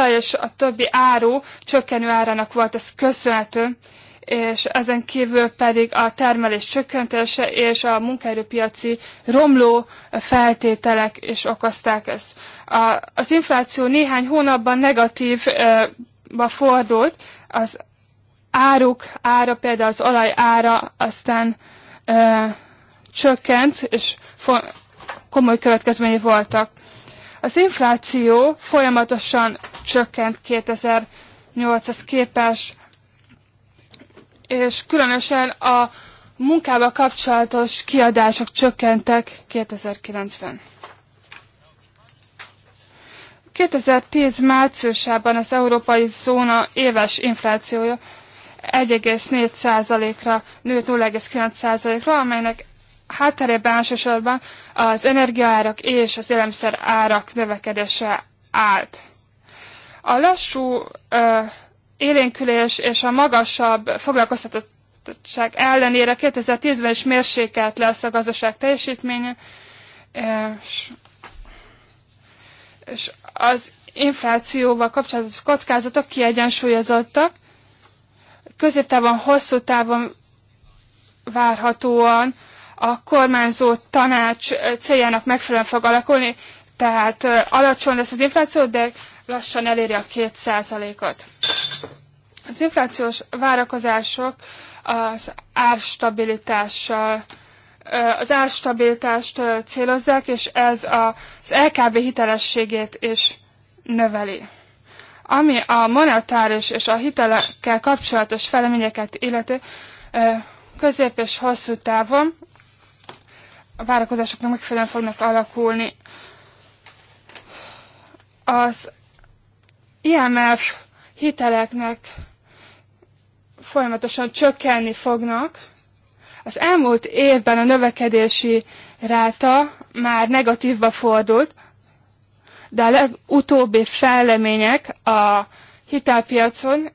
olajból és a többi áru csökkenő árának volt ez köszönhető, és ezen kívül pedig a termelés csökkentése és a munkaerőpiaci romló feltételek is okozták ezt. A, az infláció néhány hónapban negatívba fordult, az áruk ára, például az olaj ára aztán ö, csökkent, és komoly következményei voltak. Az infláció folyamatosan csökkent 2008 hoz képest, és különösen a munkával kapcsolatos kiadások csökkentek 2009-ben. 2010 márciusában az európai zóna éves inflációja 1,4%-ra nőtt 0,9%-ra, amelynek hátterében elsősorban az energiaárak és az élelmiszer árak növekedése állt. A lassú ö, élénkülés és a magasabb foglalkoztatottság ellenére 2010-ben is mérsékelt lesz a gazdaság teljesítménye, és, és az inflációval kapcsolatos kockázatok kiegyensúlyozottak, középtávon, hosszú távon várhatóan a kormányzó tanács céljának megfelelően fog alakulni, tehát alacsony lesz az infláció, de lassan eléri a két százalékot. Az inflációs várakozások az árstabilitással az árstabilitást célozzák, és ez az LKB hitelességét is növeli. Ami a monetáris és a hitelekkel kapcsolatos feleményeket illeti, közép és hosszú távon a várakozásoknak megfelelően fognak alakulni. Az IMF hiteleknek folyamatosan csökkenni fognak. Az elmúlt évben a növekedési ráta már negatívba fordult, de a legutóbbi fellemények a hitelpiacon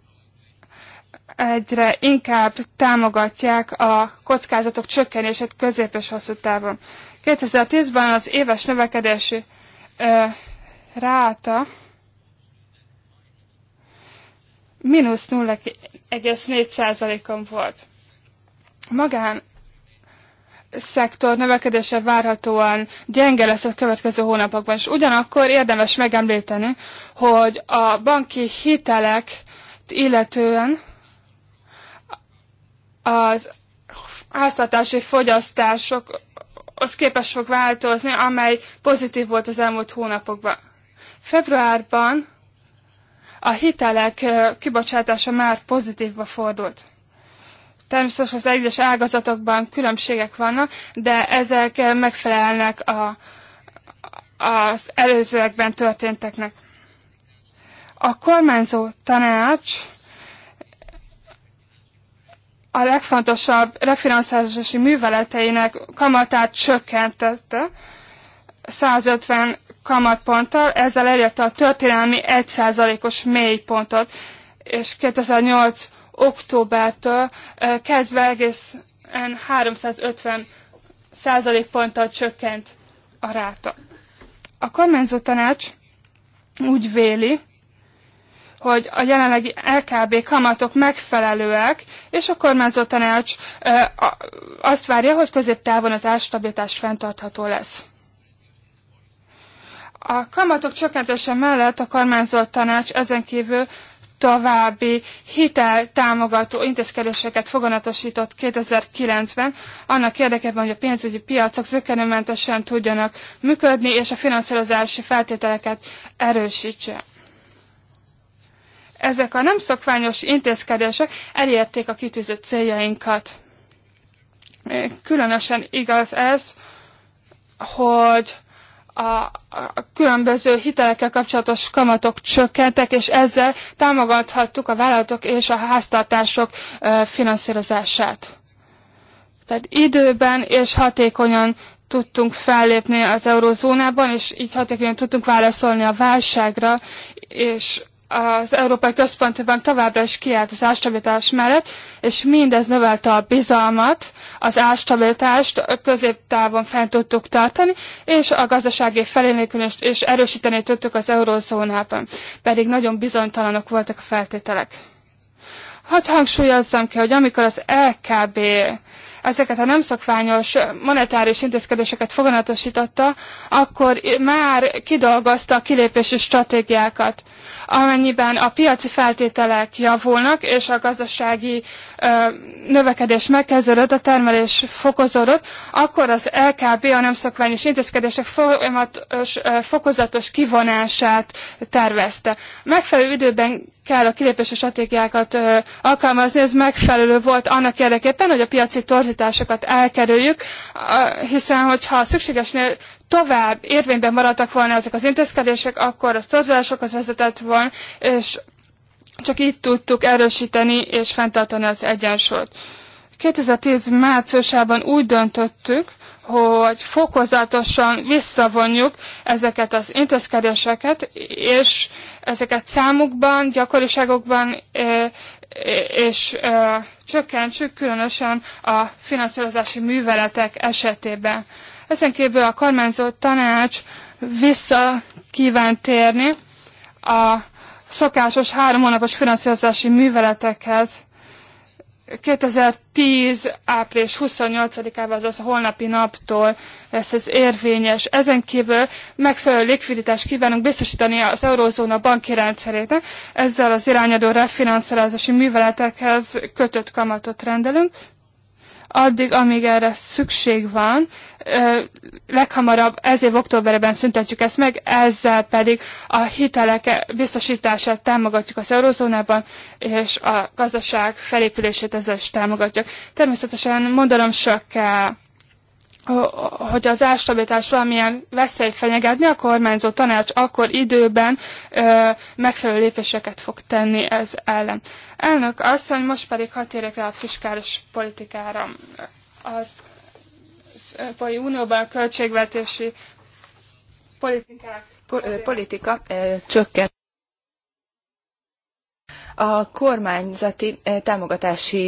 egyre inkább támogatják a kockázatok csökkenését közép és hosszú távon. 2010-ben az éves növekedési ö, ráta mínusz 0,4%-on volt. Magán szektor növekedése várhatóan gyenge lesz a következő hónapokban, és ugyanakkor érdemes megemlíteni, hogy a banki hitelek illetően az háztartási fogyasztások az képes fog változni, amely pozitív volt az elmúlt hónapokban. Februárban a hitelek kibocsátása már pozitívba fordult. Természetesen az egyes ágazatokban különbségek vannak, de ezek megfelelnek a, az előzőekben történteknek. A kormányzó tanács a legfontosabb refinanszírozási műveleteinek kamatát csökkentette 150 kamatponttal, ezzel elérte a történelmi 1%-os mélypontot, és 2008 októbertől kezdve egészen 350 százalékponttal csökkent a ráta. A kormányzó tanács úgy véli, hogy a jelenlegi LKB kamatok megfelelőek, és a kormányzó tanács azt várja, hogy középtávon az árstabilitás fenntartható lesz. A kamatok csökkentése mellett a kormányzó tanács ezen kívül további támogató intézkedéseket foganatosított 2009-ben, annak érdekében, hogy a pénzügyi piacok zökenőmentesen tudjanak működni, és a finanszírozási feltételeket erősítse ezek a nem szokványos intézkedések elérték a kitűzött céljainkat. Különösen igaz ez, hogy a, különböző hitelekkel kapcsolatos kamatok csökkentek, és ezzel támogathattuk a vállalatok és a háztartások finanszírozását. Tehát időben és hatékonyan tudtunk fellépni az eurozónában, és így hatékonyan tudtunk válaszolni a válságra, és az Európai Központi Bank továbbra is kiállt az ástabilitás mellett, és mindez növelte a bizalmat, az ástabilitást középtávon fent tudtuk tartani, és a gazdasági felélékülést és erősíteni tudtuk az eurózónában, pedig nagyon bizonytalanok voltak a feltételek. Hadd hangsúlyozzam ki, hogy amikor az LKB ezeket a nem szokványos monetáris intézkedéseket foganatosította, akkor már kidolgozta a kilépési stratégiákat. Amennyiben a piaci feltételek javulnak, és a gazdasági ö, növekedés megkezdődött, a termelés fokozódott, akkor az LKB a nem szokványos intézkedések folyamatos, ö, fokozatos kivonását tervezte. Megfelelő időben kell a kilépési stratégiákat alkalmazni, ez megfelelő volt annak érdekében, hogy a piaci torzításokat elkerüljük, hiszen hogyha szükségesnél tovább érvényben maradtak volna ezek az intézkedések, akkor az torzulásokhoz vezetett volna, és csak így tudtuk erősíteni és fenntartani az egyensúlyt. 2010 márciusában úgy döntöttük, hogy fokozatosan visszavonjuk ezeket az intézkedéseket, és ezeket számukban, gyakoriságokban és csökkentsük, különösen a finanszírozási műveletek esetében. Ezen kívül a kormányzó tanács vissza kíván térni a szokásos három hónapos finanszírozási műveletekhez, 2010. április 28-ával, azaz a holnapi naptól lesz ez érvényes. Ezen kívül megfelelő likviditást kívánunk biztosítani az eurózóna banki rendszerének, ezzel az irányadó refinanszírozási műveletekhez kötött kamatot rendelünk addig, amíg erre szükség van, leghamarabb ez év októberben szüntetjük ezt meg, ezzel pedig a hitelek biztosítását támogatjuk az eurozónában, és a gazdaság felépülését ezzel is támogatjuk. Természetesen mondanom sok kell, hogy az árstabilitás valamilyen veszély fenyegetni, a kormányzó tanács akkor időben ö, megfelelő lépéseket fog tenni ez ellen. Elnök asszony, most pedig hat érjek rá a fiskális politikára. Az Európai Unióban a költségvetési politikák, politika csökkent. A kormányzati támogatási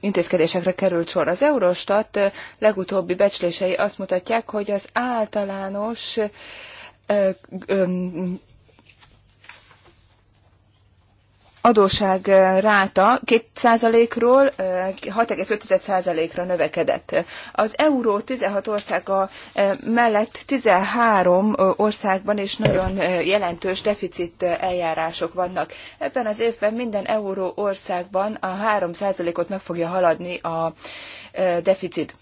intézkedésekre került sor. Az Eurostat legutóbbi becslései azt mutatják, hogy az általános adóság ráta 2%-ról 6,5%-ra növekedett. Az euró 16 országa mellett 13 országban is nagyon jelentős deficit eljárások vannak. Ebben az évben minden euró országban a 3%-ot meg fogja haladni a deficit.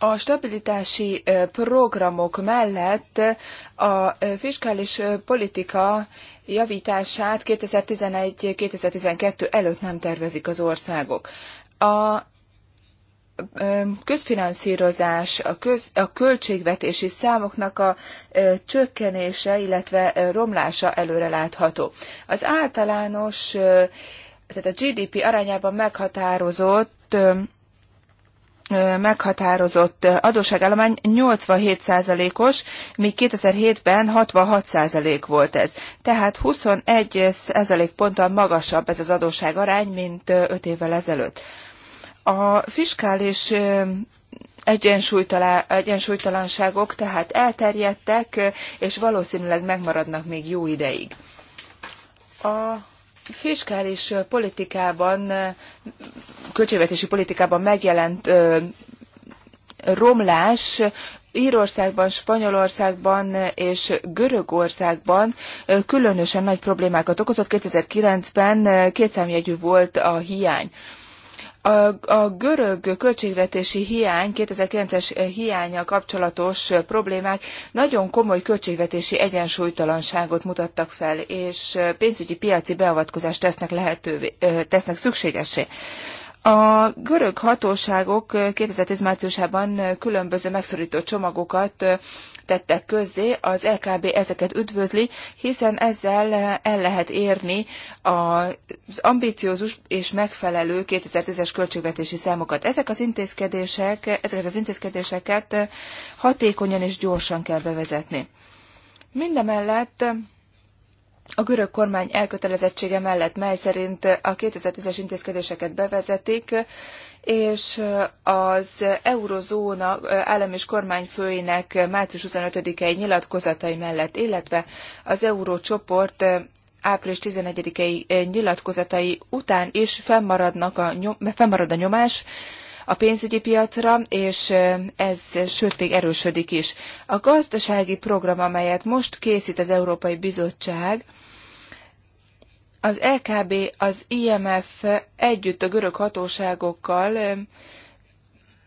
A stabilitási programok mellett a fiskális politika javítását 2011-2012 előtt nem tervezik az országok. A közfinanszírozás, a, köz, a költségvetési számoknak a csökkenése, illetve romlása előrelátható. Az általános, tehát a GDP arányában meghatározott meghatározott adósságállomány 87%-os, míg 2007-ben 66% volt ez. Tehát 21% ponttal magasabb ez az arány, mint 5 évvel ezelőtt. A fiskális egyensúlytalanságok tehát elterjedtek, és valószínűleg megmaradnak még jó ideig. A fiskális politikában, költségvetési politikában megjelent romlás Írországban, Spanyolországban és Görögországban különösen nagy problémákat okozott. 2009-ben kétszámjegyű volt a hiány. A, a görög költségvetési hiány, 2009-es hiánya kapcsolatos problémák nagyon komoly költségvetési egyensúlytalanságot mutattak fel, és pénzügyi piaci beavatkozást tesznek, lehetővé, tesznek szükségessé. A görög hatóságok 2010 márciusában különböző megszorított csomagokat tettek közzé, az LKB ezeket üdvözli, hiszen ezzel el lehet érni az ambíciózus és megfelelő 2010-es költségvetési számokat. Ezek az intézkedések, ezeket az intézkedéseket hatékonyan és gyorsan kell bevezetni. Mindemellett a görög kormány elkötelezettsége mellett, mely szerint a 2010-es intézkedéseket bevezetik, és az eurozóna állam és kormányfőinek március 25-i nyilatkozatai mellett, illetve az eurócsoport április 11-i nyilatkozatai után is fennmaradnak a nyom, fennmarad a nyomás a pénzügyi piacra, és ez sőt még erősödik is. A gazdasági program, amelyet most készít az Európai Bizottság, az LKB, e az IMF együtt a görög hatóságokkal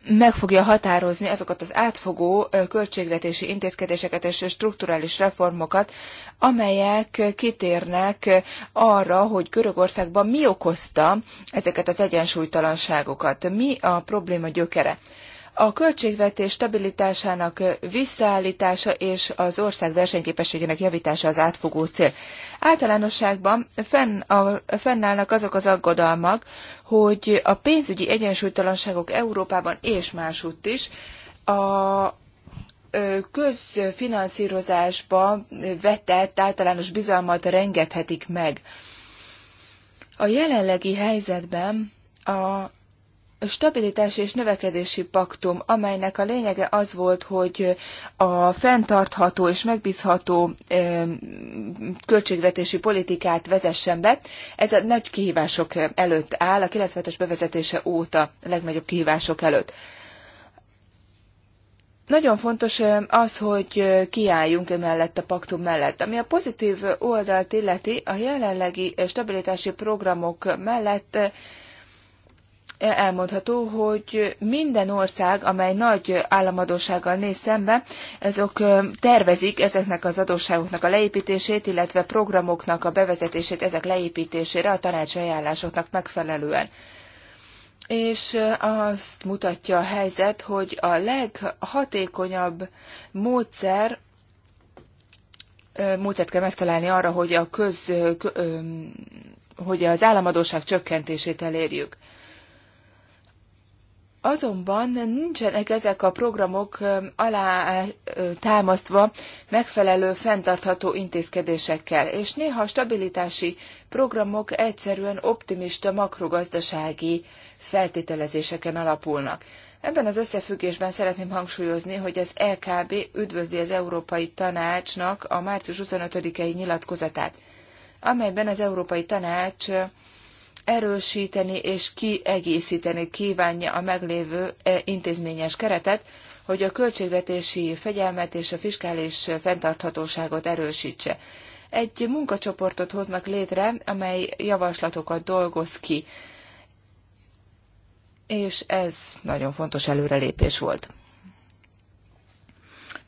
meg fogja határozni azokat az átfogó költségvetési intézkedéseket és strukturális reformokat, amelyek kitérnek arra, hogy Görögországban mi okozta ezeket az egyensúlytalanságokat, mi a probléma gyökere a költségvetés stabilitásának visszaállítása és az ország versenyképességének javítása az átfogó cél. Általánosságban fenn a, fennállnak azok az aggodalmak, hogy a pénzügyi egyensúlytalanságok Európában és másutt is a közfinanszírozásba vetett általános bizalmat rengethetik meg. A jelenlegi helyzetben a stabilitási és növekedési paktum, amelynek a lényege az volt, hogy a fenntartható és megbízható költségvetési politikát vezessen be. Ez a nagy kihívások előtt áll, a 97-es bevezetése óta a legnagyobb kihívások előtt. Nagyon fontos az, hogy kiálljunk emellett a paktum mellett. Ami a pozitív oldalt illeti, a jelenlegi stabilitási programok mellett elmondható, hogy minden ország, amely nagy államadósággal néz szembe, azok tervezik ezeknek az adósságoknak a leépítését, illetve programoknak a bevezetését ezek leépítésére a tanács ajánlásoknak megfelelően. És azt mutatja a helyzet, hogy a leghatékonyabb módszer módszert kell megtalálni arra, hogy a köz, hogy az államadóság csökkentését elérjük. Azonban nincsenek ezek a programok alá támasztva megfelelő fenntartható intézkedésekkel, és néha a stabilitási programok egyszerűen optimista makrogazdasági feltételezéseken alapulnak. Ebben az összefüggésben szeretném hangsúlyozni, hogy az LKB e üdvözli az Európai Tanácsnak a március 25-i nyilatkozatát, amelyben az Európai Tanács erősíteni és kiegészíteni kívánja a meglévő eh, intézményes keretet, hogy a költségvetési fegyelmet és a fiskális fenntarthatóságot erősítse. Egy munkacsoportot hoznak létre, amely javaslatokat dolgoz ki, és ez nagyon fontos előrelépés volt.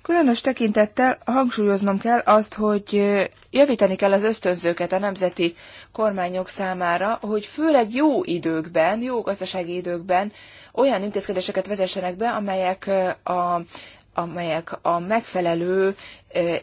Különös tekintettel hangsúlyoznom kell azt, hogy javítani kell az ösztönzőket a nemzeti kormányok számára, hogy főleg jó időkben, jó gazdasági időkben olyan intézkedéseket vezessenek be, amelyek a amelyek a megfelelő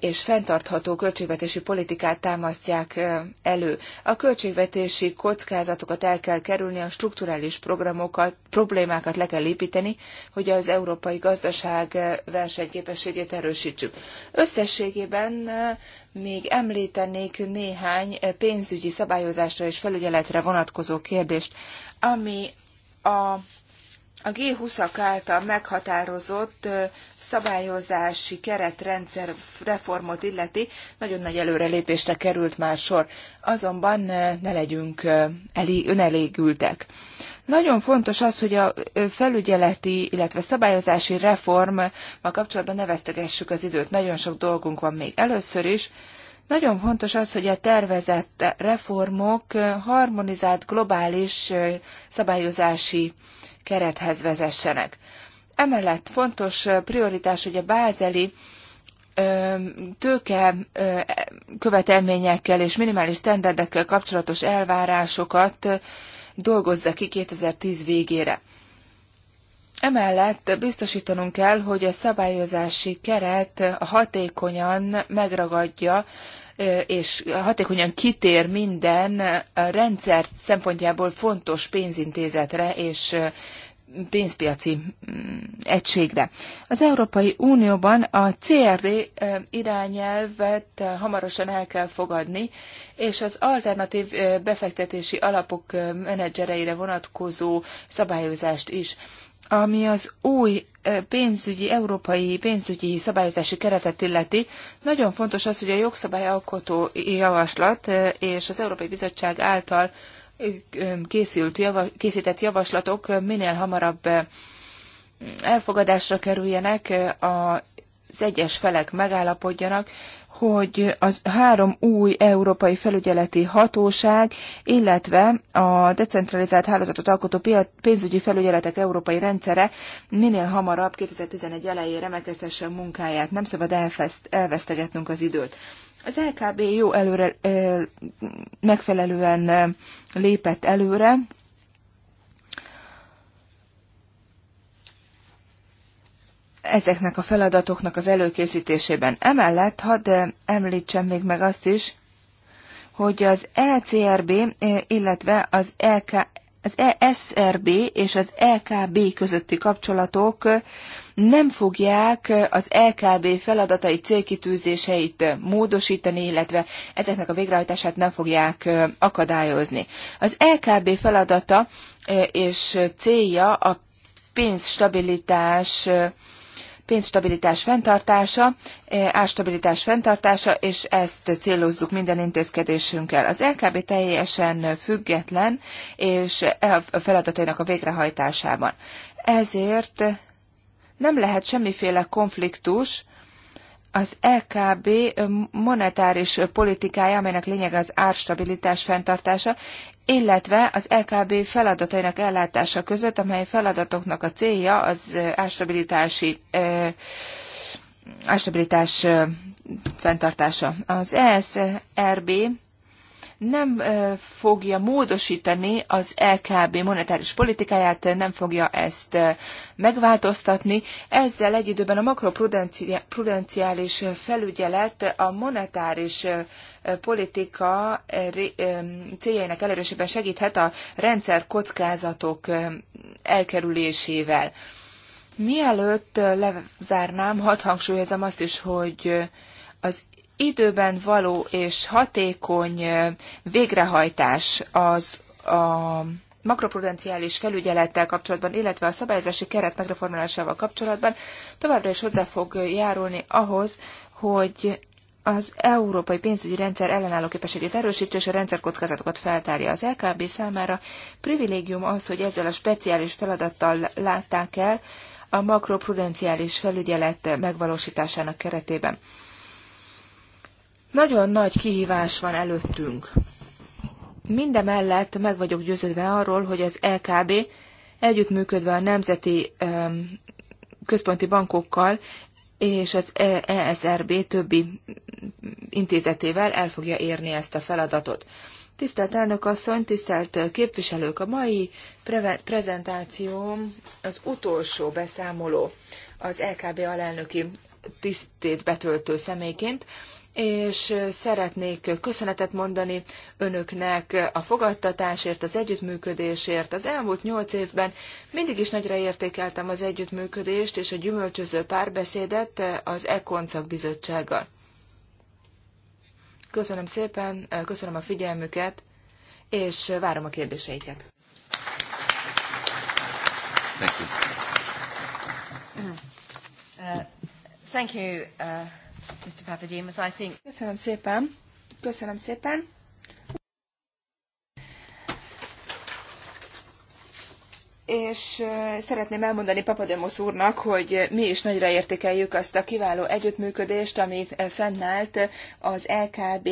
és fenntartható költségvetési politikát támasztják elő. A költségvetési kockázatokat el kell kerülni, a strukturális programokat, problémákat le kell építeni, hogy az európai gazdaság versenyképességét erősítsük. Összességében még említenék néhány pénzügyi szabályozásra és felügyeletre vonatkozó kérdést, ami a a G20-ak által meghatározott szabályozási keretrendszer reformot illeti, nagyon nagy előrelépésre került már sor. Azonban ne legyünk önelégültek. Nagyon fontos az, hogy a felügyeleti, illetve szabályozási reformmal kapcsolatban ne vesztegessük az időt. Nagyon sok dolgunk van még. Először is nagyon fontos az, hogy a tervezett reformok harmonizált globális szabályozási kerethez vezessenek. Emellett fontos prioritás, hogy a bázeli tőke követelményekkel és minimális standardekkel kapcsolatos elvárásokat dolgozza ki 2010 végére. Emellett biztosítanunk kell, hogy a szabályozási keret hatékonyan megragadja és hatékonyan kitér minden rendszer szempontjából fontos pénzintézetre és pénzpiaci mm, egységre. Az Európai Unióban a CRD irányelvet hamarosan el kell fogadni, és az alternatív befektetési alapok menedzsereire vonatkozó szabályozást is. Ami az új pénzügyi, európai pénzügyi szabályozási keretet illeti, nagyon fontos az, hogy a jogszabályalkotó javaslat és az Európai Bizottság által készült, készített javaslatok minél hamarabb elfogadásra kerüljenek, az egyes felek megállapodjanak, hogy az három új európai felügyeleti hatóság, illetve a decentralizált hálózatot alkotó pénzügyi felügyeletek európai rendszere minél hamarabb 2011 elejére megkezdhesse a munkáját. Nem szabad elvesztegetnünk az időt. Az LKB jó előre, megfelelően lépett előre, ezeknek a feladatoknak az előkészítésében. Emellett hadd eh, említsem még meg azt is, hogy az ECRB, eh, illetve az, LK, e az ESRB és az LKB e közötti kapcsolatok eh, nem fogják az LKB e feladatai célkitűzéseit módosítani, illetve ezeknek a végrehajtását nem fogják akadályozni. Az LKB feladata és célja a pénzstabilitás pénzstabilitás fenntartása, eh, árstabilitás fenntartása, és ezt célozzuk minden intézkedésünkkel. Az LKB teljesen független, és a feladatainak a végrehajtásában. Ezért nem lehet semmiféle konfliktus az LKB e monetáris politikája, amelynek lényege az árstabilitás fenntartása, illetve az LKB e feladatainak ellátása között, amely feladatoknak a célja az árstabilitási árstabilitás fenntartása. Az ESRB nem fogja módosítani az LKB monetáris politikáját, nem fogja ezt megváltoztatni. Ezzel egy időben a makroprudenciális felügyelet a monetáris politika céljainak elérésében segíthet a rendszer kockázatok elkerülésével. Mielőtt lezárnám, hadd hangsúlyozom azt is, hogy az időben való és hatékony végrehajtás az a makroprudenciális felügyelettel kapcsolatban, illetve a szabályozási keret megreformálásával kapcsolatban továbbra is hozzá fog járulni ahhoz, hogy az európai pénzügyi rendszer ellenálló képességét erősítse és a rendszer kockázatokat feltárja. Az LKB számára privilégium az, hogy ezzel a speciális feladattal látták el a makroprudenciális felügyelet megvalósításának keretében. Nagyon nagy kihívás van előttünk. Mindemellett meg vagyok győződve arról, hogy az LKB együttműködve a nemzeti központi bankokkal és az ESRB többi intézetével el fogja érni ezt a feladatot. Tisztelt elnök asszony, tisztelt képviselők, a mai pre- prezentációm az utolsó beszámoló az LKB alelnöki tisztét betöltő személyként és szeretnék köszönetet mondani önöknek a fogadtatásért, az együttműködésért. Az elmúlt nyolc évben mindig is nagyra értékeltem az együttműködést és a gyümölcsöző párbeszédet az Ekoncak bizottsággal. Köszönöm szépen, köszönöm a figyelmüket, és várom a kérdéseiket. Thank you. Uh, thank you, uh... Mr. Papademos, I think... Köszönöm szépen. Köszönöm szépen. és szeretném elmondani Papademos úrnak, hogy mi is nagyra értékeljük azt a kiváló együttműködést, ami fennállt az LKB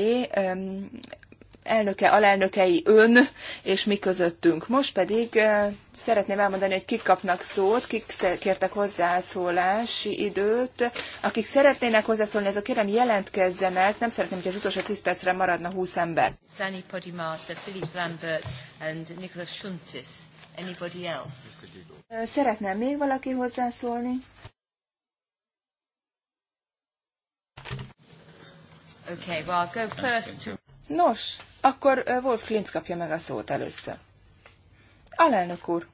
elnöke, alelnökei ön, és mi közöttünk. Most pedig eh, szeretném elmondani, hogy kik kapnak szót, kik kértek hozzászólási időt. Akik szeretnének hozzászólni, azok kérem jelentkezzenek. Nem szeretném, hogy az utolsó 10 percre maradna 20 ember. Sani Podimata, Philip Lambert and Nicholas Schuntis. Anybody else? Eh, szeretném még valaki hozzászólni? Okay, well, I'll go first to... Nos, akkor Wolf Klintz kapja meg a szót először. Alelnök úr,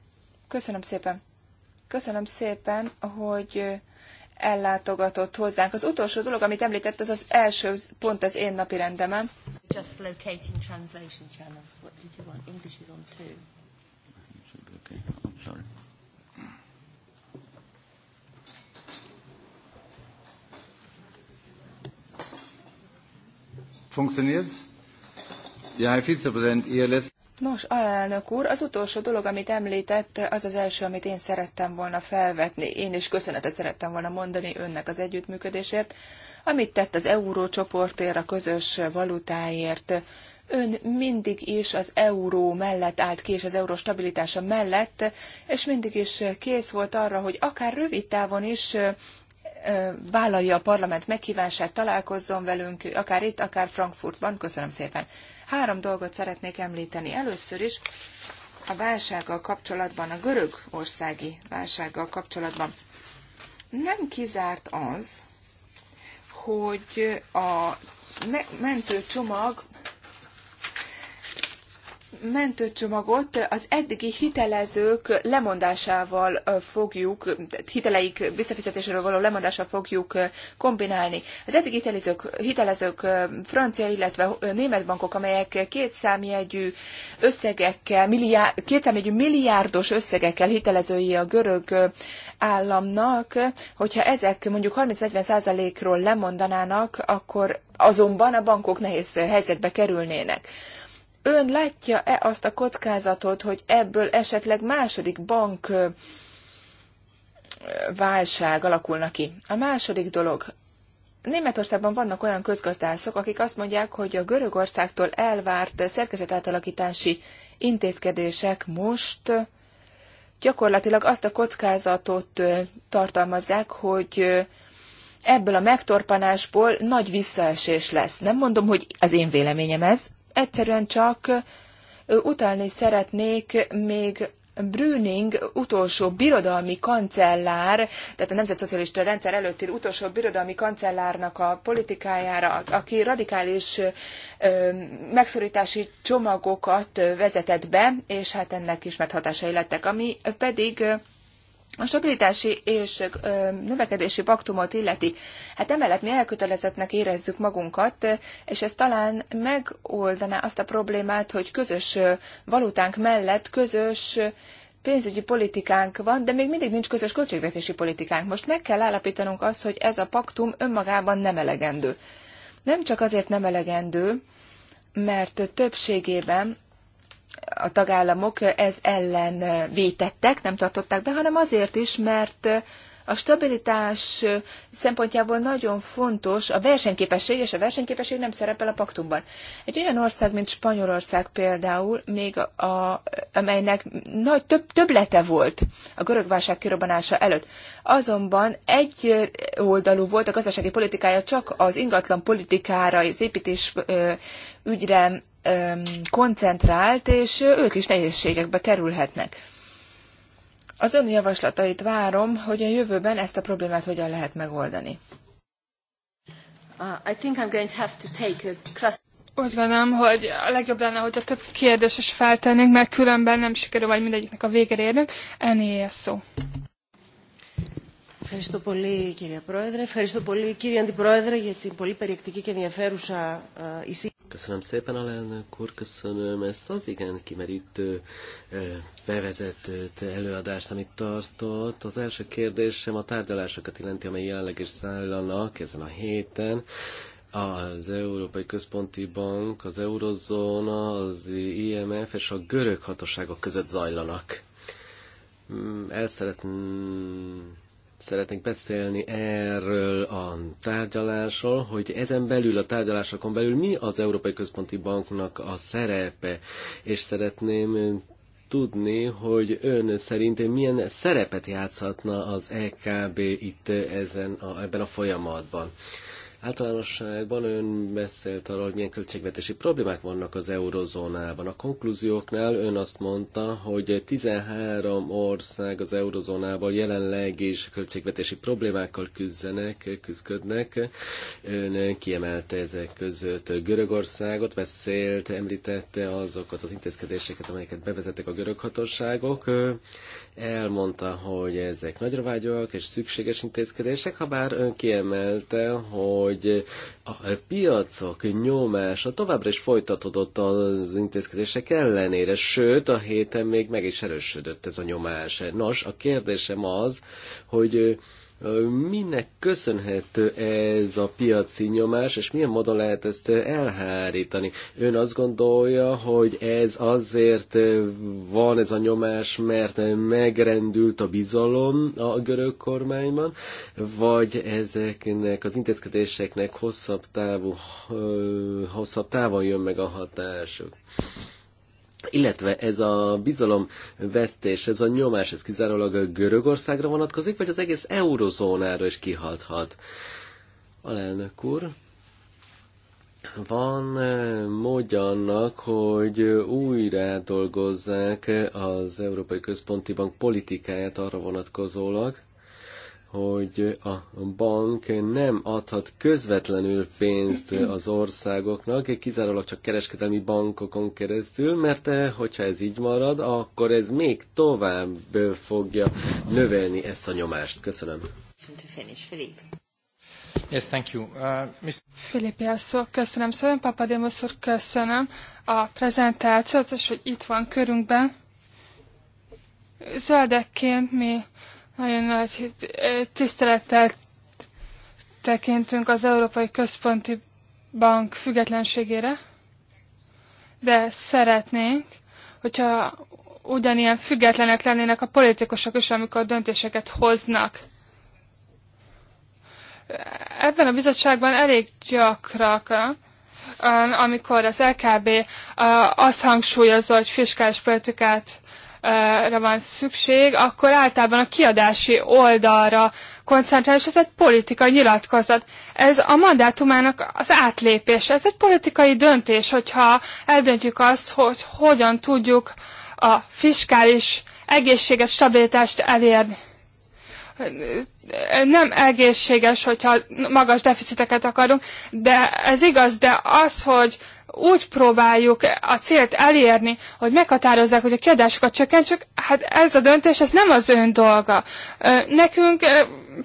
köszönöm szépen. Köszönöm szépen, hogy ellátogatott hozzánk. Az utolsó dolog, amit említett, az az első pont az én napi rendemem. Just locating translation channels. What did you want? English is on too. Okay. sorry. Funktioniert's? Nos, alelnök úr, az utolsó dolog, amit említett, az az első, amit én szerettem volna felvetni. Én is köszönetet szerettem volna mondani önnek az együttműködésért, amit tett az eurócsoportért, a közös valutáért. Ön mindig is az euró mellett állt ki, és az euró stabilitása mellett, és mindig is kész volt arra, hogy akár rövid távon is vállalja a parlament meghívását, találkozzon velünk, akár itt, akár Frankfurtban. Köszönöm szépen. Három dolgot szeretnék említeni. Először is a válsággal kapcsolatban, a görög országi válsággal kapcsolatban. Nem kizárt az, hogy a mentőcsomag mentőcsomagot az eddigi hitelezők lemondásával fogjuk, hiteleik visszafizetéséről való lemondással fogjuk kombinálni. Az eddigi hitelezők, hitelezők francia, illetve német bankok, amelyek kétszámjegyű összegekkel, milliárd, kétszámjegyű milliárdos összegekkel hitelezői a görög államnak, hogyha ezek mondjuk 30-40 százalékról lemondanának, akkor azonban a bankok nehéz helyzetbe kerülnének ön látja-e azt a kockázatot, hogy ebből esetleg második bank válság alakulna ki? A második dolog, Németországban vannak olyan közgazdászok, akik azt mondják, hogy a Görögországtól elvárt szerkezetátalakítási intézkedések most gyakorlatilag azt a kockázatot tartalmazzák, hogy ebből a megtorpanásból nagy visszaesés lesz. Nem mondom, hogy az én véleményem ez, Egyszerűen csak utalni szeretnék még Brüning utolsó birodalmi kancellár, tehát a nemzetszocialista rendszer előtti utolsó birodalmi kancellárnak a politikájára, aki radikális ö, megszorítási csomagokat vezetett be, és hát ennek ismert hatásai lettek, ami pedig a stabilitási és növekedési paktumot illeti, hát emellett mi elkötelezettnek érezzük magunkat, és ez talán megoldaná azt a problémát, hogy közös valutánk mellett közös pénzügyi politikánk van, de még mindig nincs közös költségvetési politikánk. Most meg kell állapítanunk azt, hogy ez a paktum önmagában nem elegendő. Nem csak azért nem elegendő, mert többségében a tagállamok ez ellen vétettek, nem tartották be, hanem azért is, mert a stabilitás szempontjából nagyon fontos a versenyképesség, és a versenyképesség nem szerepel a paktumban. Egy olyan ország, mint Spanyolország például, még a, amelynek nagy több, töblete volt a görög válság kirobbanása előtt, azonban egy oldalú volt a gazdasági politikája, csak az ingatlan politikára, az építés ügyre koncentrált, és ők is nehézségekbe kerülhetnek. Az ön javaslatait várom, hogy a jövőben ezt a problémát hogyan lehet megoldani. Uh, I think I'm going to have to take a úgy gondolom, hogy a legjobb lenne, hogyha több kérdés is feltennénk, mert különben nem sikerül vagy mindegyiknek a végére érnünk. Ennyi a szó. Ευχαριστώ πολύ κύριε Πρόεδρε. Ευχαριστώ πολύ κύριε Αντιπρόεδρε για την πολύ περιεκτική και ενδιαφέρουσα εισήγηση. Köszönöm szépen, alelnök úr, köszönöm ezt az igen kimerítő eh, bevezetőt, előadást, amit tartott. Az első kérdésem a tárgyalásokat illeti, amely jelenleg is zajlanak ezen a héten. Az Európai Központi Bank, az Eurozóna, az IMF és a görög hatóságok között zajlanak. Mm, el szeretném szeretnénk beszélni erről a tárgyalásról, hogy ezen belül, a tárgyalásokon belül mi az Európai Központi Banknak a szerepe, és szeretném tudni, hogy ön szerint milyen szerepet játszhatna az EKB itt ezen a, ebben a folyamatban. Általánosságban ön beszélt arról, hogy milyen költségvetési problémák vannak az eurozónában. A konklúzióknál ön azt mondta, hogy 13 ország az eurozónában jelenleg is költségvetési problémákkal küzdenek, küzdködnek. Ön kiemelte ezek között Görögországot, beszélt, említette azokat az intézkedéseket, amelyeket bevezettek a görög hatóságok elmondta, hogy ezek nagyra vágyóak és szükséges intézkedések, ha bár ön kiemelte, hogy a piacok nyomása továbbra is folytatódott az intézkedések ellenére, sőt, a héten még meg is erősödött ez a nyomás. Nos, a kérdésem az, hogy Minek köszönhető ez a piaci nyomás, és milyen módon lehet ezt elhárítani? Ön azt gondolja, hogy ez azért van ez a nyomás, mert megrendült a bizalom a görög kormányban, vagy ezeknek az intézkedéseknek hosszabb, távú, hosszabb távon jön meg a hatásuk? Illetve ez a bizalomvesztés, ez a nyomás, ez kizárólag a Görögországra vonatkozik, vagy az egész eurozónára is kihalthat? Alelnök úr, van eh, módja annak, hogy újra dolgozzák az Európai Központi Bank politikáját arra vonatkozólag, hogy a bank nem adhat közvetlenül pénzt az országoknak, kizárólag csak kereskedelmi bankokon keresztül, mert eh, hogyha ez így marad, akkor ez még tovább fogja növelni ezt a nyomást. Köszönöm. Yes, thank you. Uh, Mr. Filipe, szó, köszönöm szépen, Papademos úr, köszönöm a prezentációt, és hogy itt van körünkben. Zöldekként mi nagyon nagy tisztelettel tekintünk az Európai Központi Bank függetlenségére, de szeretnénk, hogyha ugyanilyen függetlenek lennének a politikusok is, amikor döntéseket hoznak. Ebben a bizottságban elég gyakran, amikor az LKB azt hangsúlyozza, hogy fiskális politikát van szükség, akkor általában a kiadási oldalra koncentrál, és ez egy politikai nyilatkozat. Ez a mandátumának az átlépés, ez egy politikai döntés, hogyha eldöntjük azt, hogy hogyan tudjuk a fiskális egészséges stabilitást elérni. Nem egészséges, hogyha magas deficiteket akarunk, de ez igaz, de az, hogy úgy próbáljuk a célt elérni, hogy meghatározzák, hogy a kiadásokat csökkentsük, hát ez a döntés, ez nem az ön dolga. Nekünk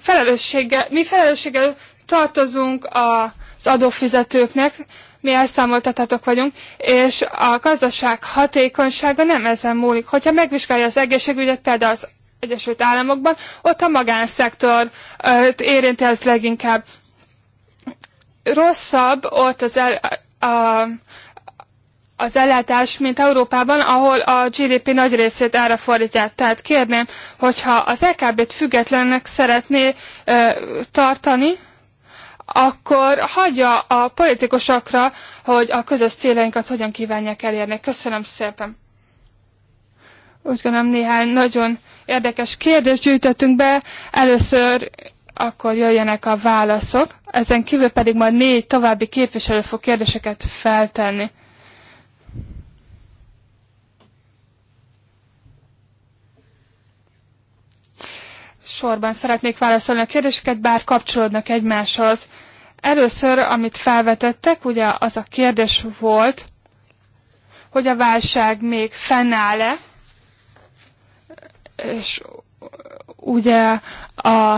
felelősséggel, mi felelősséggel tartozunk az adófizetőknek, mi elszámoltatatok vagyunk, és a gazdaság hatékonysága nem ezen múlik. Hogyha megvizsgálja az egészségügyet, például az Egyesült Államokban, ott a magánszektor érinti ez leginkább. Rosszabb ott az el, a, az ellátás, mint Európában, ahol a GDP nagy részét erre fordítják. Tehát kérném, hogyha az lkb e t függetlennek szeretné ö, tartani, akkor hagyja a politikusokra, hogy a közös céljainkat hogyan kívánják elérni. Köszönöm szépen. Úgy gondolom néhány nagyon érdekes kérdést gyűjtöttünk be. Először akkor jöjjenek a válaszok. Ezen kívül pedig majd négy további képviselő fog kérdéseket feltenni. Sorban szeretnék válaszolni a kérdéseket, bár kapcsolódnak egymáshoz. Először, amit felvetettek, ugye az a kérdés volt, hogy a válság még fennáll-e, és ugye a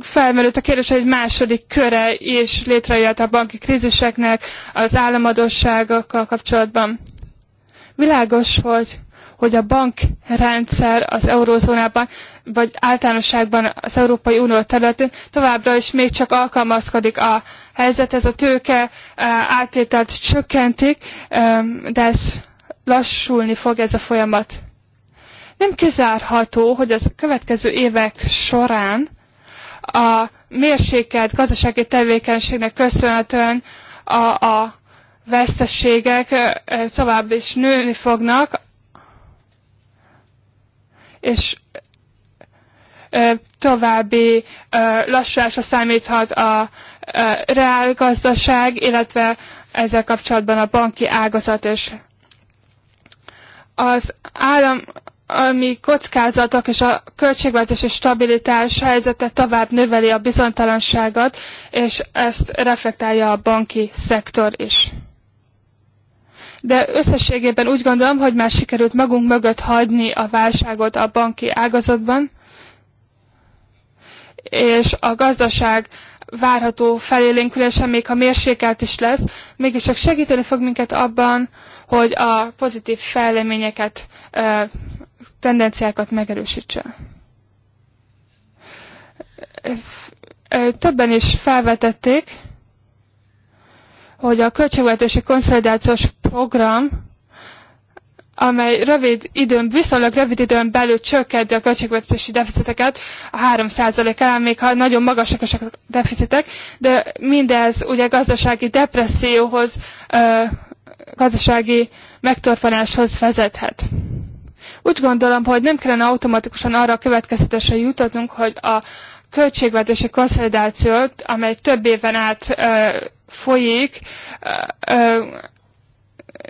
felmerült a kérdés, hogy egy második köre is létrejött a banki kríziseknek az államadósságokkal kapcsolatban. Világos, hogy, hogy a bankrendszer az eurózónában, vagy általánosságban az Európai Unió területén továbbra is még csak alkalmazkodik a helyzethez, a tőke áttételt csökkentik, de ez lassulni fog ez a folyamat. Nem kizárható, hogy az a következő évek során a mérsékelt gazdasági tevékenységnek köszönhetően a, a vesztességek tovább is nőni fognak, és további lassulásra számíthat a reálgazdaság, illetve ezzel kapcsolatban a banki ágazat is. Az állam ami kockázatok és a költségvetési stabilitás helyzete tovább növeli a bizonytalanságot, és ezt reflektálja a banki szektor is. De összességében úgy gondolom, hogy már sikerült magunk mögött hagyni a válságot a banki ágazatban, és a gazdaság várható felélénkülése, még ha mérsékelt is lesz, mégis csak segíteni fog minket abban, hogy a pozitív fejleményeket e, tendenciákat megerősítse. Többen is felvetették, hogy a költségvetési konszolidációs program, amely rövid időn, viszonylag rövid időn belül csökkenti a költségvetési deficiteket a 3 el még ha nagyon magasak a deficitek, de mindez ugye gazdasági depresszióhoz, gazdasági megtorpanáshoz vezethet. Úgy gondolom, hogy nem kellene automatikusan arra a következtetésre jutatnunk, hogy a költségvetési konszolidációt, amely több éven át ö, folyik, ö, ö,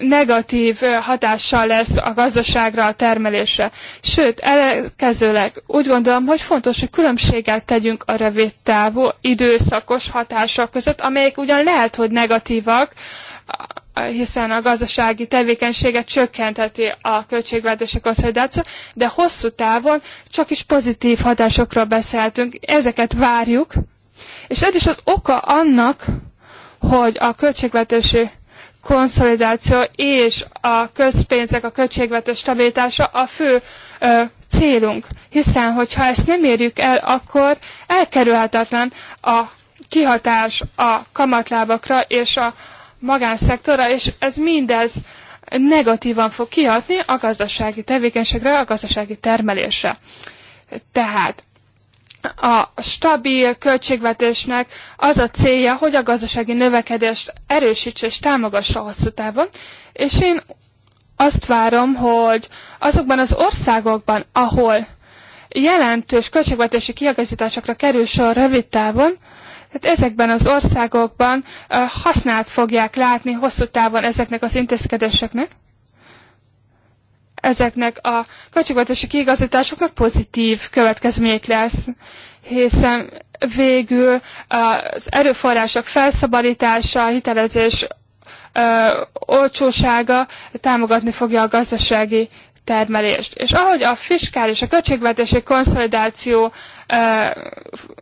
negatív hatással lesz a gazdaságra, a termelésre. Sőt, elkezőleg úgy gondolom, hogy fontos, hogy különbséget tegyünk a rövid távú időszakos hatások között, amelyek ugyan lehet, hogy negatívak, hiszen a gazdasági tevékenységet csökkentheti a költségvetési konszolidáció, de hosszú távon csak is pozitív hatásokról beszéltünk, ezeket várjuk, és ez is az oka annak, hogy a költségvetési konszolidáció és a közpénzek, a költségvetés stabilitása a fő ö, célunk. Hiszen, hogyha ezt nem érjük el, akkor elkerülhetetlen a kihatás a kamatlábakra és a magánszektorra, és ez mindez negatívan fog kihatni a gazdasági tevékenységre, a gazdasági termelésre. Tehát a stabil költségvetésnek az a célja, hogy a gazdasági növekedést erősítse és támogassa hosszú távon, és én azt várom, hogy azokban az országokban, ahol jelentős költségvetési kiegazításokra kerül sor rövid távon, Hát ezekben az országokban hasznát fogják látni hosszú távon ezeknek az intézkedéseknek. Ezeknek a költségvetési kiigazításoknak pozitív következmények lesz, hiszen végül az erőforrások felszabadítása, a hitelezés olcsósága támogatni fogja a gazdasági termelést. És ahogy a fiskális, a költségvetési konszolidáció e,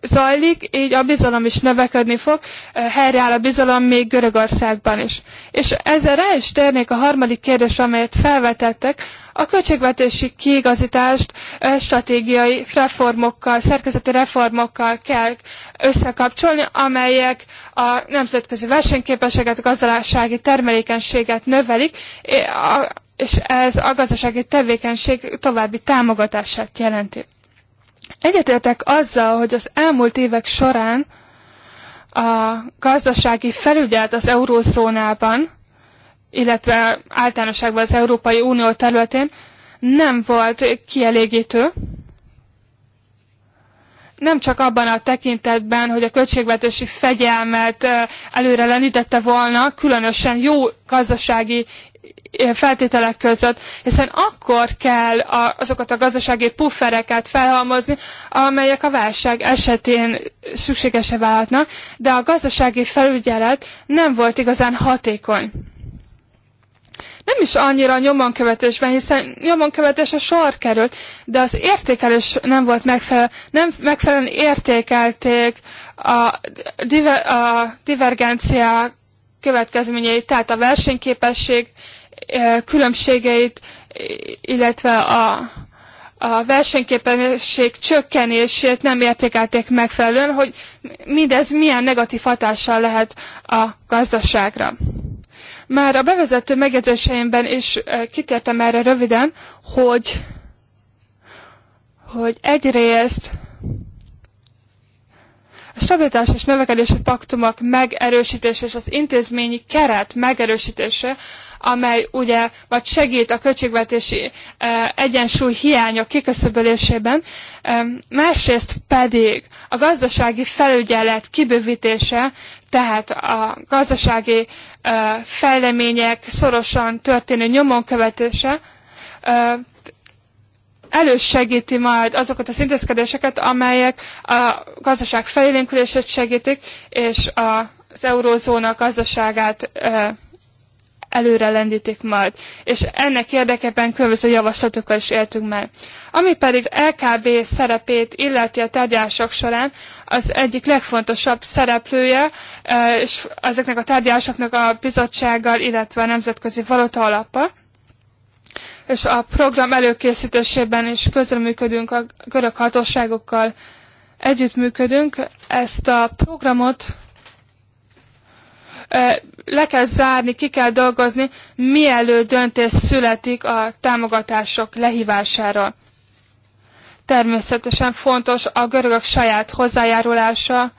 zajlik, így a bizalom is növekedni fog, e, helyreáll a bizalom még Görögországban is. És ezzel rá is térnék a harmadik kérdésre, amelyet felvetettek, a költségvetési kiigazítást e, stratégiai reformokkal, szerkezeti reformokkal kell összekapcsolni, amelyek a nemzetközi versenyképességet, gazdasági termelékenységet növelik, a, és ez a gazdasági tevékenység további támogatását jelenti. Egyetértek azzal, hogy az elmúlt évek során a gazdasági felügyelet az eurózónában, illetve általánosságban az Európai Unió területén nem volt kielégítő. Nem csak abban a tekintetben, hogy a költségvetési fegyelmet előre lenítette volna, különösen jó gazdasági feltételek között, hiszen akkor kell a, azokat a gazdasági puffereket felhalmozni, amelyek a válság esetén szükségese válhatnak, de a gazdasági felügyelet nem volt igazán hatékony nem is annyira nyomonkövetésben, hiszen nyomonkövetésre sor került, de az értékelés nem volt megfelelő, nem megfelelően értékelték a, diver, a divergencia következményeit, tehát a versenyképesség különbségeit, illetve a, a versenyképesség csökkenését nem értékelték megfelelően, hogy mindez milyen negatív hatással lehet a gazdaságra. Már a bevezető megjegyzéseimben is kitértem erre röviden, hogy, hogy egyrészt a stabilitás és növekedési paktumok megerősítése és az intézményi keret megerősítése amely ugye vagy segít a költségvetési eh, egyensúly hiánya kiköszöbölésében, másrészt pedig a gazdasági felügyelet kibővítése, tehát a gazdasági eh, fejlemények szorosan történő nyomon követése, eh, elősegíti majd azokat az intézkedéseket, amelyek a gazdaság felélénkülését segítik, és a, az eurózóna gazdaságát e, előre lendítik majd. És ennek érdekében különböző javaslatokkal is éltünk meg. Ami pedig az LKB szerepét illeti a tárgyalások során, az egyik legfontosabb szereplője, és ezeknek a tárgyalásoknak a bizottsággal, illetve a Nemzetközi valóta alapa és a program előkészítésében is közreműködünk a görög hatóságokkal, együttműködünk. Ezt a programot le kell zárni, ki kell dolgozni, mielőtt döntés születik a támogatások lehívására. Természetesen fontos a görögök saját hozzájárulása,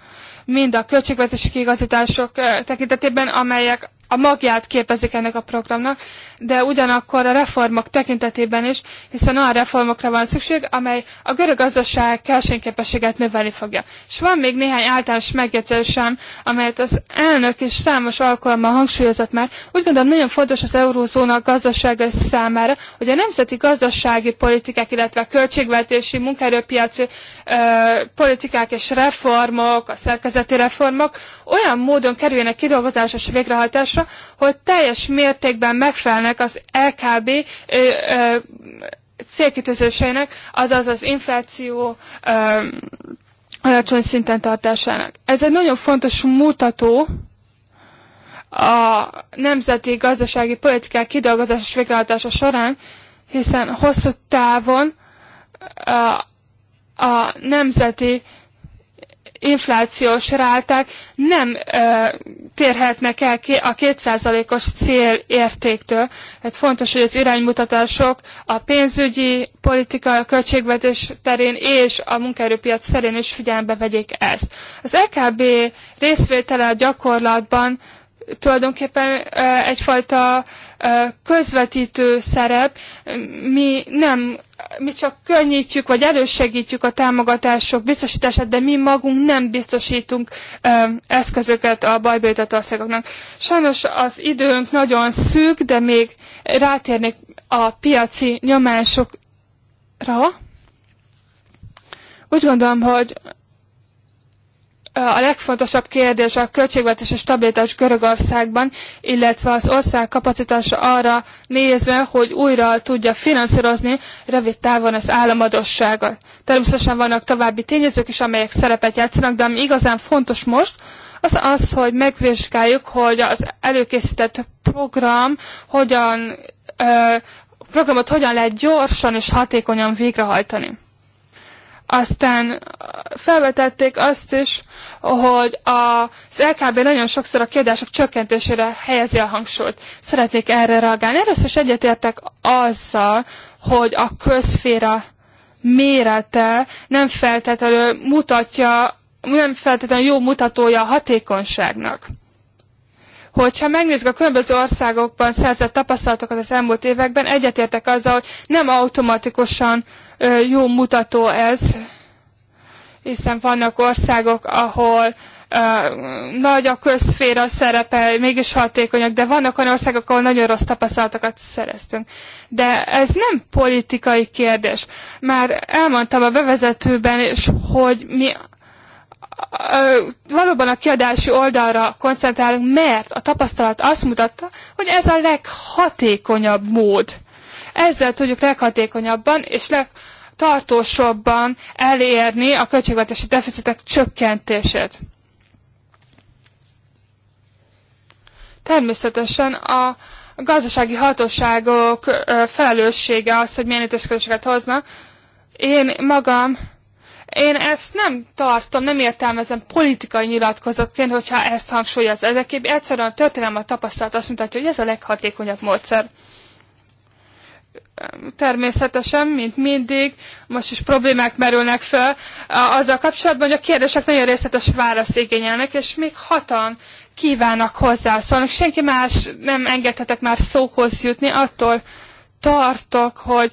mind a költségvetési kiigazítások tekintetében, amelyek a magját képezik ennek a programnak, de ugyanakkor a reformok tekintetében is, hiszen olyan reformokra van szükség, amely a görög gazdaság versenyképességet növelni fogja. És van még néhány általános megjegyzésem, amelyet az elnök is számos alkalommal hangsúlyozott már. Úgy gondolom nagyon fontos az eurózóna gazdasága számára, hogy a nemzeti gazdasági politikák, illetve a költségvetési, munkaerőpiaci ö, politikák és reformok, a szerkezeti reformok olyan módon kerüljenek kidolgozásra és végrehajtásra, megállapodásra, hogy teljes mértékben megfelelnek az LKB ö, ö, célkitűzéseinek, azaz az infláció ö, alacsony szinten tartásának. Ez egy nagyon fontos mutató a nemzeti gazdasági politikák kidolgozása és végrehajtása során, hiszen hosszú távon a, a nemzeti inflációs ráták nem ö, térhetnek el a kétszázalékos célértéktől. Hát fontos, hogy az iránymutatások a pénzügyi politika, a költségvetés terén és a munkaerőpiac terén is figyelembe vegyék ezt. Az EKB részvétele a gyakorlatban tulajdonképpen egyfajta közvetítő szerep, mi nem, mi csak könnyítjük vagy elősegítjük a támogatások biztosítását, de mi magunk nem biztosítunk eszközöket a jutott országoknak. Sajnos az időnk nagyon szűk, de még rátérnék a piaci nyomásokra. Úgy gondolom, hogy a legfontosabb kérdés a költségvetési stabilitás Görögországban, illetve az ország kapacitása arra nézve, hogy újra tudja finanszírozni rövid távon az államadosságot. Természetesen vannak további tényezők is, amelyek szerepet játszanak, de ami igazán fontos most, az az, hogy megvizsgáljuk, hogy az előkészített program hogyan, programot hogyan lehet gyorsan és hatékonyan végrehajtani. Aztán felvetették azt is, hogy az LKB nagyon sokszor a kiadások csökkentésére helyezi a hangsúlyt. Szeretnék erre reagálni. Először is egyetértek azzal, hogy a közféra mérete nem feltétlenül mutatja, nem feltétlenül jó mutatója a hatékonyságnak. Hogyha megnézzük a különböző országokban szerzett tapasztalatokat az elmúlt években, egyetértek azzal, hogy nem automatikusan uh, jó mutató ez, hiszen vannak országok, ahol nagy a közféra szerepe, mégis hatékonyak, de vannak olyan országok, ahol nagyon rossz tapasztalatokat szereztünk. De ez nem politikai kérdés. Már elmondtam a bevezetőben is, hogy mi valóban a kiadási oldalra koncentrálunk, mert a tapasztalat azt mutatta, hogy ez a leghatékonyabb mód ezzel tudjuk leghatékonyabban és legtartósabban elérni a költségvetési deficitek csökkentését. Természetesen a gazdasági hatóságok felelőssége az, hogy milyen intézkedéseket hoznak. Én magam én ezt nem tartom, nem értelmezem politikai nyilatkozatként, hogyha ezt hangsúlyozza. Ezekében egyszerűen a történelem a tapasztalat azt mutatja, hogy ez a leghatékonyabb módszer természetesen, mint mindig, most is problémák merülnek fel azzal kapcsolatban, hogy a kérdések nagyon részletes választ igényelnek, és még hatan kívánnak hozzászólni. Senki más nem engedhetek már szóhoz jutni, attól tartok, hogy,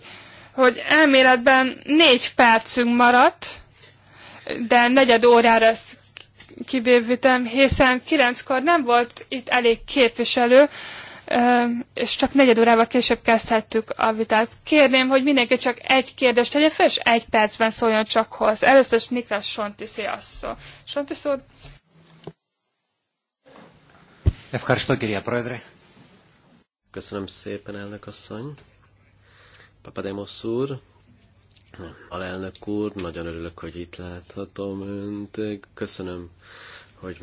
hogy elméletben négy percünk maradt, de negyed órára ezt kibővítem, hiszen kilenckor nem volt itt elég képviselő, és csak negyed órával később kezdhettük a vitát. Kérném, hogy mindenki csak egy kérdést tegye fel, és egy percben szóljon csak hozzá. Először is Niklas Sonti, asszó. Sonti szó. Köszönöm szépen, elnök asszony. Papademos úr, alelnök úr, nagyon örülök, hogy itt láthatom önt. Köszönöm, hogy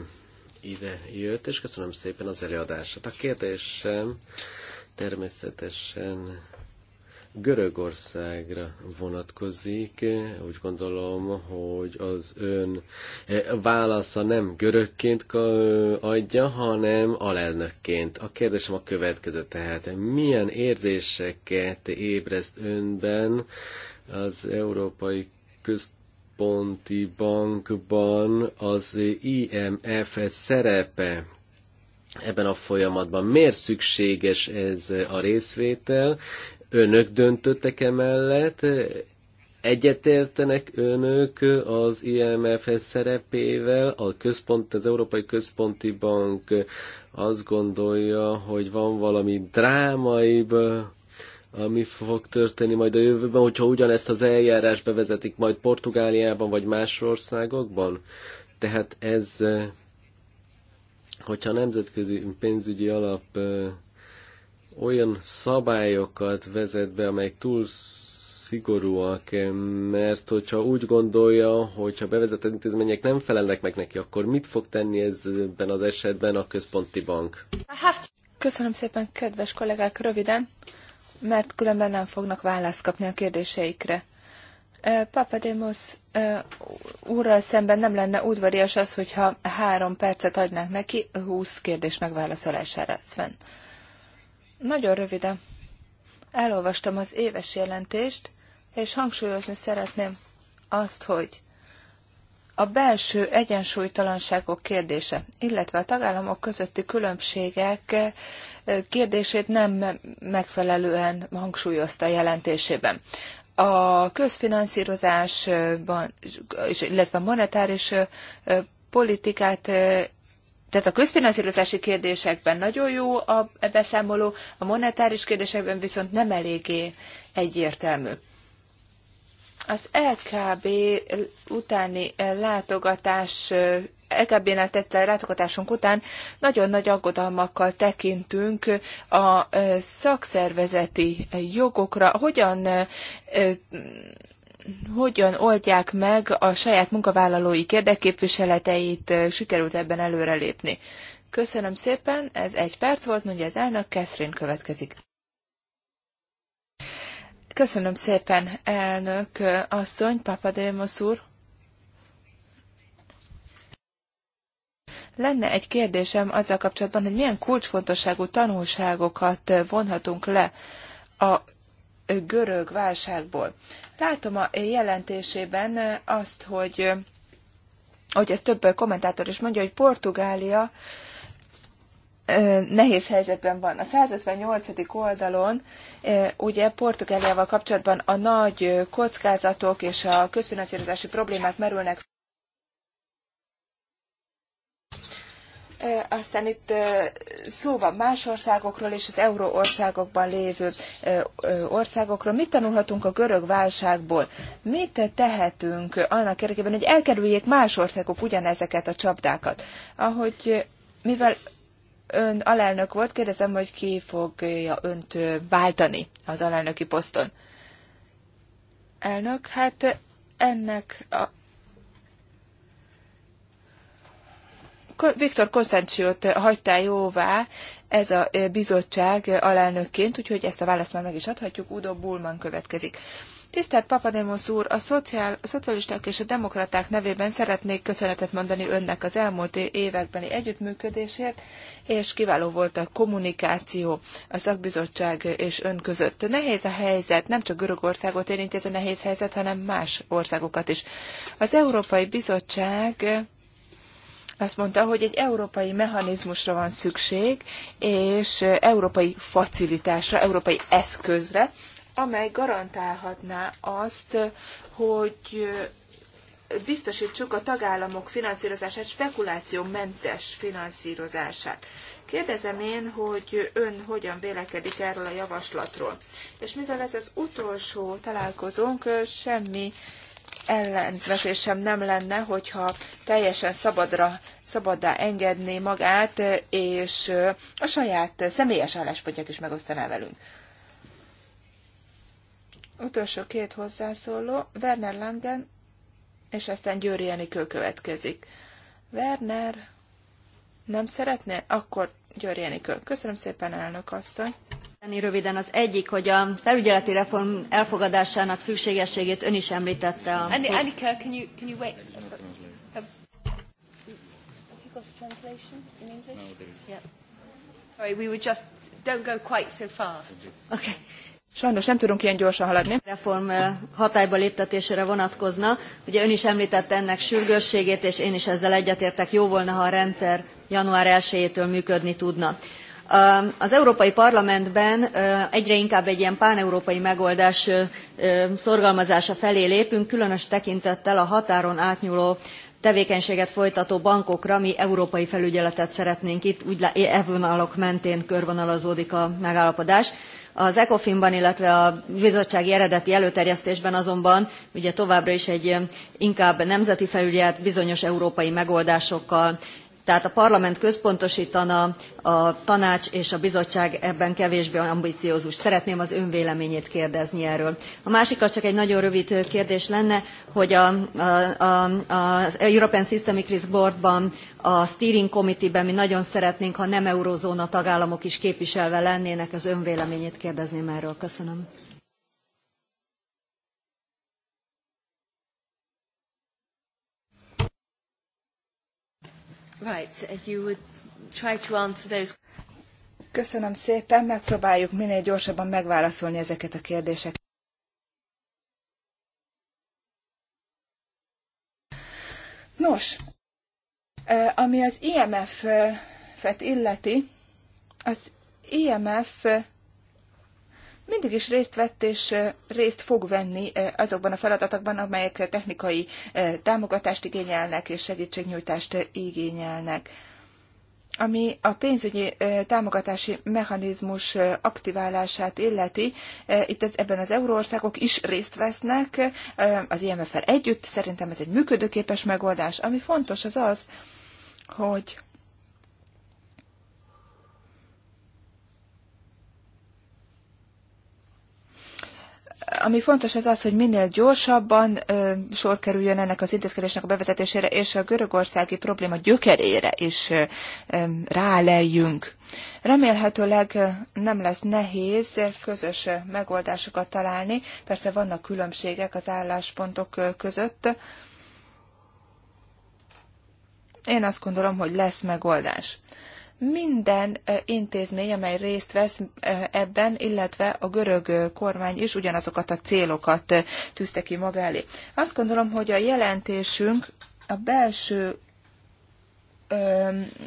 ide jött, és köszönöm szépen az előadását. A kérdésem természetesen Görögországra vonatkozik. Úgy gondolom, hogy az ön e, válasza nem görögként adja, hanem alelnökként. A kérdésem a következő tehát. Milyen érzéseket ébreszt önben az Európai Központi központi bankban az IMF szerepe ebben a folyamatban? Miért szükséges ez a részvétel? Önök döntöttek emellett, egyetértenek önök az IMF szerepével, a központ, az Európai Központi Bank azt gondolja, hogy van valami drámaibb ami fog történni majd a jövőben, hogyha ugyanezt az eljárás bevezetik majd Portugáliában vagy más országokban. Tehát ez, eh, hogyha a nemzetközi pénzügyi alap eh, olyan szabályokat vezet be, amelyek túl szigorúak, eh, mert hogyha úgy gondolja, hogyha bevezetett intézmények nem felelnek meg neki, akkor mit fog tenni ebben az esetben a központi bank? Köszönöm szépen, kedves kollégák, röviden mert különben nem fognak választ kapni a kérdéseikre. Papademos úrral szemben nem lenne udvarias az, hogyha három percet adnánk neki húsz kérdés megválaszolására, Sven. Nagyon röviden. Elolvastam az éves jelentést, és hangsúlyozni szeretném azt, hogy a belső egyensúlytalanságok kérdése, illetve a tagállamok közötti különbségek eh, kérdését nem megfelelően hangsúlyozta a jelentésében. A közfinanszírozásban, illetve a monetáris eh, politikát eh, tehát a közfinanszírozási kérdésekben nagyon jó a beszámoló, a monetáris kérdésekben viszont nem eléggé egyértelmű. Az LKB utáni eh, látogatás eh, lkb nál tett látogatásunk után nagyon nagy aggodalmakkal tekintünk a eh, szakszervezeti jogokra, hogyan hogyan oldják meg a saját munkavállalói érdekképviseleteit? sikerült ebben előrelépni. Köszönöm szépen, ez egy perc volt, mondja az elnök, Catherine következik. Köszönöm szépen, elnök asszony, Papadémos úr. Lenne egy kérdésem azzal kapcsolatban, hogy milyen kulcsfontosságú tanulságokat vonhatunk le a görög válságból. Látom a jelentésében azt, hogy, hogy ez több kommentátor is mondja, hogy Portugália nehéz helyzetben van. A 158. oldalon ugye Portugáliával kapcsolatban a nagy kockázatok és a közfinanszírozási problémák merülnek Aztán itt szó van más országokról és az euró országokban lévő országokról. Mit tanulhatunk a görög válságból? Mit tehetünk annak érdekében, hogy elkerüljék más országok ugyanezeket a csapdákat? Ahogy mivel ön alelnök volt, kérdezem, hogy ki fogja önt váltani az alelnöki poszton. Elnök, hát ennek a... Viktor Konstantiót hagytál jóvá ez a bizottság alelnökként, úgyhogy ezt a választ már meg is adhatjuk. Udo Bullman következik. Tisztelt Papademos úr, a, szociál, a szocialisták és a demokraták nevében szeretnék köszönetet mondani önnek az elmúlt évekbeni együttműködésért, és kiváló volt a kommunikáció a szakbizottság és ön között. Nehéz a helyzet, nem csak Görögországot érinti ez a nehéz helyzet, hanem más országokat is. Az Európai Bizottság azt mondta, hogy egy európai mechanizmusra van szükség, és európai facilitásra, európai eszközre, amely garantálhatná azt, hogy biztosítsuk a tagállamok finanszírozását, spekulációmentes finanszírozását. Kérdezem én, hogy ön hogyan vélekedik erről a javaslatról. És mivel ez az utolsó találkozónk, semmi ellentvetésem nem lenne, hogyha teljesen szabadra, szabaddá engedné magát, és a saját személyes álláspontját is megosztaná velünk utolsó két hozzászóló, Werner Langen, és aztán Győri Enikő következik. Werner, nem szeretné? Akkor Győri Enikő. Köszönöm szépen, elnök asszony. Röviden az egyik, hogy a felügyeleti reform elfogadásának szükségességét ön is említette. A... Annika, can you, can you wait? Have, you got a translation in English? Yeah. Sorry, we were just, don't go quite so fast. Okay. Sajnos nem tudunk ilyen gyorsan haladni. Reform eh, hatályba léptetésére vonatkozna. Ugye ön is említette ennek sürgősségét, és én is ezzel egyetértek. Jó volna, ha a rendszer január 1-től működni tudna. Ehm, az Európai Parlamentben eh, egyre inkább egy ilyen páneurópai megoldás eh, szorgalmazása felé lépünk, különös tekintettel a határon átnyúló tevékenységet folytató bankokra mi európai felügyeletet szeretnénk itt, úgy e vonalak mentén körvonalazódik a megállapodás. Az ECOFIN-ban, illetve a bizottsági eredeti előterjesztésben azonban ugye továbbra is egy inkább nemzeti felügyelet bizonyos európai megoldásokkal tehát a parlament központostana a tanács és a bizottság ebben kevésbé ambiciózus. szeretném az ön véleményét kérdezni erről. a másik az csak egy nagyon rövid kérdés lenne hogy a, a, a, az european systemic risk boardban a steering committee-ben mi nagyon szeretnénk ha nem eurozóna tagállamok is képviselve lennének az ön véleményét kérdezném erről. köszönöm. Köszönöm szépen, megpróbáljuk minél gyorsabban megválaszolni ezeket a kérdéseket. Nos, ami az IMF-et illeti, az IMF mindig is részt vett és részt fog venni azokban a feladatokban, amelyek technikai támogatást igényelnek és segítségnyújtást igényelnek ami a pénzügyi támogatási mechanizmus aktiválását illeti. Itt az, ebben az euróországok is részt vesznek az IMF-fel együtt. Szerintem ez egy működőképes megoldás. Ami fontos az az, hogy ami fontos az az, hogy minél gyorsabban ö, sor kerüljön ennek az intézkedésnek a bevezetésére, és a görögországi probléma gyökerére is ö, ráleljünk. Remélhetőleg nem lesz nehéz közös megoldásokat találni, persze vannak különbségek az álláspontok között. Én azt gondolom, hogy lesz megoldás minden intézmény, amely részt vesz ebben, illetve a görög kormány is ugyanazokat a célokat tűzte ki maga elé. Azt gondolom, hogy a jelentésünk a belső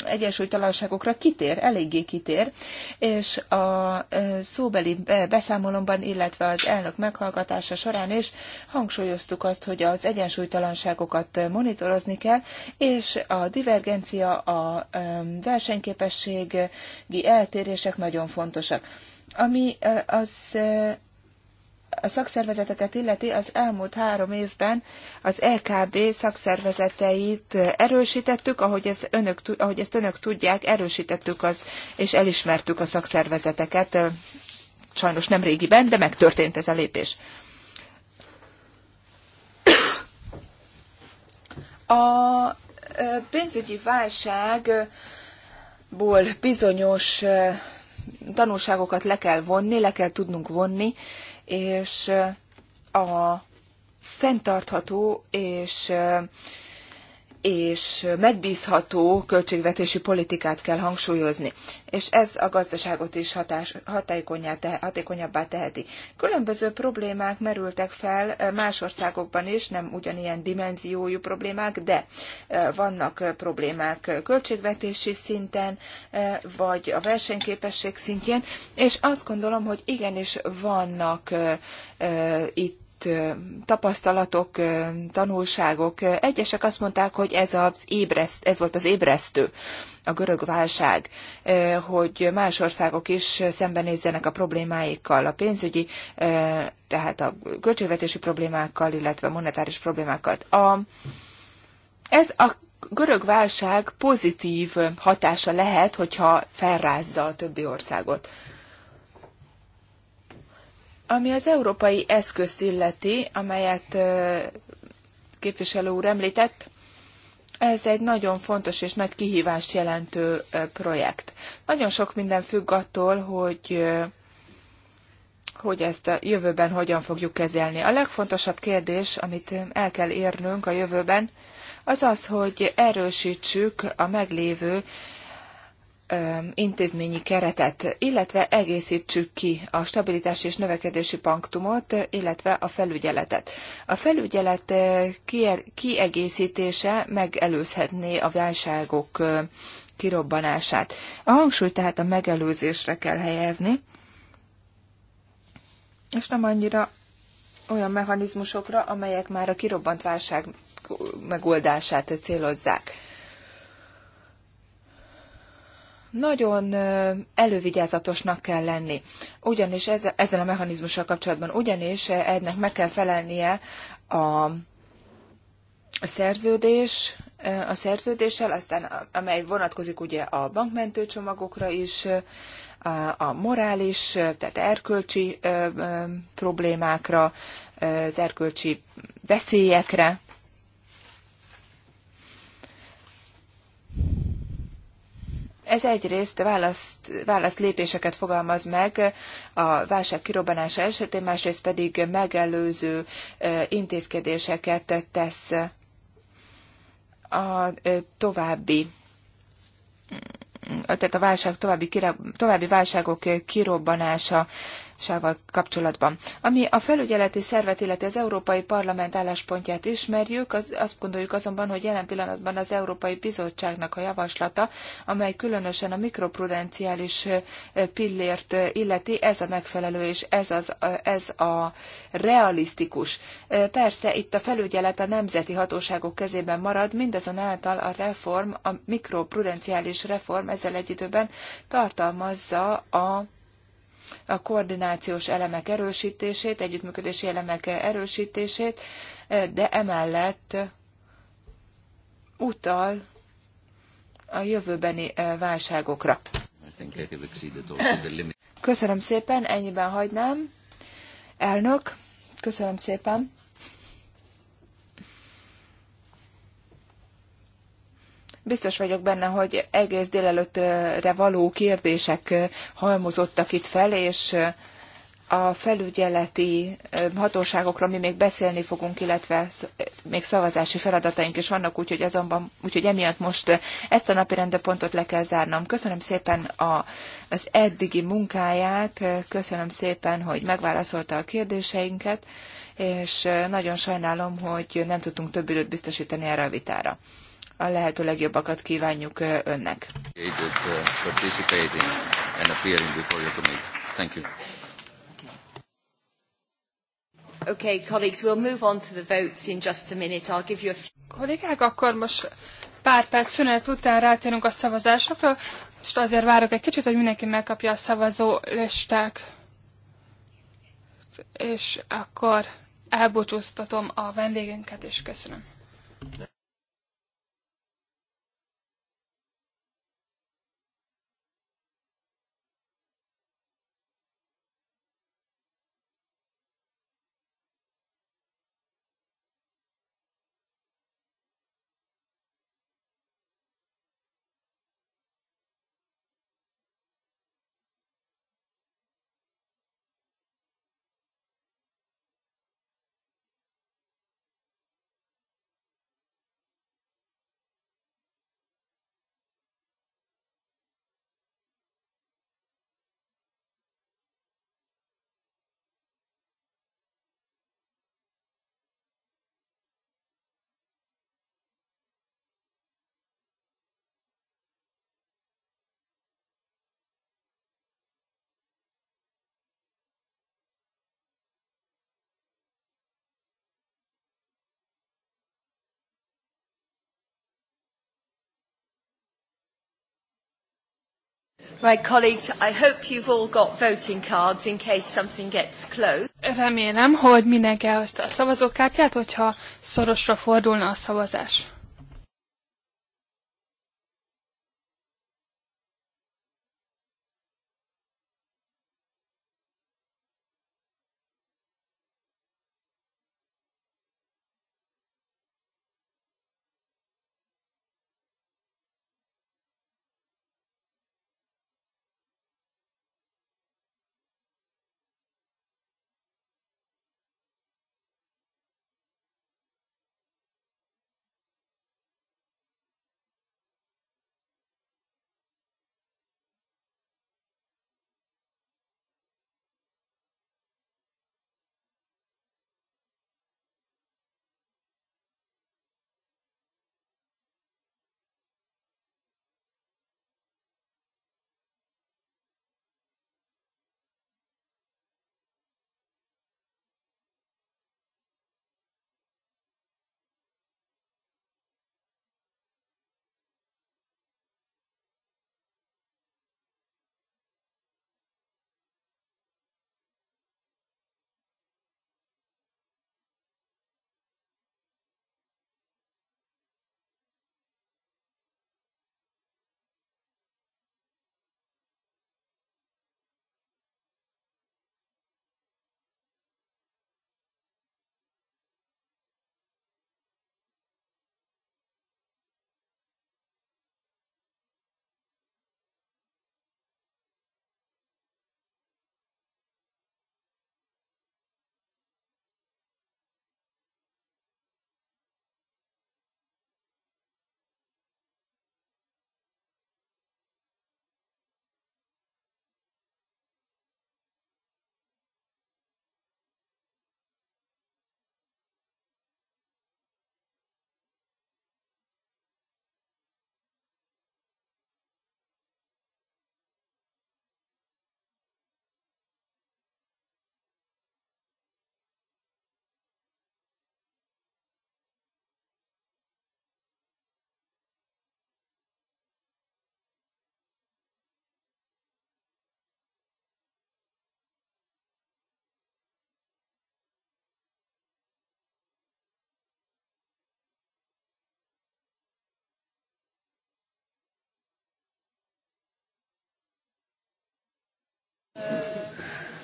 egyensúlytalanságokra kitér, eléggé kitér, és a szóbeli beszámolomban, illetve az elnök meghallgatása során is hangsúlyoztuk azt, hogy az egyensúlytalanságokat monitorozni kell, és a divergencia, a versenyképességi eltérések nagyon fontosak. Ami az a szakszervezeteket illeti, az elmúlt három évben az EKB szakszervezeteit erősítettük, ahogy, ez önök, ahogy ezt önök tudják, erősítettük az, és elismertük a szakszervezeteket. Sajnos nem régiben, de megtörtént ez a lépés. A pénzügyi válságból bizonyos tanulságokat le kell vonni, le kell tudnunk vonni, és a fenntartható és és megbízható költségvetési politikát kell hangsúlyozni, és ez a gazdaságot is hatékonyabbá teheti. Különböző problémák merültek fel eh, más országokban is, nem ugyanilyen dimenziójú problémák, de eh, vannak eh, problémák költségvetési szinten, vagy a versenyképesség szintjén, és azt gondolom, hogy igenis vannak itt tapasztalatok, tanulságok. Egyesek azt mondták, hogy ez, az ébreszt, ez volt az ébresztő, a görög válság, hogy más országok is szembenézzenek a problémáikkal, a pénzügyi, tehát a költségvetési problémákkal, illetve monetáris problémákkal. A, ez a görög válság pozitív hatása lehet, hogyha felrázza a többi országot. Ami az európai eszközt illeti, amelyet képviselő úr említett, ez egy nagyon fontos és nagy kihívást jelentő projekt. Nagyon sok minden függ attól, hogy hogy ezt a jövőben hogyan fogjuk kezelni. A legfontosabb kérdés, amit el kell érnünk a jövőben, az az, hogy erősítsük a meglévő intézményi keretet, illetve egészítsük ki a stabilitási és növekedési panktumot, illetve a felügyeletet. A felügyelet kiegészítése megelőzhetné a válságok kirobbanását. A hangsúlyt tehát a megelőzésre kell helyezni, és nem annyira olyan mechanizmusokra, amelyek már a kirobbant válság megoldását célozzák nagyon elővigyázatosnak kell lenni, ugyanis ezzel a mechanizmussal kapcsolatban, ugyanis ennek meg kell felelnie a a szerződés, a szerződéssel, aztán amely vonatkozik ugye a bankmentő csomagokra is, a, a morális, tehát erkölcsi problémákra, az erkölcsi veszélyekre, Ez egyrészt választ, választ lépéseket fogalmaz meg a válság kirobbanása esetén, másrészt pedig megelőző intézkedéseket tesz a további tehát a válság további, további válságok kirobbanása sával kapcsolatban. Ami a felügyeleti szervet, illeti az Európai Parlament álláspontját ismerjük, az, azt gondoljuk azonban, hogy jelen pillanatban az Európai Bizottságnak a javaslata, amely különösen a mikroprudenciális pillért illeti, ez a megfelelő és ez, az, ez a realisztikus. Persze itt a felügyelet a nemzeti hatóságok kezében marad, mindazonáltal a reform, a mikroprudenciális reform ezzel egy időben tartalmazza a a koordinációs elemek erősítését, együttműködési elemek erősítését, de emellett utal a jövőbeni válságokra. Köszönöm szépen, ennyiben hagynám. Elnök, köszönöm szépen. Biztos vagyok benne, hogy egész délelőttre való kérdések halmozottak itt fel, és a felügyeleti hatóságokról mi még beszélni fogunk, illetve még szavazási feladataink is vannak, úgyhogy, azonban, úgyhogy emiatt most ezt a napi pontot le kell zárnom. Köszönöm szépen a, az eddigi munkáját, köszönöm szépen, hogy megválaszolta a kérdéseinket, és nagyon sajnálom, hogy nem tudtunk több időt biztosítani erre a vitára a lehető legjobbakat kívánjuk önnek. Okay, colleagues, we'll move on to the votes in just a minute. I'll give you a Kollégák, akkor most pár perc szünet után rátérünk a szavazásokra, és azért várok egy kicsit, hogy mindenki megkapja a szavazó listák. És akkor elbocsúztatom a vendégünket, és köszönöm. Right, colleagues, I hope you've all got voting cards in case something gets close. Remélem, hogy mindenki elhozta a szavazókártyát, hogyha szorosra fordulna a szavazás.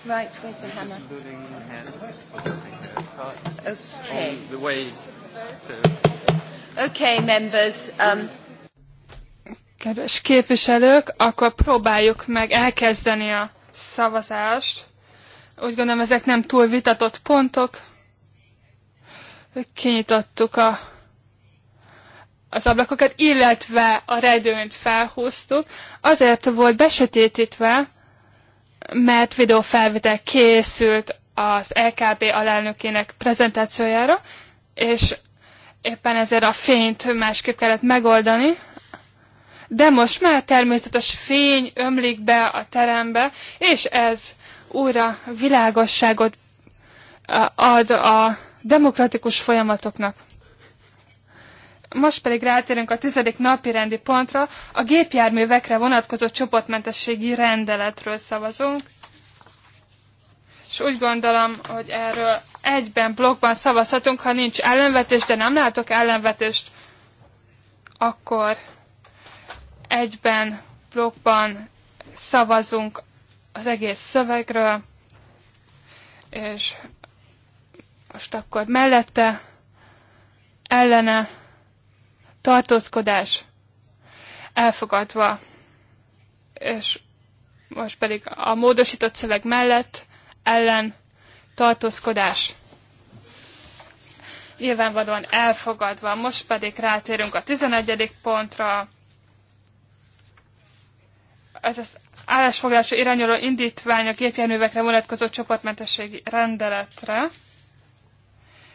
Right, with the hammer? Okay. On the way to... Okay, members. Um... Kedves képviselők, akkor próbáljuk meg elkezdeni a szavazást. Úgy gondolom, ezek nem túl vitatott pontok. Kinyitottuk a az ablakokat, illetve a redőnyt felhúztuk. Azért volt besötétítve, mert videófelvétel készült az LKB alelnökének prezentációjára, és éppen ezért a fényt másképp kellett megoldani, de most már természetes fény ömlik be a terembe, és ez újra világosságot ad a demokratikus folyamatoknak. Most pedig rátérünk a tizedik napi rendi pontra, a gépjárművekre vonatkozó csoportmentességi rendeletről szavazunk. És úgy gondolom, hogy erről egyben blogban szavazhatunk, ha nincs ellenvetés, de nem látok ellenvetést, akkor egyben blogban szavazunk az egész szövegről, és most akkor mellette, ellene, tartózkodás elfogadva. És most pedig a módosított szöveg mellett ellen tartózkodás nyilvánvalóan elfogadva. Most pedig rátérünk a 11. pontra. Ez az állásfoglalása irányuló indítvány a gépjárművekre vonatkozó csoportmentességi rendeletre.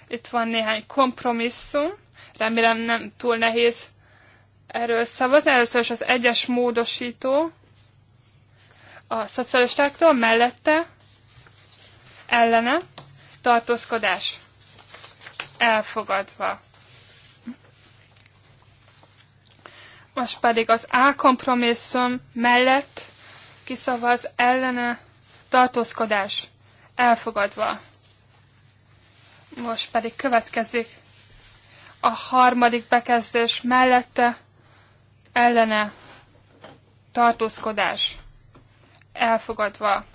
Itt van néhány kompromisszum. Remélem nem túl nehéz erről szavazni. Először is az egyes módosító a szocialistáktól mellette ellene tartózkodás elfogadva. Most pedig az A kompromisszum mellett kiszavaz ellene tartózkodás elfogadva. Most pedig következik a harmadik bekezdés mellette ellene tartózkodás elfogadva.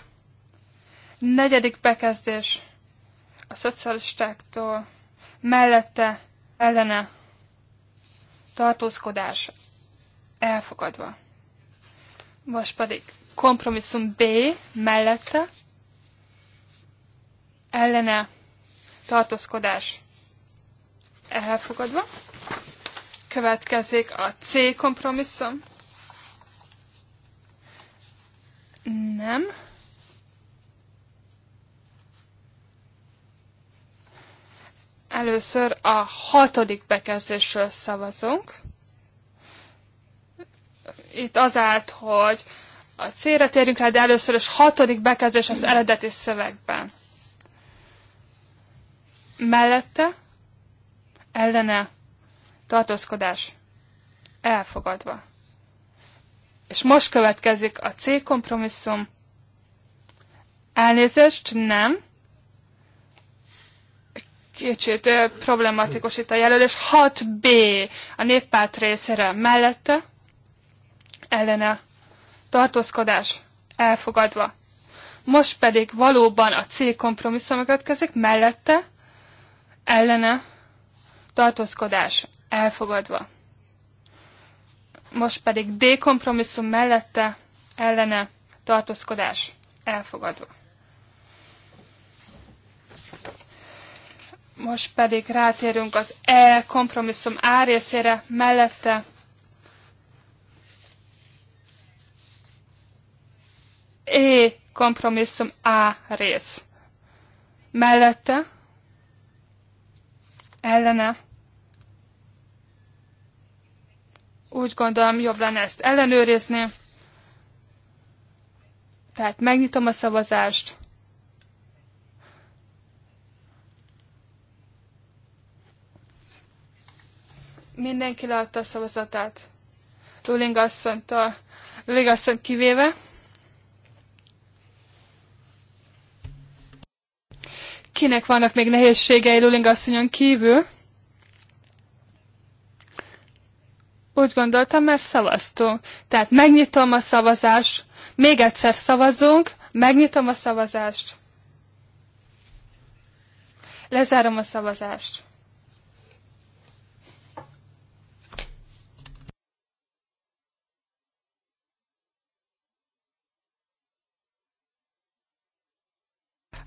Negyedik bekezdés a szocialistáktól mellette ellene tartózkodás elfogadva. Most pedig kompromisszum B mellette ellene tartózkodás elfogadva. Következik a C kompromisszum. Nem. Először a hatodik bekezdésről szavazunk. Itt az állt, hogy a célra térjünk rá, de először is hatodik bekezdés az eredeti szövegben. Mellette ellene tartózkodás elfogadva. És most következik a C kompromisszum. Elnézést, nem. Kicsit ö, problematikus itt a jelölés. 6B a néppárt részére mellette. Ellene tartózkodás elfogadva. Most pedig valóban a C kompromisszum következik mellette. Ellene tartózkodás elfogadva. Most pedig D mellette ellene tartózkodás elfogadva. Most pedig rátérünk az E kompromisszum A részére mellette E kompromisszum A rész. Mellette ellene Úgy gondolom, jobb lenne ezt ellenőrizni. Tehát megnyitom a szavazást. Mindenki leadta a szavazatát. Luling asszonytól, Luling asszonyt kivéve. Kinek vannak még nehézségei Luling asszonyon kívül? Úgy gondoltam, mert szavaztunk. Tehát megnyitom a szavazást, még egyszer szavazunk, megnyitom a szavazást. Lezárom a szavazást.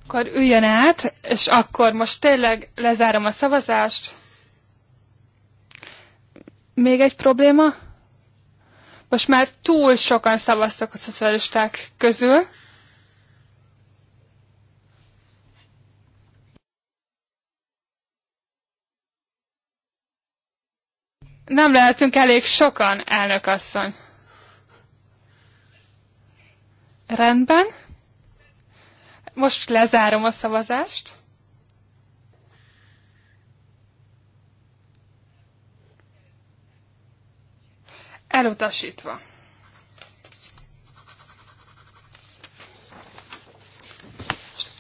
Akkor üljön át, és akkor most tényleg lezárom a szavazást. Még egy probléma? Most már túl sokan szavaztak a szocialisták közül. Nem lehetünk elég sokan, elnök asszony. Rendben. Most lezárom a szavazást. elutasítva.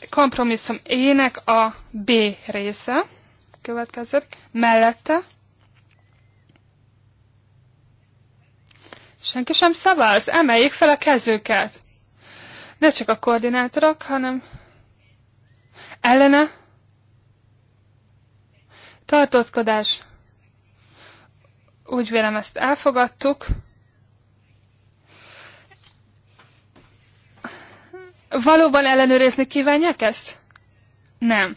Kompromisszum ének a B része következik, mellette Senki sem szavaz? Emeljék fel a kezüket! Ne csak a koordinátorok, hanem ellene tartózkodás. Úgy vélem, ezt elfogadtuk. Valóban ellenőrizni kívánják ezt? Nem.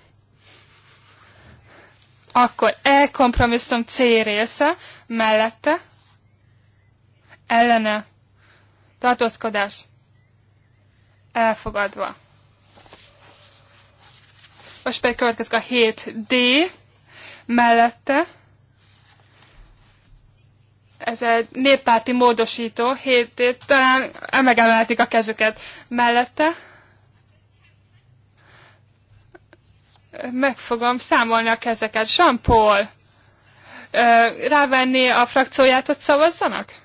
Akkor E kompromisszum C része, mellette, ellene, tartózkodás, elfogadva. Most pedig következik a 7D, mellette, ez egy néppárti módosító, hétét, talán megemelhetik a kezüket mellette. Meg fogom számolni a kezeket. Jean Paul, rávenni a frakcióját, hogy szavazzanak?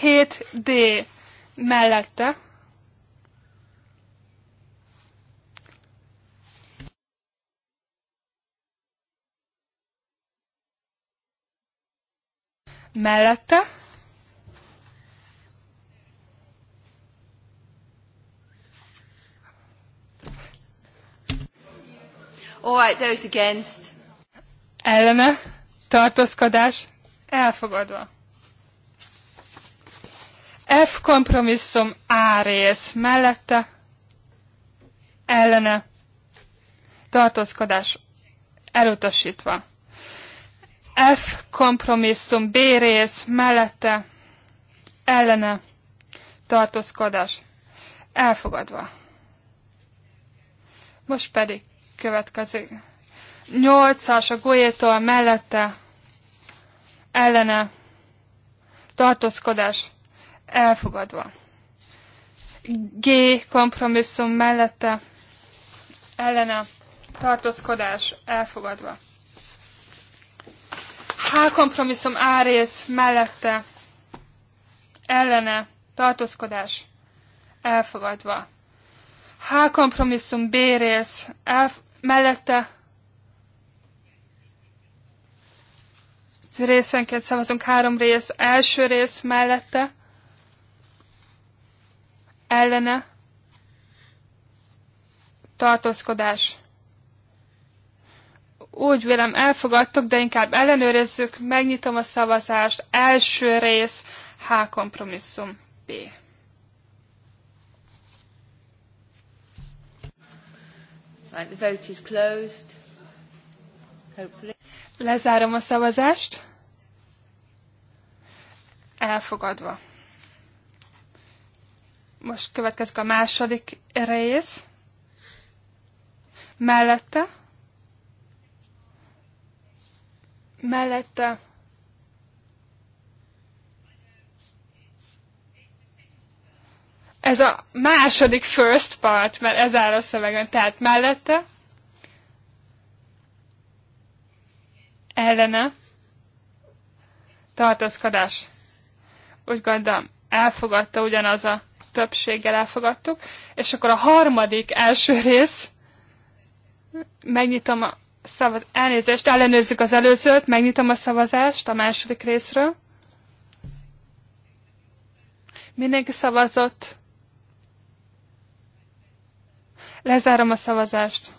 Hét D mellette. mellette. All right, those against. Ellene, tartózkodás, elfogadva. F kompromisszum A rész mellette, ellene, tartózkodás elutasítva. F kompromisszum, B rész, mellette, ellene, tartózkodás, elfogadva. Most pedig következik. Nyolcas a golyétól mellette, ellene, tartózkodás, elfogadva. G kompromisszum mellette, ellene, tartózkodás, elfogadva. H kompromisszum árész mellette ellene tartózkodás elfogadva. H kompromisszum B rész elf- mellette részenként szavazunk három rész, első rész mellette, ellene, tartózkodás úgy vélem elfogadtuk, de inkább ellenőrizzük, megnyitom a szavazást, első rész, H kompromisszum, B. the vote is closed. Hopefully. Lezárom a szavazást. Elfogadva. Most következik a második rész. Mellette mellette ez a második first part, mert ez áll a szövegen, tehát mellette ellene tartózkodás. Úgy gondolom, elfogadta ugyanaz a többséggel elfogadtuk, és akkor a harmadik első rész, megnyitom a szavaz... Elnézést, ellenőrzzük az előzőt, megnyitom a szavazást a második részről. Mindenki szavazott. Lezárom a szavazást.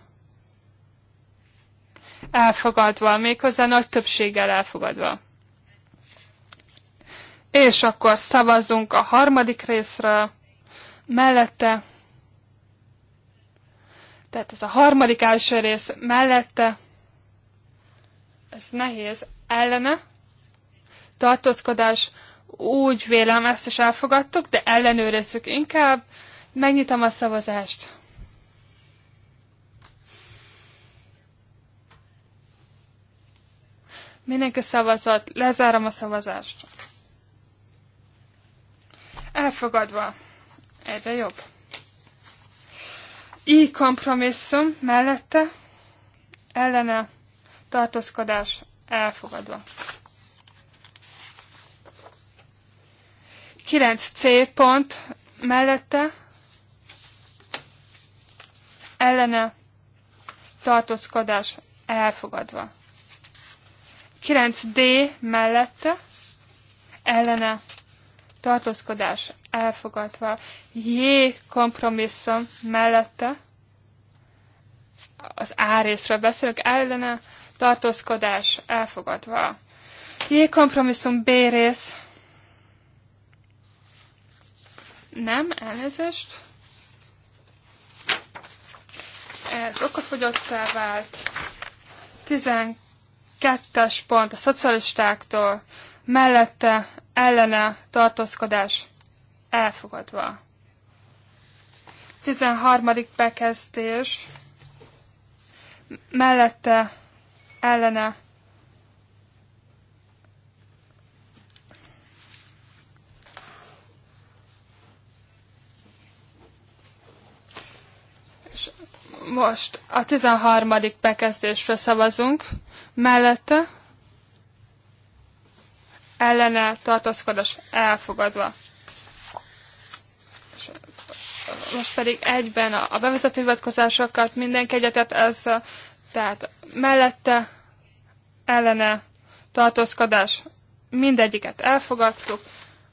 Elfogadva, méghozzá nagy többséggel elfogadva. És akkor szavazzunk a harmadik részre mellette tehát ez a harmadik első rész mellette, ez nehéz, ellene, tartózkodás, úgy vélem, ezt is elfogadtuk, de ellenőrizzük inkább, megnyitom a szavazást. Mindenki szavazott, lezárom a szavazást. Elfogadva. Egyre jobb. I kompromisszum mellette ellene tartózkodás elfogadva. 9C pont mellette ellene tartózkodás elfogadva. 9D mellette ellene tartózkodás elfogadva. J kompromisszum mellette az árészről beszélünk, ellene tartózkodás elfogadva. J kompromisszum B rész. Nem, elnézést. Ez okafogyottá vált. 12-es pont a szocialistáktól, mellette ellene tartózkodás elfogadva. 13. bekezdés mellette, ellene, és most a 13. bekezdésre szavazunk, mellette, ellene tartózkodás elfogadva most pedig egyben a, a bevezető hivatkozásokat mindenki egyetet ezzel, tehát mellette ellene tartózkodás mindegyiket elfogadtuk,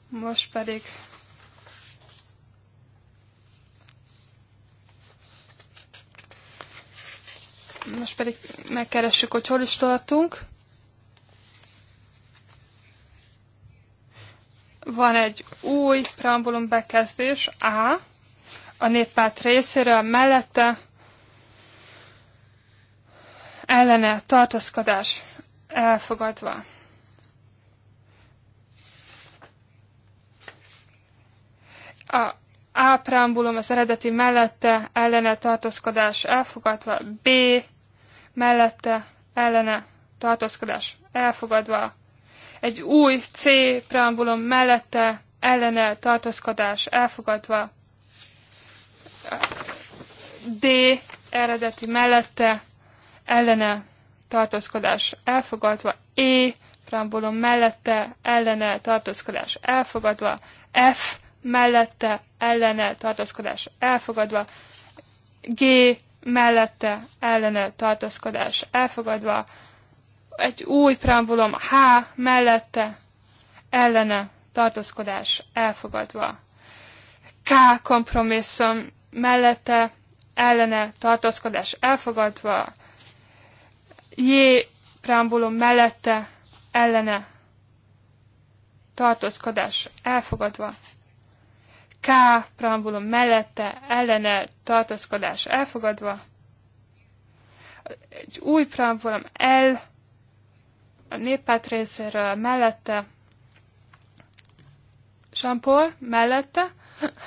most pedig most pedig megkeressük, hogy hol is tartunk. Van egy új preambulum bekezdés, A a néppárt részéről mellette ellene tartozkodás elfogadva. A A preambulum az eredeti mellette ellene tartózkodás elfogadva, B mellette ellene tartózkodás elfogadva, egy új C preambulum mellette ellene tartózkodás elfogadva, D eredeti mellette ellene tartózkodás elfogadva, E preambulum mellette ellene tartózkodás elfogadva, F mellette ellene tartózkodás elfogadva, G mellette ellene tartózkodás elfogadva, egy új preambulum H mellette ellene tartózkodás elfogadva. K kompromisszum mellette ellene tartózkodás elfogadva, J preambulum mellette ellene tartózkodás elfogadva, K preambulum mellette ellene tartózkodás elfogadva, egy új preambulum L a néppárt részéről mellette, Sampol mellette,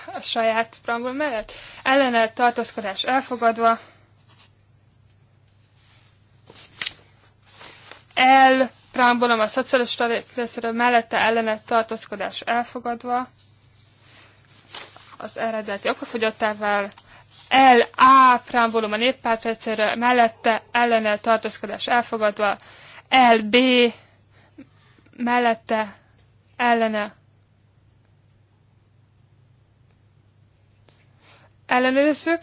a saját preambul mellett. Ellene tartózkodás elfogadva. El preambulum a szocialista részéről mellette ellene tartózkodás elfogadva. Az eredeti okafogyottával. El A preambulum a néppárt részéről mellette ellene tartózkodás elfogadva. El B mellette ellene ellenőrizzük.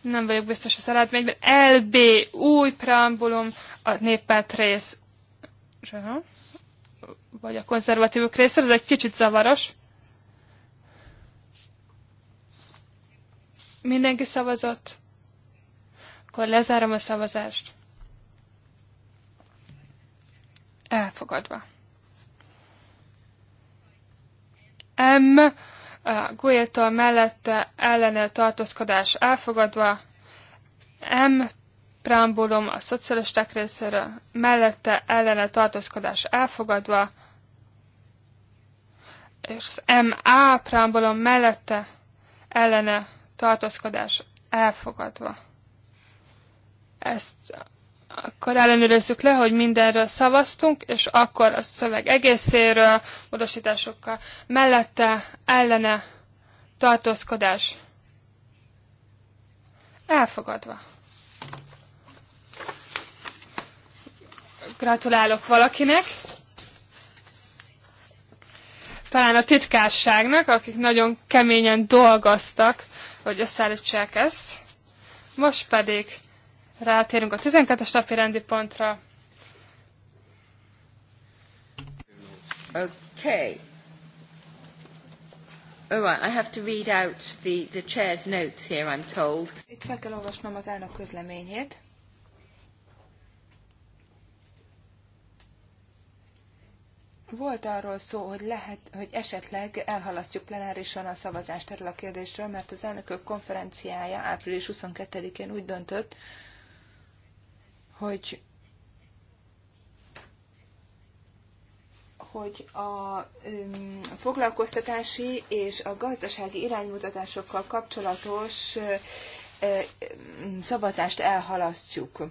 Nem vagyok biztos az eredményben. LB, új preambulum, a néppárt rész. Vagy a konzervatívok része, ez egy kicsit zavaros. Mindenki szavazott? Akkor lezárom a szavazást. Elfogadva. M Guétól mellette ellene tartózkodás elfogadva, M preambulum a szocialisták részéről mellette ellene tartózkodás elfogadva, és az MA preambulum mellette ellene tartózkodás elfogadva. Ezt akkor ellenőrizzük le, hogy mindenről szavaztunk, és akkor a szöveg egészéről, módosításokkal mellette, ellene, tartózkodás. Elfogadva. Gratulálok valakinek. Talán a titkárságnak, akik nagyon keményen dolgoztak, hogy összeállítsák ezt. Most pedig Rátérünk a 12-es napi rendi pontra. Okay. All right, I have to read out the, the chair's notes here, I'm told. Itt fel kell olvasnom az elnök közleményét. Volt arról szó, hogy lehet, hogy esetleg elhalasztjuk plenárisan a szavazást erről a kérdésről, mert az elnökök konferenciája április 22-én úgy döntött, hogy hogy a foglalkoztatási és a gazdasági iránymutatásokkal kapcsolatos szavazást elhalasztjuk.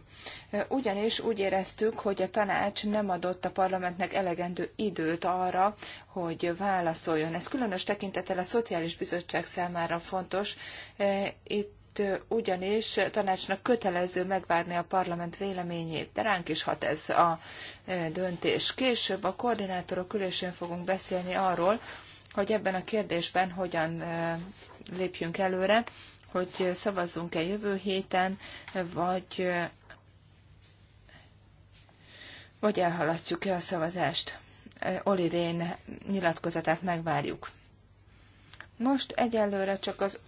Ugyanis úgy éreztük, hogy a tanács nem adott a parlamentnek elegendő időt arra, hogy válaszoljon. Ez különös tekintettel a Szociális Bizottság számára fontos. Itt itt ugyanis tanácsnak kötelező megvárni a parlament véleményét, de ránk is hat ez a döntés. Később a koordinátorok ülésén fogunk beszélni arról, hogy ebben a kérdésben hogyan lépjünk előre, hogy szavazzunk-e jövő héten, vagy, vagy elhalasztjuk-e a szavazást. Oli Rén nyilatkozatát megvárjuk. Most egyelőre csak az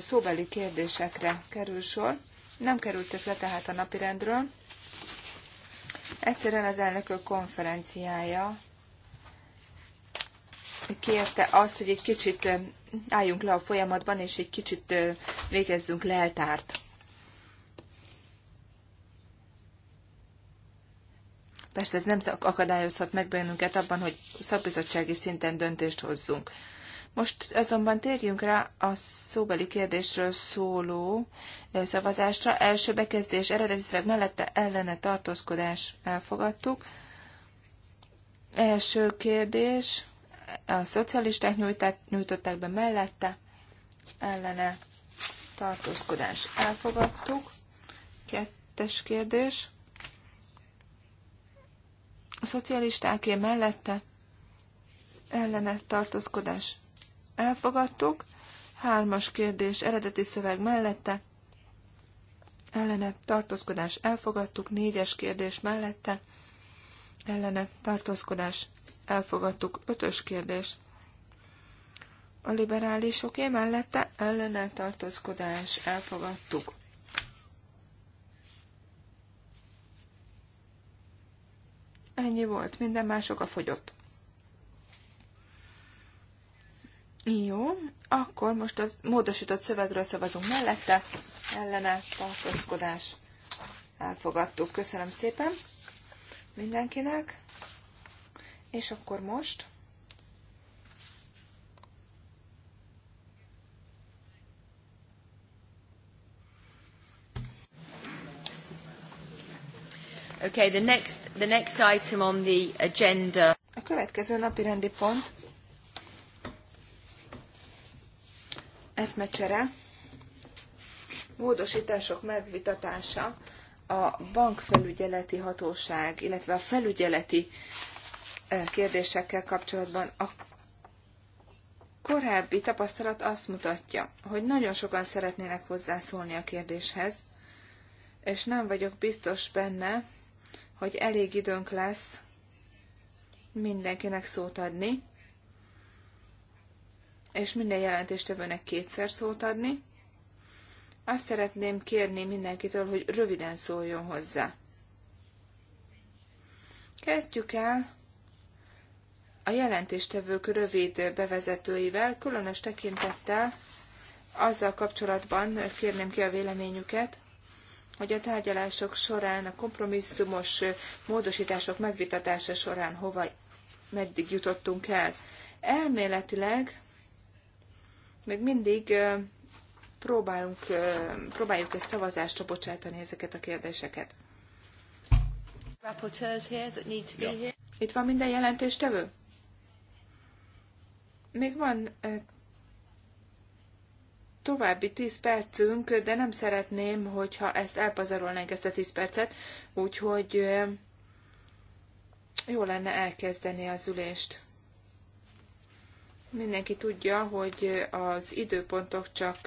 szóbeli kérdésekre kerül sor. Nem ez le tehát a napirendről. Egyszerűen az elnökök konferenciája kérte azt, hogy egy kicsit álljunk le a folyamatban, és egy kicsit végezzünk leltárt. Persze ez nem akadályozhat meg bennünket abban, hogy szakbizottsági szinten döntést hozzunk. Most azonban térjünk rá a szóbeli kérdésről szóló eh, szavazásra. Első bekezdés eredeti szöveg mellette ellene tartózkodás elfogadtuk. Első kérdés, a szocialisták nyújtát, nyújtották be mellette, ellene tartózkodás elfogadtuk. Kettes kérdés, a szocialistáké mellette ellene tartózkodás elfogadtuk. Hármas kérdés eredeti szöveg mellette, ellene tartózkodás elfogadtuk. Négyes kérdés mellette, ellene tartózkodás elfogadtuk. Ötös kérdés. A liberálisoké mellette ellene tartózkodás elfogadtuk. Ennyi volt, minden mások a fogyott. Jó, akkor most az módosított szövegről szavazunk mellette, ellene tartózkodás. Elfogadtuk. Köszönöm szépen mindenkinek. És akkor most... Okay, the next, the next item on the agenda. A következő napi rendi pont eszmecsere, módosítások megvitatása a bankfelügyeleti hatóság, illetve a felügyeleti eh, kérdésekkel kapcsolatban a korábbi tapasztalat azt mutatja, hogy nagyon sokan szeretnének hozzászólni a kérdéshez, és nem vagyok biztos benne, hogy elég időnk lesz mindenkinek szót adni és minden jelentéstevőnek kétszer szót adni. Azt szeretném kérni mindenkitől, hogy röviden szóljon hozzá. Kezdjük el a jelentéstevők rövid bevezetőivel, különös tekintettel azzal kapcsolatban kérném ki a véleményüket, hogy a tárgyalások során, a kompromisszumos módosítások megvitatása során hova, meddig jutottunk el. Elméletileg még mindig próbálunk, próbáljuk ezt szavazásra bocsátani ezeket a kérdéseket. Itt van minden jelentéstevő? Még van további 10 percünk, de nem szeretném, hogyha ezt elpazarolnánk, ezt a 10 percet, úgyhogy jó lenne elkezdeni az ülést. Mindenki tudja, hogy az időpontok csak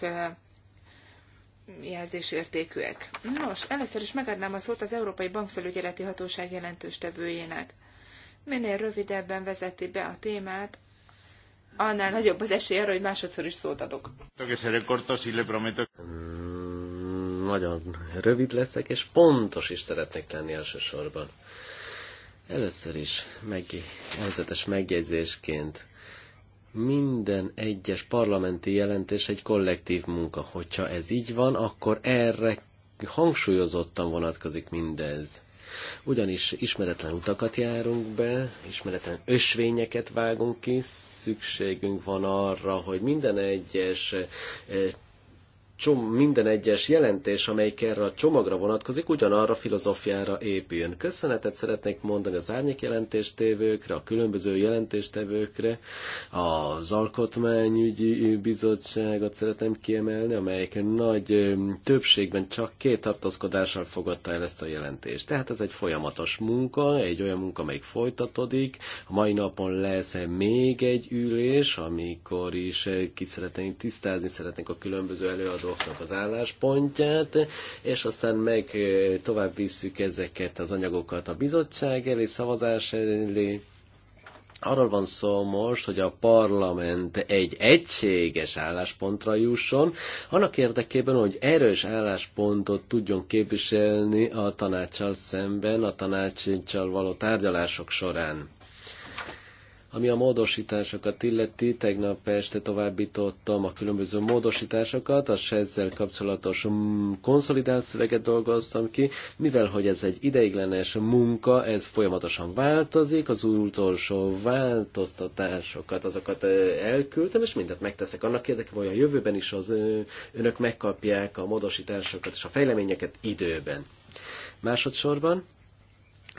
jelzésértékűek. Nos, először is megadnám a szót az Európai Bankfelügyeleti Hatóság jelentős tevőjének. Minél rövidebben vezeti be a témát, annál nagyobb az esély arra, hogy másodszor is szót adok. Mm, nagyon rövid leszek, és pontos is szeretnék lenni elsősorban. Először is meg, előzetes megjegyzésként minden egyes parlamenti jelentés egy kollektív munka. Hogyha ez így van, akkor erre hangsúlyozottan vonatkozik mindez. Ugyanis ismeretlen utakat járunk be, ismeretlen ösvényeket vágunk ki, szükségünk van arra, hogy minden egyes eh, csom, minden egyes jelentés, amelyik erre a csomagra vonatkozik, ugyanarra a filozófiára épüljön. Köszönetet szeretnék mondani az árnyék jelentéstévőkre, a különböző jelentéstevőkre, az Alkotmányügyi Bizottságot szeretném kiemelni, amelyik nagy többségben csak két tartózkodással fogadta el ezt a jelentést. Tehát ez egy folyamatos munka, egy olyan munka, amelyik folytatódik. A mai napon lesz még egy ülés, amikor is ki szeretnénk tisztázni, szeretnénk a különböző előadó Microsoftnak az álláspontját, és aztán meg tovább visszük ezeket az anyagokat a bizottság elé, szavazás elé, Arról van szó most, hogy a parlament egy egységes álláspontra jusson, annak érdekében, hogy erős álláspontot tudjon képviselni a tanácssal szemben, a tanácssal való tárgyalások során. Ami a módosításokat illeti, tegnap este továbbítottam a különböző módosításokat, a ezzel kapcsolatos mm, konszolidált szöveget dolgoztam ki, mivel hogy ez egy ideiglenes munka, ez folyamatosan változik, az utolsó változtatásokat, azokat elküldtem, és mindent megteszek annak érdekében, hogy a jövőben is az önök megkapják a módosításokat és a fejleményeket időben. Másodszorban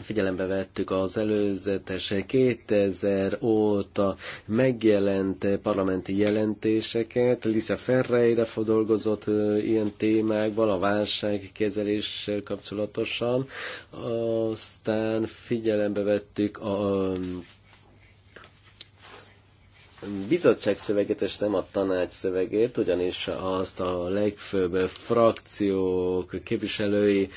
figyelembe vettük az előzetes 2000 óta megjelent parlamenti jelentéseket. Lisa Ferreira dolgozott ilyen témákban, a válságkezeléssel kapcsolatosan. Aztán figyelembe vettük a bizottság szöveget és nem a tanács szövegét, ugyanis azt a legfőbb frakciók képviselői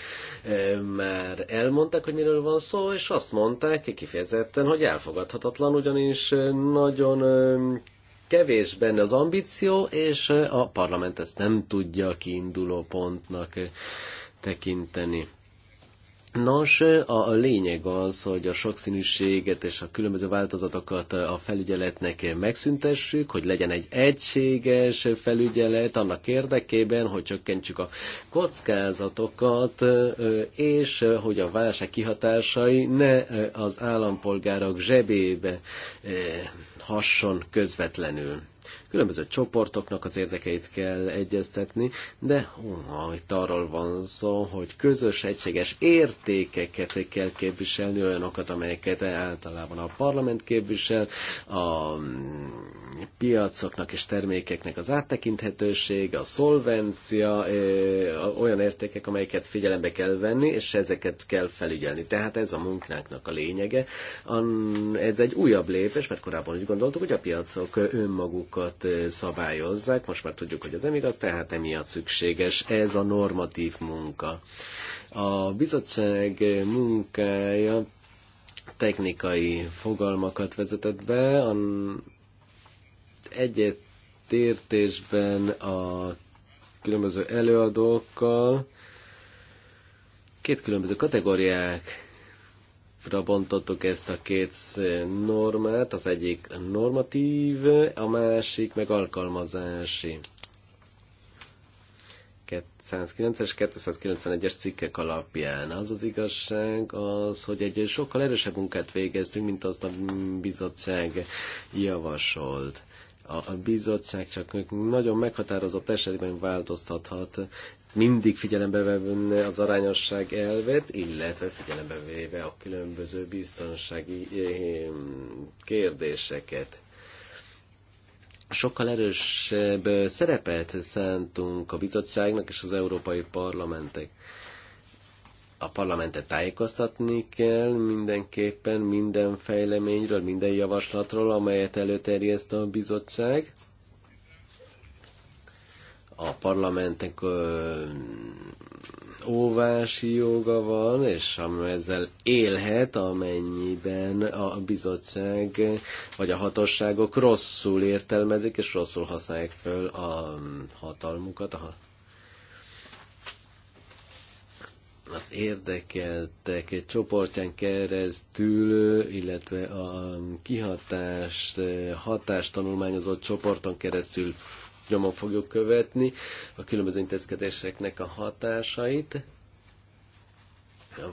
eh, már elmondták, hogy miről van szó, és azt mondták kifejezetten, hogy elfogadhatatlan, ugyanis eh, nagyon eh, kevés benne az ambíció, és a parlament ezt nem tudja kiinduló pontnak tekinteni. Nos, a lényeg az, hogy a sokszínűséget és a különböző változatokat a felügyeletnek megszüntessük, hogy legyen egy egységes felügyelet annak érdekében, hogy csökkentsük a kockázatokat, és hogy a válság kihatásai ne az állampolgárok zsebébe hasson közvetlenül. Különböző csoportoknak az érdekeit kell egyeztetni, de ó, itt arról van szó, hogy közös, egységes értékeket kell képviselni, olyanokat, amelyeket általában a parlament képvisel, a mm, piacoknak és termékeknek az áttekinthetőség, a szolvencia, olyan értékek, amelyeket figyelembe kell venni, és ezeket kell felügyelni. Tehát ez a munkánknak a lényege. Ez egy újabb lépés, mert korábban úgy gondoltuk, hogy a piacok önmagukat szabályozzák, most már tudjuk, hogy ez nem igaz, tehát emiatt szükséges ez a normatív munka. A bizottság munkája technikai fogalmakat vezetett be, egyetértésben a különböző előadókkal két különböző kategóriák bontottuk ezt a két normát, az egyik normatív, a másik meg alkalmazási. 209-es, 291-es cikkek alapján. Az az igazság az, hogy egy sokkal erősebb munkát végeztünk, mint azt a bizottság javasolt. A bizottság csak nagyon meghatározott esetben változtathat mindig figyelembe venne az arányosság elvet, illetve figyelembe véve a különböző biztonsági eh, kérdéseket. Sokkal erősebb szerepet szántunk a bizottságnak és az európai parlamentek. A parlamentet tájékoztatni kell mindenképpen minden fejleményről, minden javaslatról, amelyet előterjeszt a bizottság a parlamentnek óvási joga van, és ezzel élhet, amennyiben a bizottság vagy a hatóságok rosszul értelmezik, és rosszul használják föl a hatalmukat, a az érdekeltek egy csoportján keresztül, illetve a kihatás, hatástanulmányozott csoporton keresztül nyomon fogjuk követni a különböző intézkedéseknek a hatásait.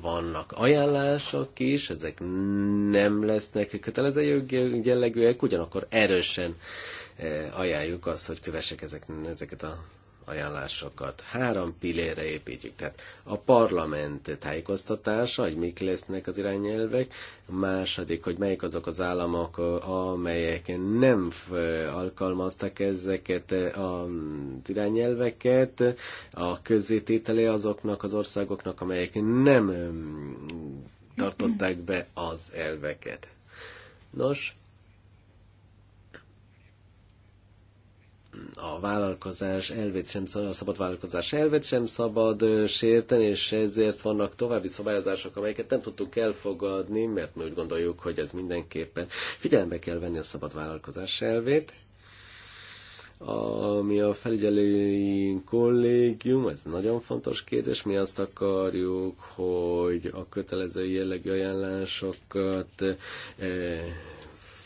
Vannak ajánlások is, ezek nem lesznek kötelező jellegűek, ugyanakkor erősen eh, ajánljuk azt, hogy kövessek ezeket a ajánlásokat. Három pillére építjük, tehát a parlament tájékoztatása, hogy mik lesznek az irányelvek, a második, hogy melyik azok az államok, amelyek nem alkalmaztak ezeket az irányelveket, a közzététele azoknak az országoknak, amelyek nem tartották be az elveket. Nos, a vállalkozás elvét sem szabad, a szabad vállalkozás elvét sem szabad sérteni, és ezért vannak további szabályozások, amelyeket nem tudtuk elfogadni, mert mi úgy gondoljuk, hogy ez mindenképpen figyelembe kell venni a szabad vállalkozás elvét, ami a felügyelői kollégium, ez nagyon fontos kérdés, mi azt akarjuk, hogy a kötelező jellegű ajánlásokat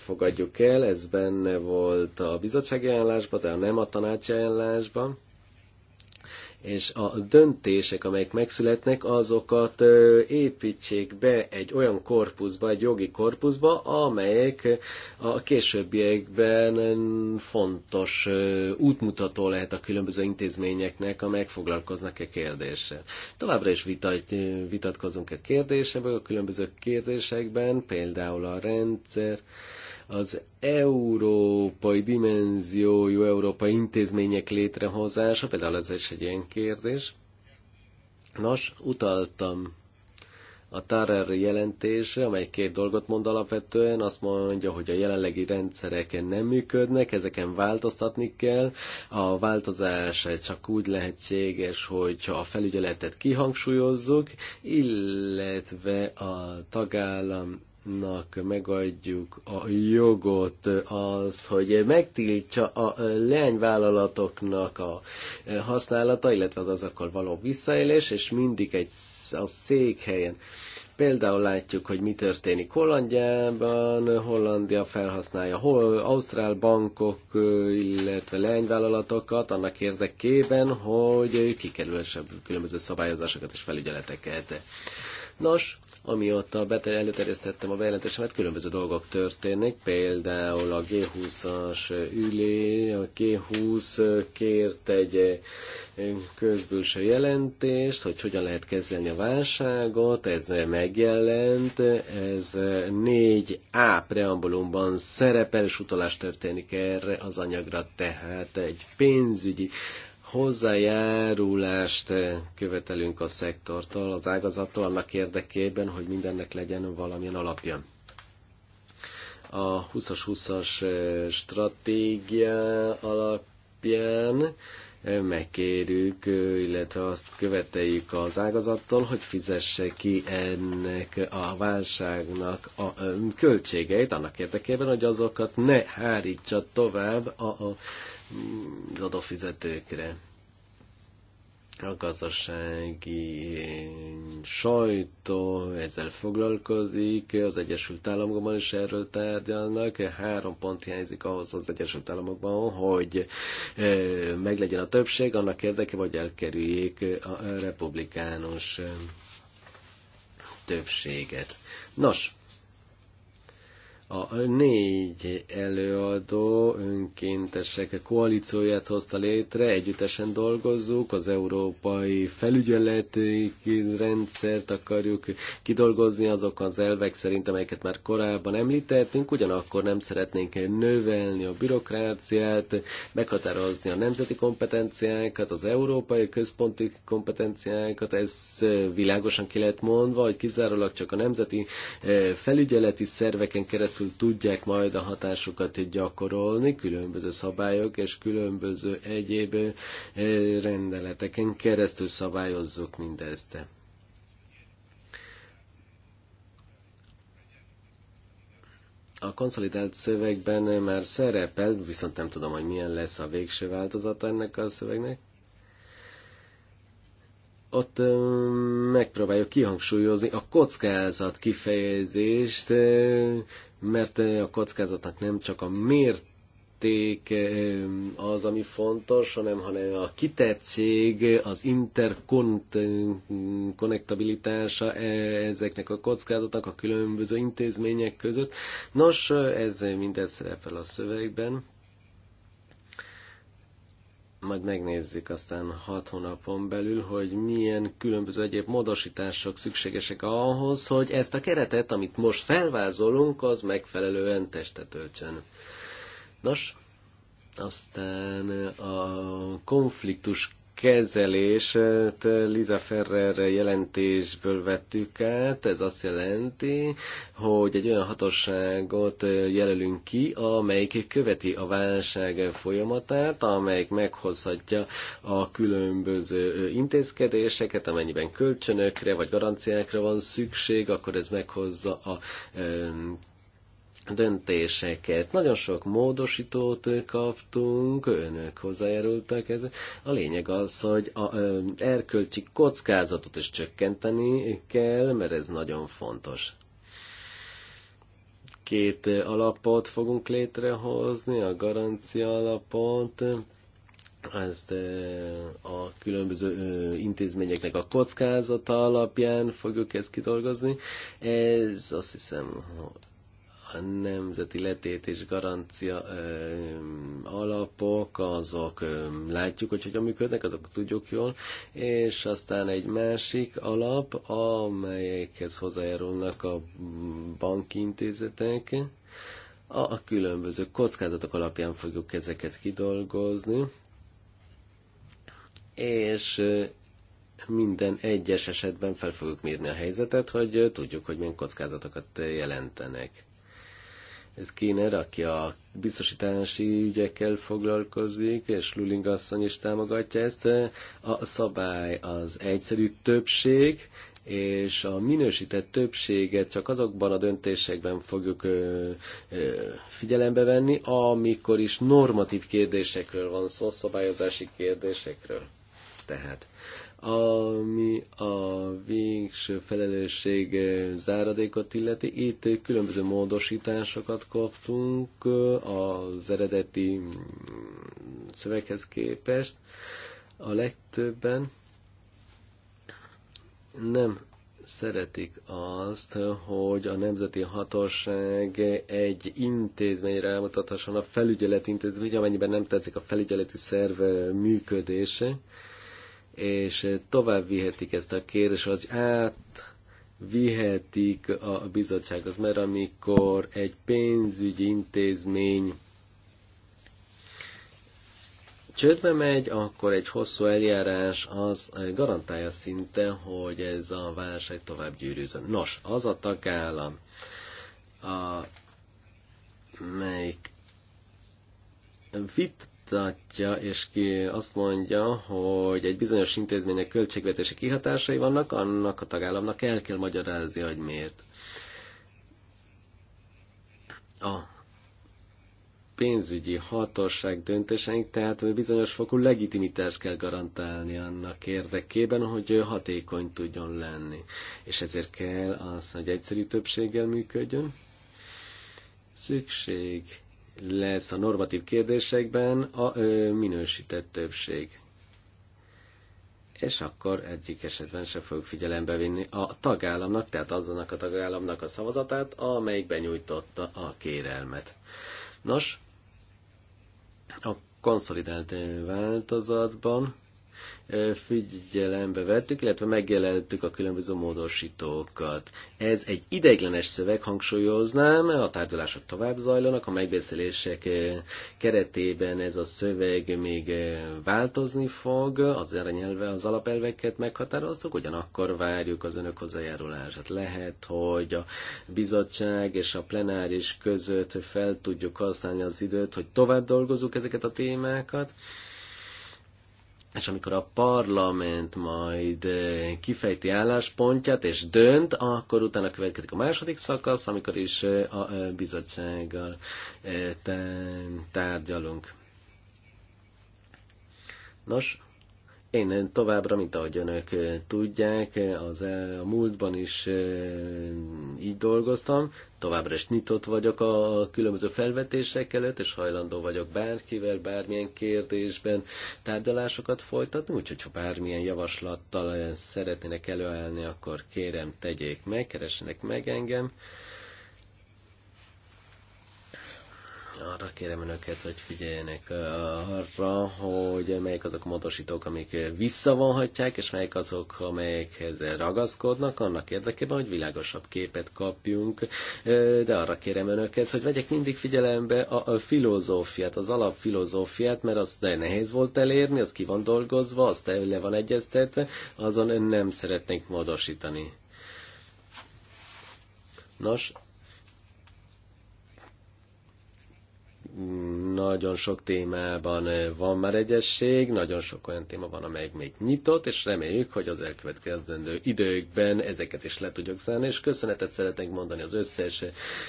fogadjuk el, ez benne volt a bizottsági ajánlásban, de nem a tanácsi ajánlásban és a döntések, amelyek megszületnek, azokat építsék be egy olyan korpuszba, egy jogi korpuszba, amelyek a későbbiekben fontos útmutató lehet a különböző intézményeknek, amelyek foglalkoznak e kérdéssel. Továbbra is vitat, vitatkozunk a e kérdésekben, a különböző kérdésekben, például a rendszer, az európai dimenziójú európai intézmények létrehozása, például ez is egy ilyen kérdés. Nos, utaltam a Tarer jelentése, amely két dolgot mond alapvetően, azt mondja, hogy a jelenlegi rendszereken nem működnek, ezeken változtatni kell. A változás csak úgy lehetséges, hogyha a felügyeletet kihangsúlyozzuk, illetve a tagállam Nak megadjuk a jogot az, hogy megtiltja a leányvállalatoknak a használata, illetve az azokkal való visszaélés, és mindig egy a székhelyen. Például látjuk, hogy mi történik Hollandiában, Hollandia felhasználja hol, Ausztrál bankok, illetve leányvállalatokat annak érdekében, hogy kikerülhessebb különböző szabályozásokat és felügyeleteket. Nos, Amióta beter- előterjesztettem a bejelentésemet, különböző dolgok történnek, például a G20-as ülé, a G20 kért egy eh, közbülső jelentést, hogy hogyan lehet kezelni a válságot, ez megjelent, ez 4A preambulumban szerepel, és utalás történik erre az anyagra, tehát egy pénzügyi hozzájárulást követelünk a szektortól, az ágazattól annak érdekében, hogy mindennek legyen valamilyen alapja. A 20 20-as eh, stratégia alapján eh, megkérjük, eh, illetve azt követeljük az ágazattól, hogy fizesse ki ennek a válságnak a költségeit, annak érdekében, hogy azokat ne hárítsa tovább a, a az adófizetőkre. A gazdasági sajtó ezzel foglalkozik, az Egyesült Államokban is erről tárgyalnak. Három pont hiányzik ahhoz az Egyesült Államokban, hogy eh, meglegyen a többség, annak érdeke, hogy elkerüljék a republikánus eh, többséget. Nos, a négy előadó önkéntesek koalícióját hozta létre, együttesen dolgozzuk, az európai felügyeleti rendszert akarjuk kidolgozni, azok az elvek szerint, amelyeket már korábban említettünk, ugyanakkor nem szeretnénk növelni a bürokráciát, meghatározni a nemzeti kompetenciákat, az európai központi kompetenciákat, ez világosan ki lehet mondva, hogy kizárólag csak a nemzeti eh, felügyeleti szerveken keresztül keresztül tudják majd a hatásokat gyakorolni, különböző szabályok és különböző egyéb eh, rendeleteken keresztül szabályozzuk mindezt. a konszolidált szövegben már szerepel, viszont nem tudom, hogy milyen lesz a végső változat ennek a szövegnek. Ott eh, megpróbáljuk kihangsúlyozni a kockázat kifejezést, eh, mert a kockázatnak nem csak a mérték az, ami fontos, hanem, hanem a kitettség, az interkonnektabilitása e, ezeknek a kockázatnak a különböző intézmények között. Nos, ez mindez szerepel a szövegben majd megnézzük aztán hat hónapon belül, hogy milyen különböző egyéb módosítások szükségesek ahhoz, hogy ezt a keretet, amit most felvázolunk, az megfelelően testet öltsön. Nos, aztán a konfliktus kezelést Liza Ferrer jelentésből vettük át. Ez azt jelenti, hogy egy olyan hatóságot jelölünk ki, amelyik követi a válság folyamatát, amelyik meghozhatja a különböző intézkedéseket, amennyiben kölcsönökre vagy garanciákra van szükség, akkor ez meghozza a döntéseket. Nagyon sok módosítót kaptunk, önök hozzájárultak ez. A lényeg az, hogy a ö, erkölcsi kockázatot is csökkenteni kell, mert ez nagyon fontos. Két alapot fogunk létrehozni, a garancia alapot, ezt a különböző intézményeknek a kockázata alapján fogjuk ezt kidolgozni. Ez azt hiszem, a nemzeti letét és garancia ö, alapok, azok ö, látjuk, hogy hogyan működnek, azok tudjuk jól, és aztán egy másik alap, amelyekhez hozzájárulnak a banki intézetek, a különböző kockázatok alapján fogjuk ezeket kidolgozni, és minden egyes esetben fel fogjuk mérni a helyzetet, hogy tudjuk, hogy milyen kockázatokat jelentenek. Kéner, aki a biztosítási ügyekkel foglalkozik, és Luling asszony is támogatja ezt. A szabály az egyszerű többség, és a minősített többséget csak azokban a döntésekben fogjuk ö, ö, figyelembe venni, amikor is normatív kérdésekről van szó, szabályozási kérdésekről. Tehát ami a végső felelősség eh, záradékot illeti. Itt különböző módosításokat kaptunk eh, az eredeti mm, szöveghez képest. A legtöbben nem szeretik azt, hogy a Nemzeti Hatóság egy intézményre elmutathasson a felügyelet intézmény, amennyiben nem tetszik a felügyeleti szerv eh, működése és eh, tovább vihetik ezt a kérdést, hogy át vihetik a bizottsághoz, mert amikor egy pénzügyi intézmény csődbe megy, akkor egy hosszú eljárás az eh, garantálja szinte, hogy ez a válság tovább gyűrűzön. Nos, az a tagállam, a, melyik vit, kimutatja és ki azt mondja, hogy egy bizonyos intézménynek költségvetési kihatásai vannak, annak a tagállamnak el kell magyarázni, hogy miért. A pénzügyi hatóság döntéseink, tehát bizonyos fokú legitimitást kell garantálni annak érdekében, hogy ő hatékony tudjon lenni. És ezért kell az, hogy egyszerű többséggel működjön. Szükség lesz a normatív kérdésekben a ö, minősített többség. És akkor egyik esetben se fog figyelembe vinni a tagállamnak, tehát azonnak a tagállamnak a szavazatát, amelyik benyújtotta a kérelmet. Nos, a konszolidált változatban figyelembe vettük, illetve megjelentük a különböző módosítókat. Ez egy ideiglenes szöveg, hangsúlyoznám, a tárgyalások tovább zajlanak, a megbeszélések keretében ez a szöveg még változni fog, az nyelve az alapelveket meghatároztuk, ugyanakkor várjuk az önök hozzájárulását. Lehet, hogy a bizottság és a plenáris között fel tudjuk használni az időt, hogy tovább dolgozzuk ezeket a témákat, és amikor a parlament majd eh, kifejti álláspontját és dönt, akkor utána következik a második szakasz, amikor is eh, a eh, bizottsággal tárgyalunk. Nos, én továbbra, mint ahogy önök tudják, az a múltban is így dolgoztam, továbbra is nyitott vagyok a különböző felvetések előtt, és hajlandó vagyok bárkivel, bármilyen kérdésben tárgyalásokat folytatni, úgyhogy ha bármilyen javaslattal szeretnének előállni, akkor kérem, tegyék meg, keresenek meg engem. arra kérem önöket, hogy figyeljenek arra, hogy melyik azok a módosítók, amik visszavonhatják, és melyik azok, amelyekhez ragaszkodnak, annak érdekében, hogy világosabb képet kapjunk. De arra kérem önöket, hogy vegyek mindig figyelembe a, filozófiát, az alapfilozófiát, mert azt de nehéz volt elérni, az ki van dolgozva, azt le van egyeztetve, azon nem szeretnénk módosítani. Nos, nagyon sok témában van már egyesség, nagyon sok olyan téma van, amelyik még nyitott, és reméljük, hogy az elkövetkezendő időkben ezeket is le tudjuk szállni, és köszönetet szeretnénk mondani az összes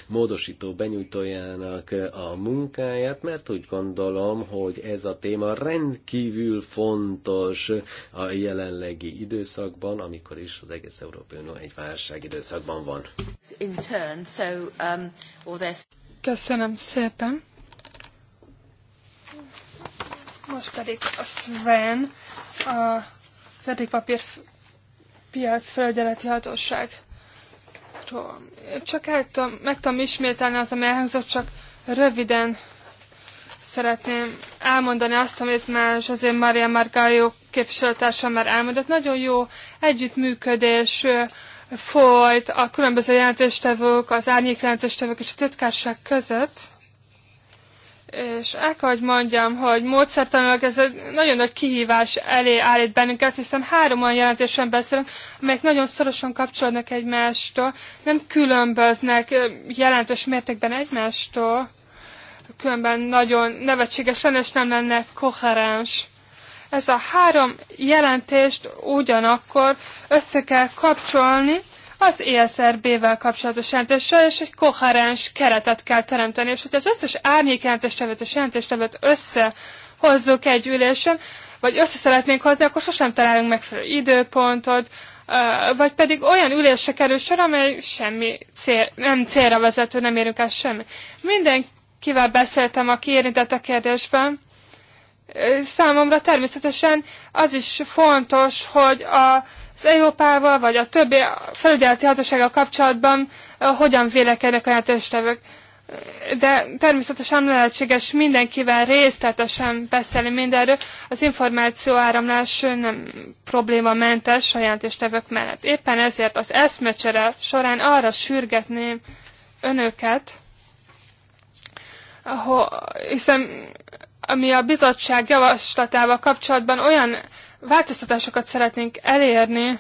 módosító benyújtójának a munkáját, mert úgy gondolom, hogy ez a téma rendkívül fontos a jelenlegi időszakban, amikor is az egész Európai Unió egy válság időszakban van. Um, Köszönöm szépen! Most pedig a Sven, a papír piac felügyeleti hatóság. Csak el tudom, meg tudom ismételni az, ami elhangzott, csak röviden szeretném elmondani azt, amit már azért Maria Margallo képviselőtársam már elmondott. Nagyon jó együttműködés folyt a különböző jelentéstevők, az árnyék jelentéstevők és a titkárság között és el kell, hogy mondjam, hogy módszertanilag ez egy nagyon nagy kihívás elé állít bennünket, hiszen három olyan jelentésen beszélünk, amelyek nagyon szorosan kapcsolódnak egymástól, nem különböznek jelentős mértékben egymástól, különben nagyon nevetséges lenne, és nem lenne koherens. Ez a három jelentést ugyanakkor össze kell kapcsolni, az ESRB-vel kapcsolatos jelentéssel, és egy koherens keretet kell teremteni, és hogy az összes árnyék jelentéstevőt és jelentéstevőt összehozzuk egy ülésen, vagy össze szeretnénk hozni, akkor sosem találunk megfelelő időpontot, vagy pedig olyan ülésre kerül sor, amely semmi cél, nem célra vezető, nem érünk el semmi. Mindenkivel beszéltem, aki érintett a kérdésben. Számomra természetesen az is fontos, hogy a az európával vagy a többi felügyeleti hatósággal kapcsolatban hogyan vélekednek a jelentéstevők. De természetesen nem lehetséges mindenkivel részletesen beszélni mindenről. Az információ áramlás nem mentes a jelentéstevők mellett. Éppen ezért az eszmecsere során arra sürgetném önöket, ahol, hiszen ami a bizottság javaslatával kapcsolatban olyan változtatásokat szeretnénk elérni,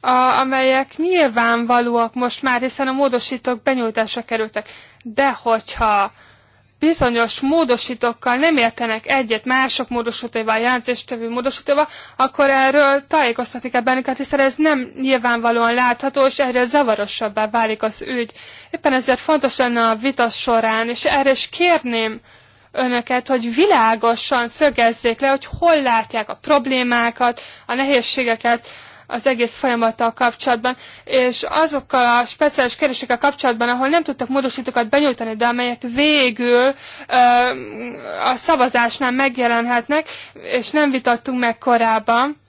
a, amelyek nyilvánvalóak most már, hiszen a módosítók benyújtásra kerültek. De hogyha bizonyos módosítókkal nem értenek egyet mások módosítóival, jelentéstevő módosítóval, akkor erről tájékoztatni kell bennünket, hiszen ez nem nyilvánvalóan látható, és erre zavarosabbá válik az ügy. Éppen ezért fontos lenne a vita során, és erre is kérném önöket, hogy világosan szögezzék le, hogy hol látják a problémákat, a nehézségeket, az egész folyamattal kapcsolatban, és azokkal a speciális kérdésekkel kapcsolatban, ahol nem tudtak módosítókat benyújtani, de amelyek végül ö, a szavazásnál megjelenhetnek, és nem vitattunk meg korábban,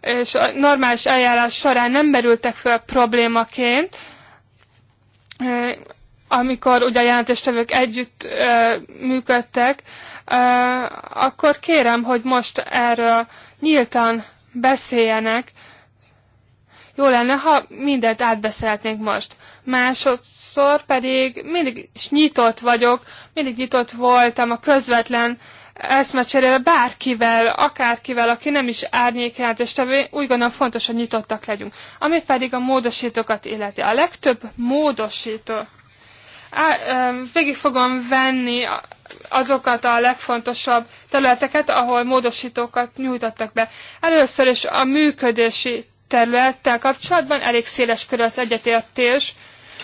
és a normális eljárás során nem merültek fel problémaként, amikor ugye a jelentéstevők együtt ö, működtek, ö, akkor kérem, hogy most erről nyíltan beszéljenek. Jó lenne, ha mindent átbeszélhetnénk most. Másodszor pedig mindig is nyitott vagyok, mindig nyitott voltam a közvetlen eszmecserére bárkivel, akárkivel, aki nem is árnyékjelentéstevő, úgy gondolom fontos, hogy nyitottak legyünk. Ami pedig a módosítókat illeti. A legtöbb módosító á, végig fogom venni azokat a legfontosabb területeket, ahol módosítókat nyújtottak be. Először is a működési területtel kapcsolatban elég széles körül az egyetértés.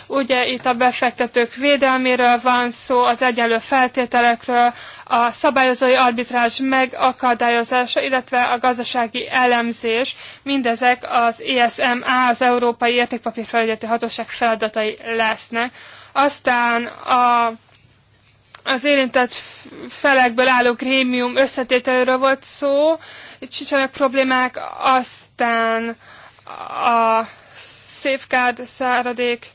Ugye itt a befektetők védelméről van szó, az egyenlő feltételekről, a szabályozói arbitrázs megakadályozása, illetve a gazdasági elemzés, mindezek az ESMA, az Európai Értékpapírfelügyeleti Hatóság feladatai lesznek. Aztán a, az érintett felekből álló grémium összetételőről volt szó, csicsanak problémák, aztán a safeguard száradék,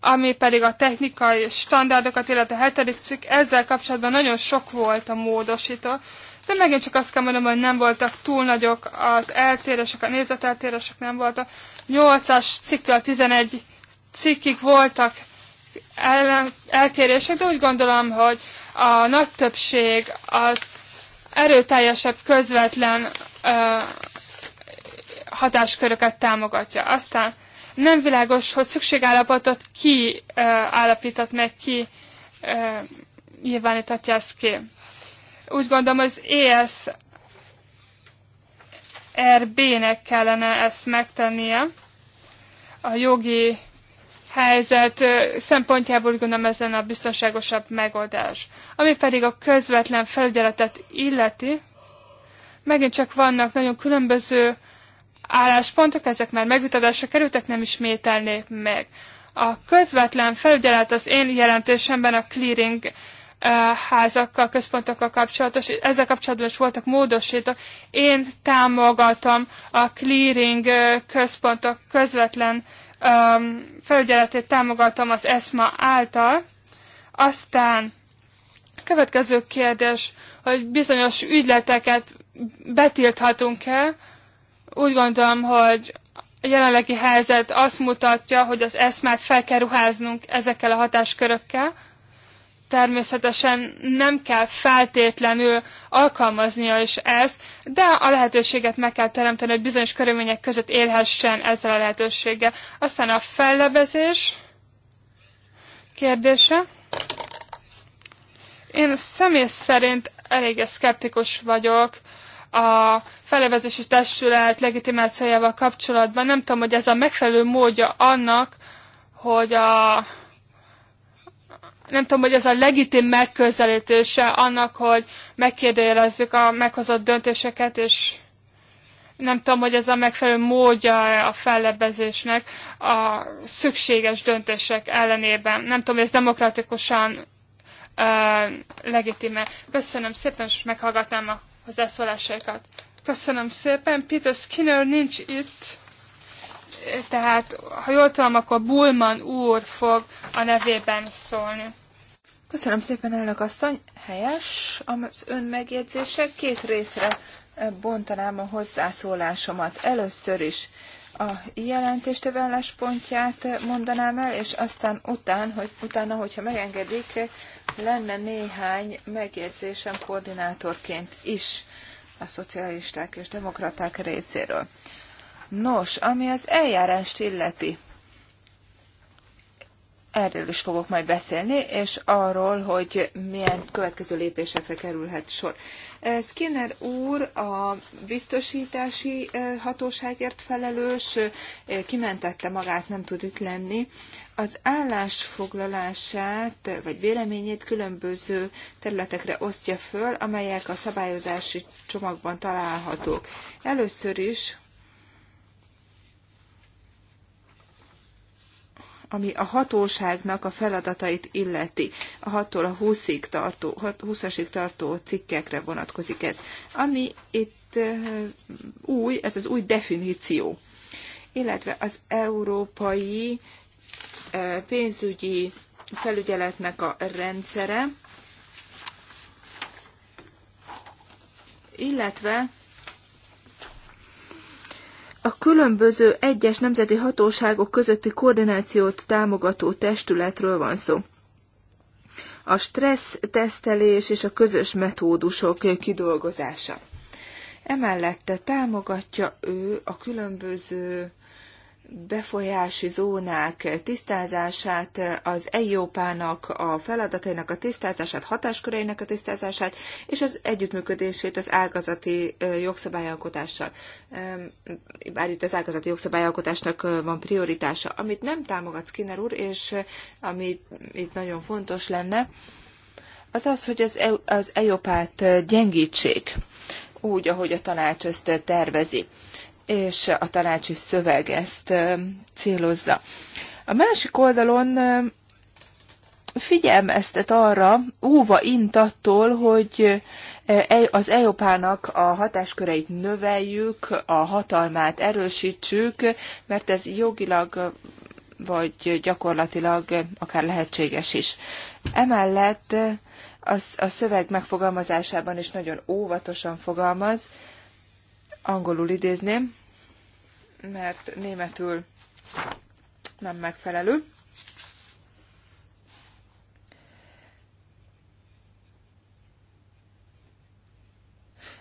ami pedig a technikai standardokat, illetve a hetedik cikk, ezzel kapcsolatban nagyon sok volt a módosító. De megint csak azt kell mondanom, hogy nem voltak túl nagyok az eltérések, a nézeteltérések nem voltak. 8-as cikktől 11 cikkig voltak ellen, eltérések, de úgy gondolom, hogy a nagy többség az erőteljesebb, közvetlen ö, hatásköröket támogatja. Aztán nem világos, hogy szükségállapotot ki ö, állapított meg, ki ö, nyilvánítatja ezt ki. Úgy gondolom, az ESRB-nek kellene ezt megtennie. A jogi helyzet szempontjából gondolom lenne a biztonságosabb megoldás. Ami pedig a közvetlen felügyeletet illeti, megint csak vannak nagyon különböző álláspontok, ezek már megvitatásra kerültek, nem ismételnék meg. A közvetlen felügyelet az én jelentésemben a clearing házakkal, központokkal kapcsolatos, ezzel kapcsolatban is voltak módosítók. Én támogatom a clearing központok közvetlen um, felügyeletét támogatom az ESMA által. Aztán következő kérdés, hogy bizonyos ügyleteket betilthatunk-e? Úgy gondolom, hogy a jelenlegi helyzet azt mutatja, hogy az eszmát fel kell ruháznunk ezekkel a hatáskörökkel, természetesen nem kell feltétlenül alkalmaznia is ezt, de a lehetőséget meg kell teremteni, hogy bizonyos körülmények között élhessen ezzel a lehetőséggel. Aztán a fellebezés kérdése. Én személy szerint eléggé szkeptikus vagyok a fellebezési testület legitimációjával kapcsolatban. Nem tudom, hogy ez a megfelelő módja annak, hogy a nem tudom, hogy ez a legitim megközelítése annak, hogy megkérdőjelezzük a meghozott döntéseket, és nem tudom, hogy ez a megfelelő módja a fellebezésnek a szükséges döntések ellenében. Nem tudom, hogy ez demokratikusan uh, legitime. Köszönöm szépen, és meghallgatnám a hozzászólásaikat. Köszönöm szépen. Peter Skinner nincs itt tehát, ha jól tudom, akkor Bulman úr fog a nevében szólni. Köszönöm szépen, elnök asszony. Helyes az ön megjegyzése. Két részre bontanám a hozzászólásomat. Először is a jelentéstevő pontját mondanám el, és aztán után, hogy, utána, hogyha megengedik, lenne néhány megjegyzésem koordinátorként is a szocialisták és demokraták részéről. Nos, ami az eljárást illeti, Erről is fogok majd beszélni, és arról, hogy milyen következő lépésekre kerülhet sor. Eh, Skinner úr a biztosítási eh, hatóságért felelős, eh, kimentette magát, nem tud itt lenni. Az állásfoglalását, vagy véleményét különböző területekre osztja föl, amelyek a szabályozási csomagban találhatók. Először is ami a hatóságnak a feladatait illeti. A 6-tól a 20-ig tartó, 20-asig tartó cikkekre vonatkozik ez. Ami itt eh, új, ez az új definíció, illetve az európai eh, pénzügyi felügyeletnek a rendszere, illetve a különböző egyes nemzeti hatóságok közötti koordinációt támogató testületről van szó. A stressz tesztelés és a közös metódusok kidolgozása. Emellett támogatja ő a különböző befolyási zónák tisztázását, az EIOPA-nak a feladatainak a tisztázását, hatásköreinek a tisztázását, és az együttműködését az ágazati jogszabályalkotással. Bár itt az ágazati jogszabályalkotásnak van prioritása. Amit nem támogat Skinner úr, és ami itt nagyon fontos lenne, az az, hogy az, az EIOPA-t gyengítsék úgy, ahogy a tanács ezt tervezi és a tanácsi szöveg ezt célozza. A másik oldalon figyelmeztet arra, óva int attól, hogy e, az EOPának a hatásköreit növeljük, a hatalmát erősítsük, mert ez jogilag vagy gyakorlatilag akár lehetséges is. Emellett az a szöveg megfogalmazásában is nagyon óvatosan fogalmaz, angolul idézném, mert németül nem megfelelő.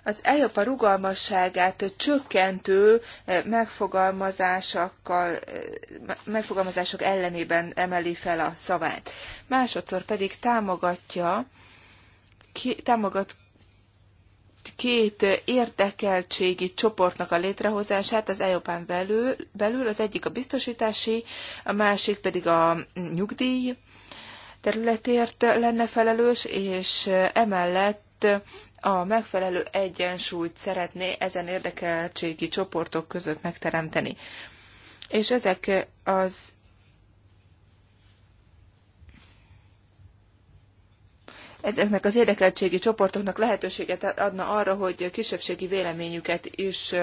az a rugalmasságát csökkentő eh, megfogalmazásokkal, eh, megfogalmazások ellenében emeli fel a szavát. Másodszor pedig támogatja, ki, támogat két érdekeltségi csoportnak a létrehozását az EOPÁN belül, belül, az egyik a biztosítási, a másik pedig a nyugdíj területért lenne felelős, és emellett a megfelelő egyensúlyt szeretné ezen érdekeltségi csoportok között megteremteni. És ezek az ezeknek az érdekeltségi csoportoknak lehetőséget adna arra, hogy kisebbségi véleményüket is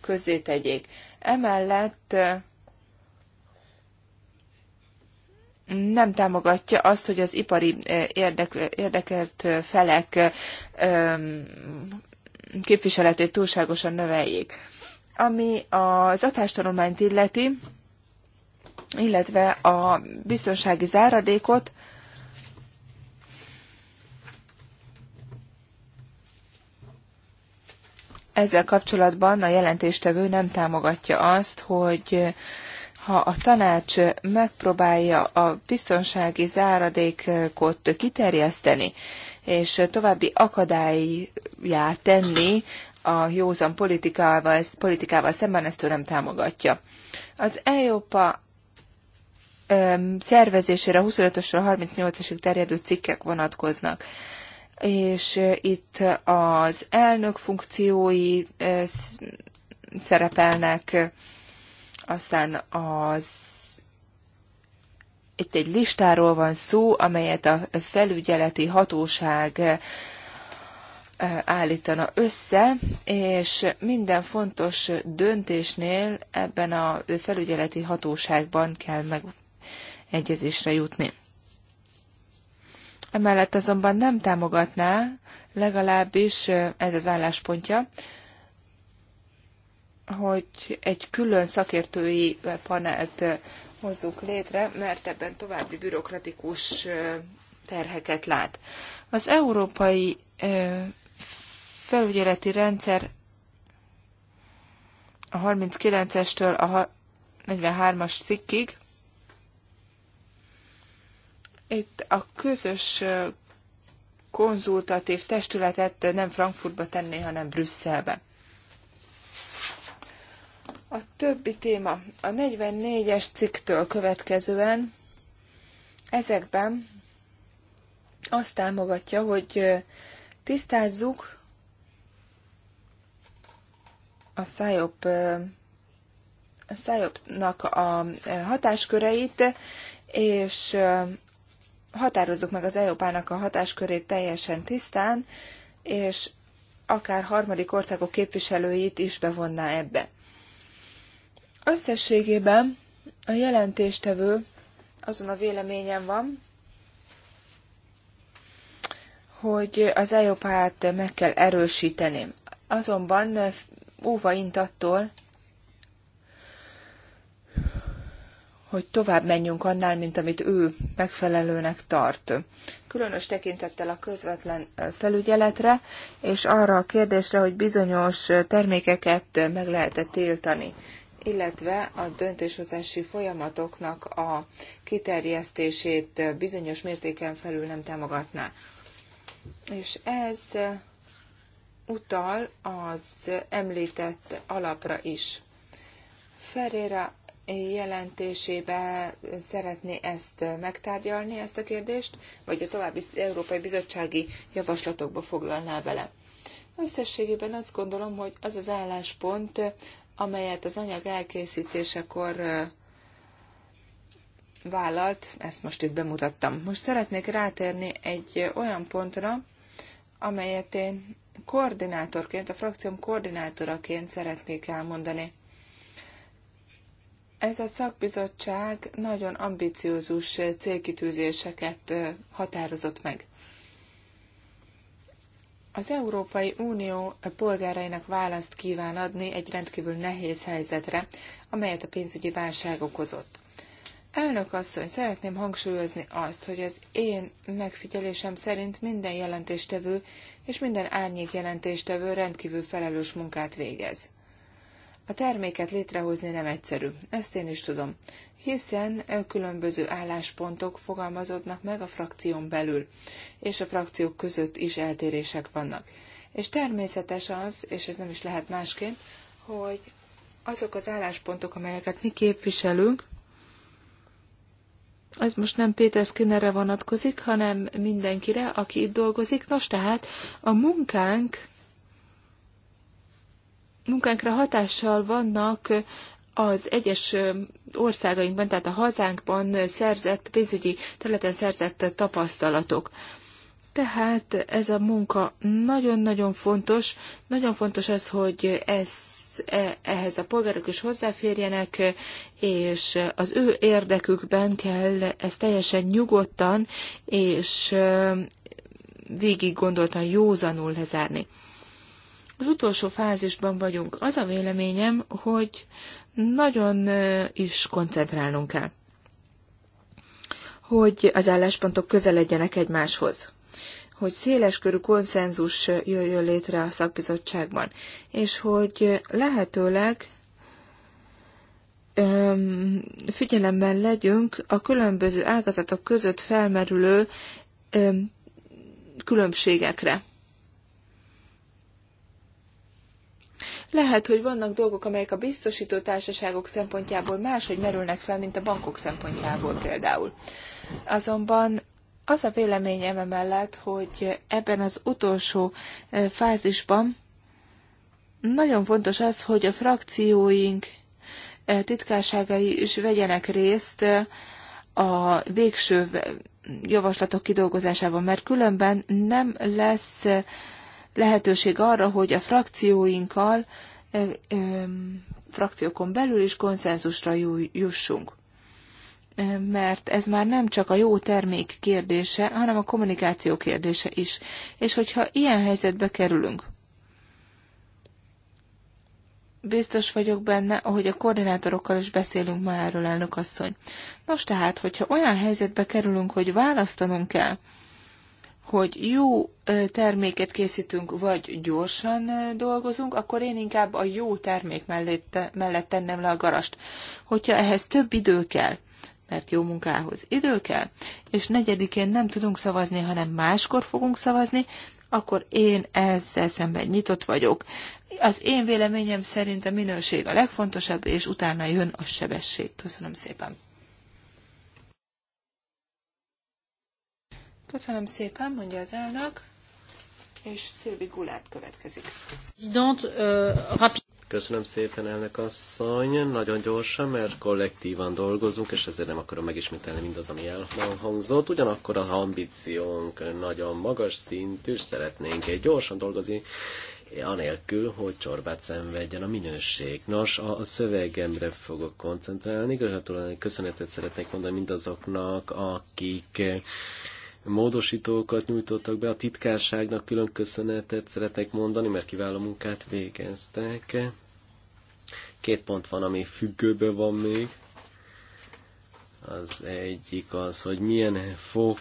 közzétegyék. Emellett nem támogatja azt, hogy az ipari érdekelt felek képviseletét túlságosan növeljék. Ami az atástanulmányt illeti, illetve a biztonsági záradékot, Ezzel kapcsolatban a jelentéstevő nem támogatja azt, hogy ha a tanács megpróbálja a biztonsági záradékot kiterjeszteni, és további akadályjá tenni a józan politikával, ezt, politikával szemben, ezt ő nem támogatja. Az európa szervezésére 25-ösről 38-esig terjedő cikkek vonatkoznak és itt az elnök funkciói szerepelnek, aztán az itt egy listáról van szó, amelyet a felügyeleti hatóság állítana össze, és minden fontos döntésnél ebben a felügyeleti hatóságban kell megegyezésre jutni. Emellett azonban nem támogatná, legalábbis ez az álláspontja, hogy egy külön szakértői panelt hozzunk létre, mert ebben további bürokratikus terheket lát. Az európai felügyeleti rendszer a 39-estől a 43-as cikkig itt a közös konzultatív testületet nem Frankfurtba tenné, hanem Brüsszelbe. A többi téma. A 44-es cikktől következően ezekben azt támogatja, hogy tisztázzuk a szájobb a szájobbnak a hatásköreit, és határozzuk meg az EOPának a hatáskörét teljesen tisztán, és akár harmadik országok képviselőit is bevonná ebbe. Összességében a jelentéstevő azon a véleményen van, hogy az EOPÁT meg kell erősíteni. Azonban uh, óva int attól, hogy tovább menjünk annál, mint amit ő megfelelőnek tart. Különös tekintettel a közvetlen felügyeletre, és arra a kérdésre, hogy bizonyos termékeket meg lehet-e tiltani, illetve a döntéshozási folyamatoknak a kiterjesztését bizonyos mértéken felül nem támogatná. És ez utal az említett alapra is. Ferreira jelentésébe szeretné ezt megtárgyalni, ezt a kérdést, vagy a további Európai Bizottsági javaslatokba foglalná bele. Összességében azt gondolom, hogy az az álláspont, amelyet az anyag elkészítésekor vállalt, ezt most itt bemutattam. Most szeretnék rátérni egy olyan pontra, amelyet én koordinátorként, a frakcióm koordinátoraként szeretnék elmondani. Ez a szakbizottság nagyon ambiciózus célkitűzéseket határozott meg. Az Európai Unió polgárainak választ kíván adni egy rendkívül nehéz helyzetre, amelyet a pénzügyi válság okozott. Elnök asszony, szeretném hangsúlyozni azt, hogy az én megfigyelésem szerint minden jelentéstevő és minden árnyék jelentéstevő rendkívül felelős munkát végez. A terméket létrehozni nem egyszerű, ezt én is tudom, hiszen különböző álláspontok fogalmazódnak meg a frakción belül, és a frakciók között is eltérések vannak. És természetes az, és ez nem is lehet másként, hogy azok az álláspontok, amelyeket mi képviselünk, ez most nem Péter Skinnerre vonatkozik, hanem mindenkire, aki itt dolgozik. Nos, tehát a munkánk munkánkra hatással vannak az egyes országainkban, tehát a hazánkban szerzett, pénzügyi területen szerzett tapasztalatok. Tehát ez a munka nagyon-nagyon fontos. Nagyon fontos az, hogy ez, e, ehhez a polgárok is hozzáférjenek, és az ő érdekükben kell ezt teljesen nyugodtan és végig gondoltan józanul lezárni. Az utolsó fázisban vagyunk. Az a véleményem, hogy nagyon is koncentrálnunk kell, hogy az álláspontok közel legyenek egymáshoz hogy széleskörű konszenzus jöjjön létre a szakbizottságban, és hogy lehetőleg öm, figyelemben legyünk a különböző ágazatok között felmerülő öm, különbségekre. Lehet, hogy vannak dolgok, amelyek a biztosító társaságok szempontjából máshogy merülnek fel, mint a bankok szempontjából például. Azonban az a véleményem emellett, hogy ebben az utolsó fázisban nagyon fontos az, hogy a frakcióink titkárságai is vegyenek részt a végső javaslatok kidolgozásában, mert különben nem lesz lehetőség arra, hogy a frakcióinkkal, frakciókon belül is konszenzusra jussunk. Mert ez már nem csak a jó termék kérdése, hanem a kommunikáció kérdése is. És hogyha ilyen helyzetbe kerülünk, Biztos vagyok benne, ahogy a koordinátorokkal is beszélünk ma erről, elnök asszony. Nos tehát, hogyha olyan helyzetbe kerülünk, hogy választanunk kell, hogy jó terméket készítünk, vagy gyorsan dolgozunk, akkor én inkább a jó termék mellett, mellett tennem le a garast. Hogyha ehhez több idő kell, mert jó munkához idő kell, és negyedikén nem tudunk szavazni, hanem máskor fogunk szavazni, akkor én ezzel szemben nyitott vagyok. Az én véleményem szerint a minőség a legfontosabb, és utána jön a sebesség. Köszönöm szépen! Köszönöm szépen, mondja az elnök, és Szilvi Gulát következik. Euh, Köszönöm szépen, elnök asszony. Nagyon gyorsan, mert kollektívan dolgozunk, és ezért nem akarom megismételni mindaz, ami elhangzott. Ugyanakkor a ambíciónk nagyon magas szintű, és szeretnénk egy gyorsan dolgozni, anélkül, hogy csorbát szenvedjen a minőség. Nos, a, a szövegemre fogok koncentrálni. Gratulálni, köszönetet szeretnék mondani mindazoknak, akik módosítókat nyújtottak be. A titkárságnak külön köszönetet szeretnék mondani, mert kiváló munkát végeztek. Két pont van, ami függőben van még. Az egyik az, hogy milyen fokú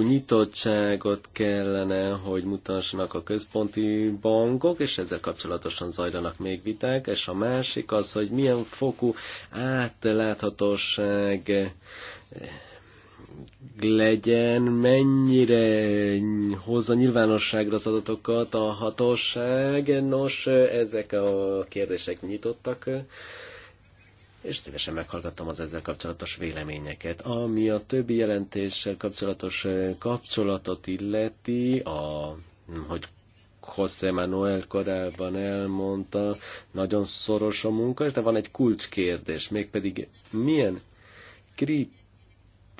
nyitottságot kellene, hogy mutassanak a központi bankok, és ezzel kapcsolatosan zajlanak még viták, és a másik az, hogy milyen fokú átláthatóság legyen, mennyire hozza nyilvánosságra az adatokat a hatóság. Nos, ezek a kérdések nyitottak, és szívesen meghallgattam az ezzel kapcsolatos véleményeket. Ami a többi jelentéssel kapcsolatos kapcsolatot illeti, a, hogy José Manuel korábban elmondta, nagyon szoros a munka, de van egy kulcskérdés, mégpedig milyen krit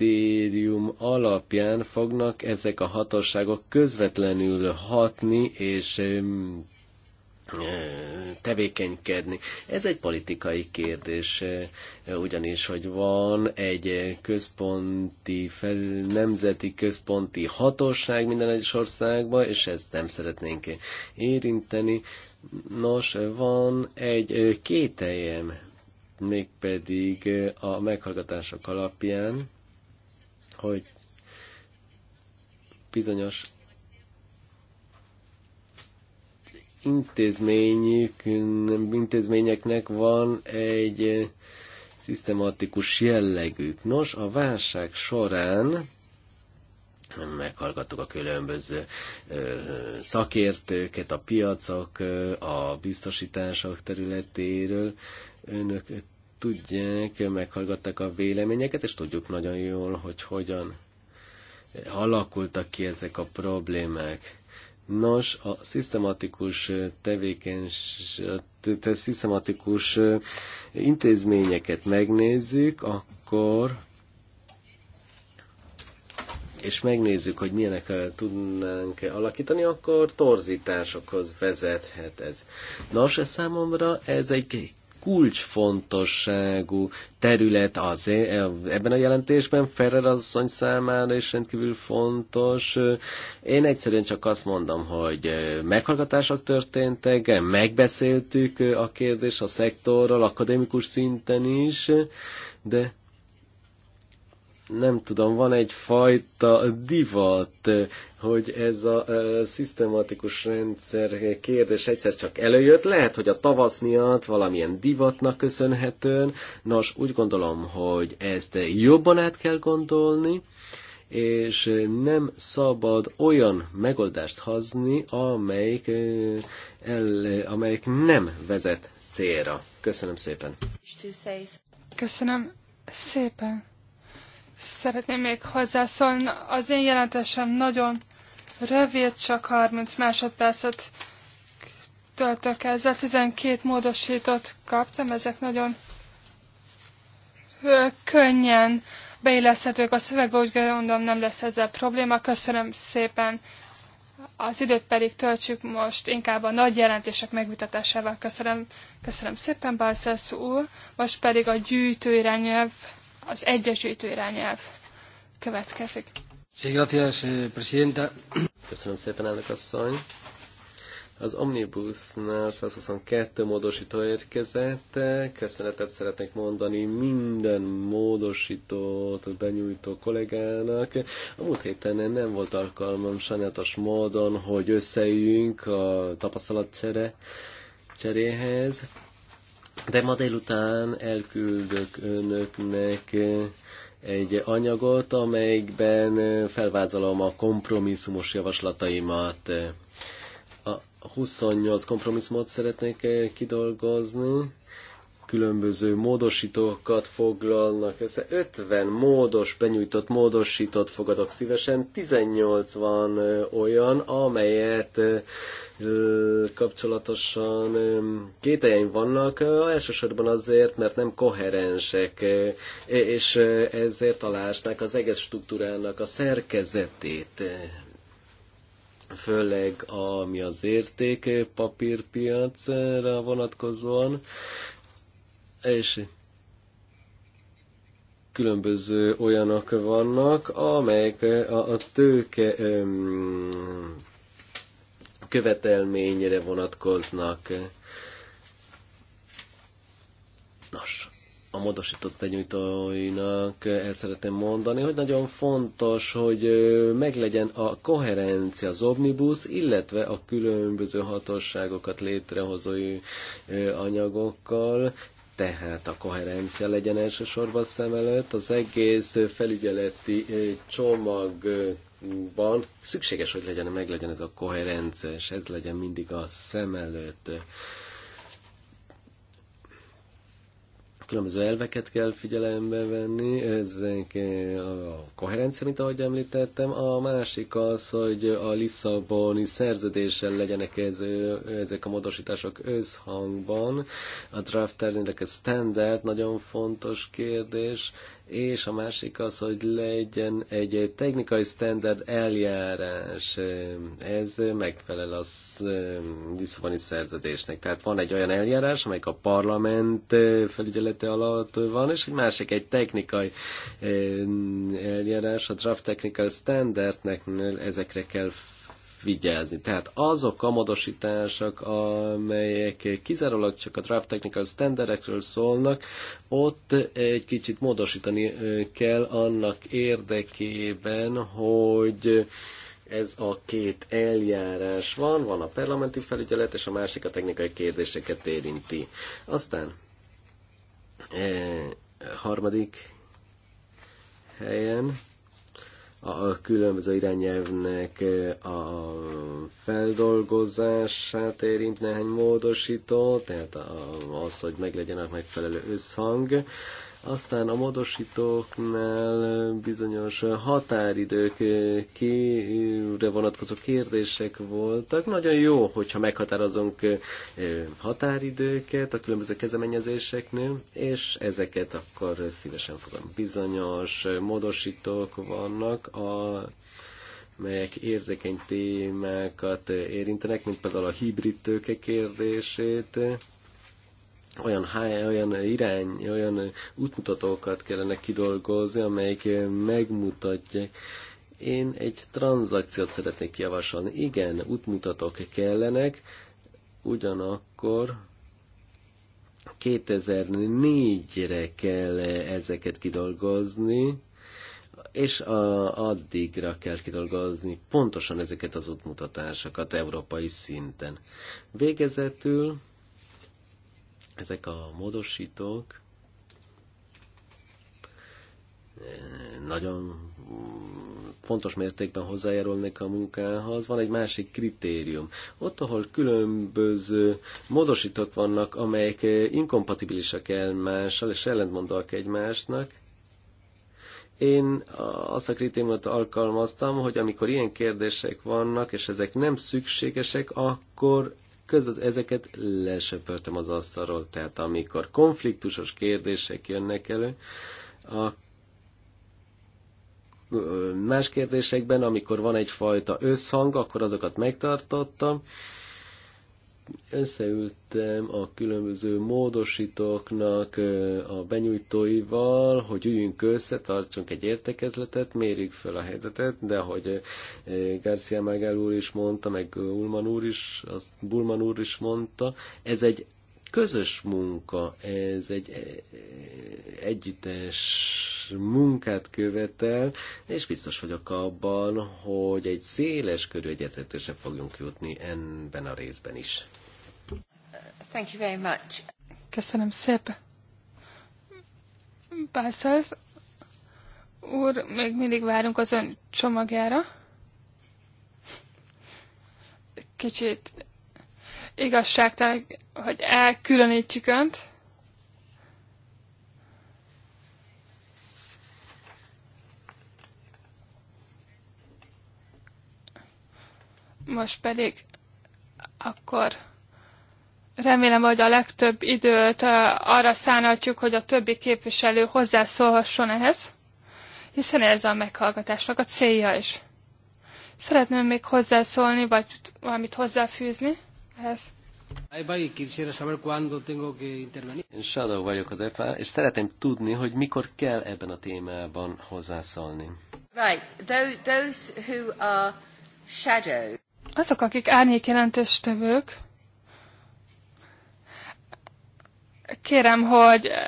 kritérium alapján fognak ezek a hatóságok közvetlenül hatni és tevékenykedni. Ez egy politikai kérdés, e, ugyanis, hogy van egy központi, fel, nemzeti központi hatóság minden egyes országban, és ezt nem szeretnénk érinteni. Nos, van egy e, kételjem, mégpedig e, a meghallgatások alapján, hogy bizonyos intézmények, intézményeknek van egy szisztematikus jellegük. Nos, a válság során meghallgattuk a különböző szakértőket, a piacok, a biztosítások területéről. Önök tudják, meghallgatták a véleményeket, és tudjuk nagyon jól, hogy hogyan alakultak ki ezek a problémák. Nos, a szisztematikus tevékenység, tehát szisztematikus intézményeket megnézzük, akkor és megnézzük, hogy milyenek tudnánk alakítani, akkor torzításokhoz vezethet ez. Nos, ez számomra ez egy kulcsfontosságú terület az, e- ebben a jelentésben Ferrer asszony számára is rendkívül fontos. Én egyszerűen csak azt mondom, hogy e, meghallgatások történtek, megbeszéltük e, a kérdést a szektorral, akadémikus szinten is, de nem tudom, van egyfajta divat, hogy ez a ö, szisztematikus rendszer kérdés egyszer csak előjött. Lehet, hogy a tavasz miatt valamilyen divatnak köszönhetően. Nos, úgy gondolom, hogy ezt jobban át kell gondolni, és nem szabad olyan megoldást hazni, amelyik, el, amelyik nem vezet célra. Köszönöm szépen. Köszönöm szépen szeretném még hozzászólni. Az én jelentésem nagyon rövid, csak 30 másodpercet töltök ezzel. 12 módosítót kaptam, ezek nagyon könnyen beilleszthetők a szövegbe, úgy gondolom nem lesz ezzel probléma. Köszönöm szépen. Az időt pedig töltsük most inkább a nagy jelentések megvitatásával. Köszönöm, köszönöm szépen, Balszász úr. Most pedig a gyűjtőirányelv az egyesítő irányelv következik. Eh, presidenta. Köszönöm szépen, elnök asszony. Az Omnibusnál 122 módosító érkezett. Köszönetet szeretnék mondani minden módosítót benyújtó kollégának. A múlt héten nem volt alkalmam sajnálatos módon, hogy összeüljünk a tapasztalatcsere cseréhez de ma délután elküldök önöknek egy anyagot, amelyikben felvázolom a kompromisszumos javaslataimat. A 28 kompromisszumot szeretnék kidolgozni különböző módosítókat foglalnak össze. 50 módos, benyújtott módosítót fogadok szívesen, 18 van olyan, amelyet kapcsolatosan kételjeim vannak, elsősorban azért, mert nem koherensek, és ezért alásnák az egész struktúrának a szerkezetét főleg ami az érték papírpiacra vonatkozóan, és különböző olyanok vannak, amelyek a, a tőke öm, követelményre vonatkoznak. Nos, a módosított benyújtóinak el szeretném mondani, hogy nagyon fontos, hogy meglegyen a koherencia az omnibus, illetve a különböző hatosságokat létrehozó anyagokkal, tehát a koherencia legyen elsősorban szem előtt, az egész felügyeleti csomagban szükséges, hogy legyen, meg legyen ez a koherencia, és ez legyen mindig a szem előtt. különböző elveket kell figyelembe venni, ezek eh, a koherencia, mint ahogy említettem, a másik az, hogy a Lisszaboni szerződéssel legyenek ez, ezek a módosítások összhangban, a draft elnök a standard, nagyon fontos kérdés, és a másik az, hogy legyen egy technikai standard eljárás. Ez megfelel a diszfoni szerződésnek. Tehát van egy olyan eljárás, amelyik a parlament felügyelete alatt van, és egy másik egy technikai eljárás, a draft technical standardnek ezekre kell vigyázni. Tehát azok a modosítások, amelyek kizárólag csak a draft technical standardekről szólnak, ott egy kicsit módosítani kell annak érdekében, hogy ez a két eljárás van, van a parlamenti felügyelet, és a másik a technikai kérdéseket érinti. Aztán eh, harmadik helyen a különböző irányelvnek a feldolgozását érint néhány módosító, tehát az, hogy meglegyen a megfelelő összhang. Aztán a módosítóknál bizonyos kire vonatkozó kérdések voltak. Nagyon jó, hogyha meghatározunk határidőket a különböző kezdeményezéseknél, és ezeket akkor szívesen fogom. Bizonyos módosítók vannak, a melyek érzékeny témákat érintenek, mint például a hibrid tőke kérdését, olyan, olyan irány, olyan útmutatókat kellene kidolgozni, amelyik megmutatják. Én egy tranzakciót szeretnék javasolni. Igen, útmutatók kellenek, ugyanakkor 2004-re kell ezeket kidolgozni, és a, addigra kell kidolgozni pontosan ezeket az útmutatásokat európai szinten. Végezetül ezek a módosítók eh, nagyon fontos mértékben hozzájárulnak a munkához. Van egy másik kritérium. Ott, ahol különböző módosítók vannak, amelyek inkompatibilisek egymással és ellentmondóak egymásnak, én azt a kritériumot alkalmaztam, hogy amikor ilyen kérdések vannak, és ezek nem szükségesek, akkor között ezeket lesöpörtem az asztalról. Tehát amikor konfliktusos kérdések jönnek elő, a más kérdésekben, amikor van egyfajta összhang, akkor azokat megtartottam, összeültem a különböző módosítóknak a benyújtóival, hogy üljünk össze, tartsunk egy értekezletet, mérjük fel a helyzetet, de hogy Garcia Magal úr is mondta, meg Ulman úr is, az Bulman úr is mondta, ez egy közös munka, ez egy együttes munkát követel, és biztos vagyok abban, hogy egy széles körű egyetetősen fogjunk jutni ebben a részben is. Thank you very much. Köszönöm szépen. Pászáz úr, még mindig várunk az ön csomagjára. Kicsit igazságtalan, hogy elkülönítjük önt. Most pedig akkor Remélem, hogy a legtöbb időt arra szánatjuk, hogy a többi képviselő hozzászólhasson ehhez, hiszen ez a meghallgatásnak a célja is. Szeretném még hozzászólni, vagy valamit hozzáfűzni ehhez. Én Shadow vagyok az EFA, és szeretném tudni, hogy mikor kell ebben a témában hozzászólni. Right, those who are shadow. Azok, akik árnyékjelentős tevők, kérem, hogy eh,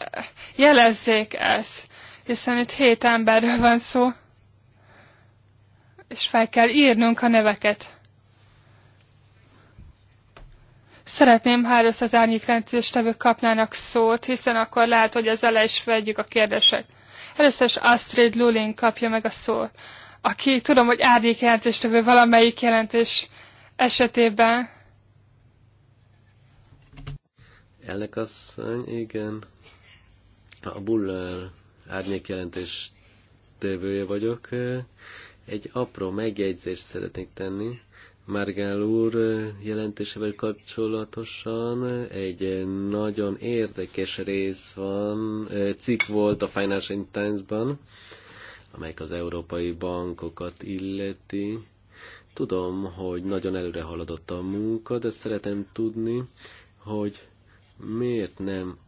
jelezzék ezt, hiszen itt hét emberről van szó, és fel kell írnunk a neveket. Szeretném, ha először az árnyékrendtéstevők kapnának szót, hiszen akkor lehet, hogy ezzel le is vegyük a kérdések. Először is Astrid Lulin kapja meg a szót, aki tudom, hogy árnyékrendtéstevő valamelyik jelentés esetében Elnök asszony, igen. A Buller árnyékjelentés tévője vagyok. Egy apró megjegyzést szeretnék tenni. Márgál úr jelentésevel kapcsolatosan egy nagyon érdekes rész van, cikk volt a Financial Times-ban, amelyik az európai bankokat illeti. Tudom, hogy nagyon előre haladott a munka, de szeretem tudni, hogy miért nem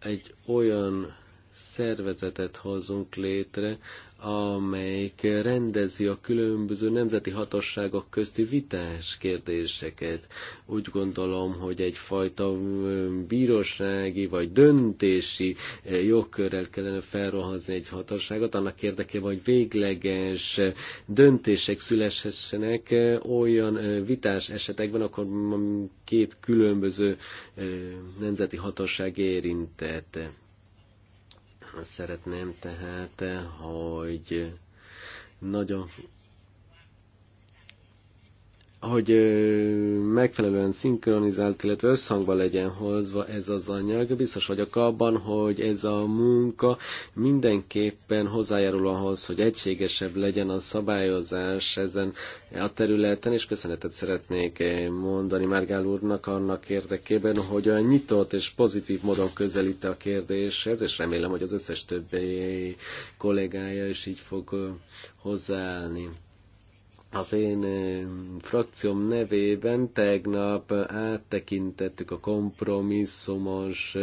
egy olyan szervezetet hozunk létre, amelyik rendezi a különböző nemzeti hatóságok közti vitás kérdéseket. Úgy gondolom, hogy egyfajta bírósági vagy döntési jogkörrel kellene felrohazni egy hatóságot, annak érdekében, hogy végleges döntések szülessenek olyan vitás esetekben, akkor két különböző nemzeti hatóság érintette azt szeretném tehát, hogy nagyon hogy megfelelően szinkronizált, illetve összhangban legyen hozva ez az anyag. Biztos vagyok abban, hogy ez a munka mindenképpen hozzájárul ahhoz, hogy egységesebb legyen a szabályozás ezen a területen, és köszönetet szeretnék eh, mondani Márgál úrnak annak érdekében, hogy olyan nyitott és pozitív módon közelít a kérdéshez, és remélem, hogy az összes többi kollégája is így fog hozzáállni az én frakcióm nevében tegnap áttekintettük a kompromisszumos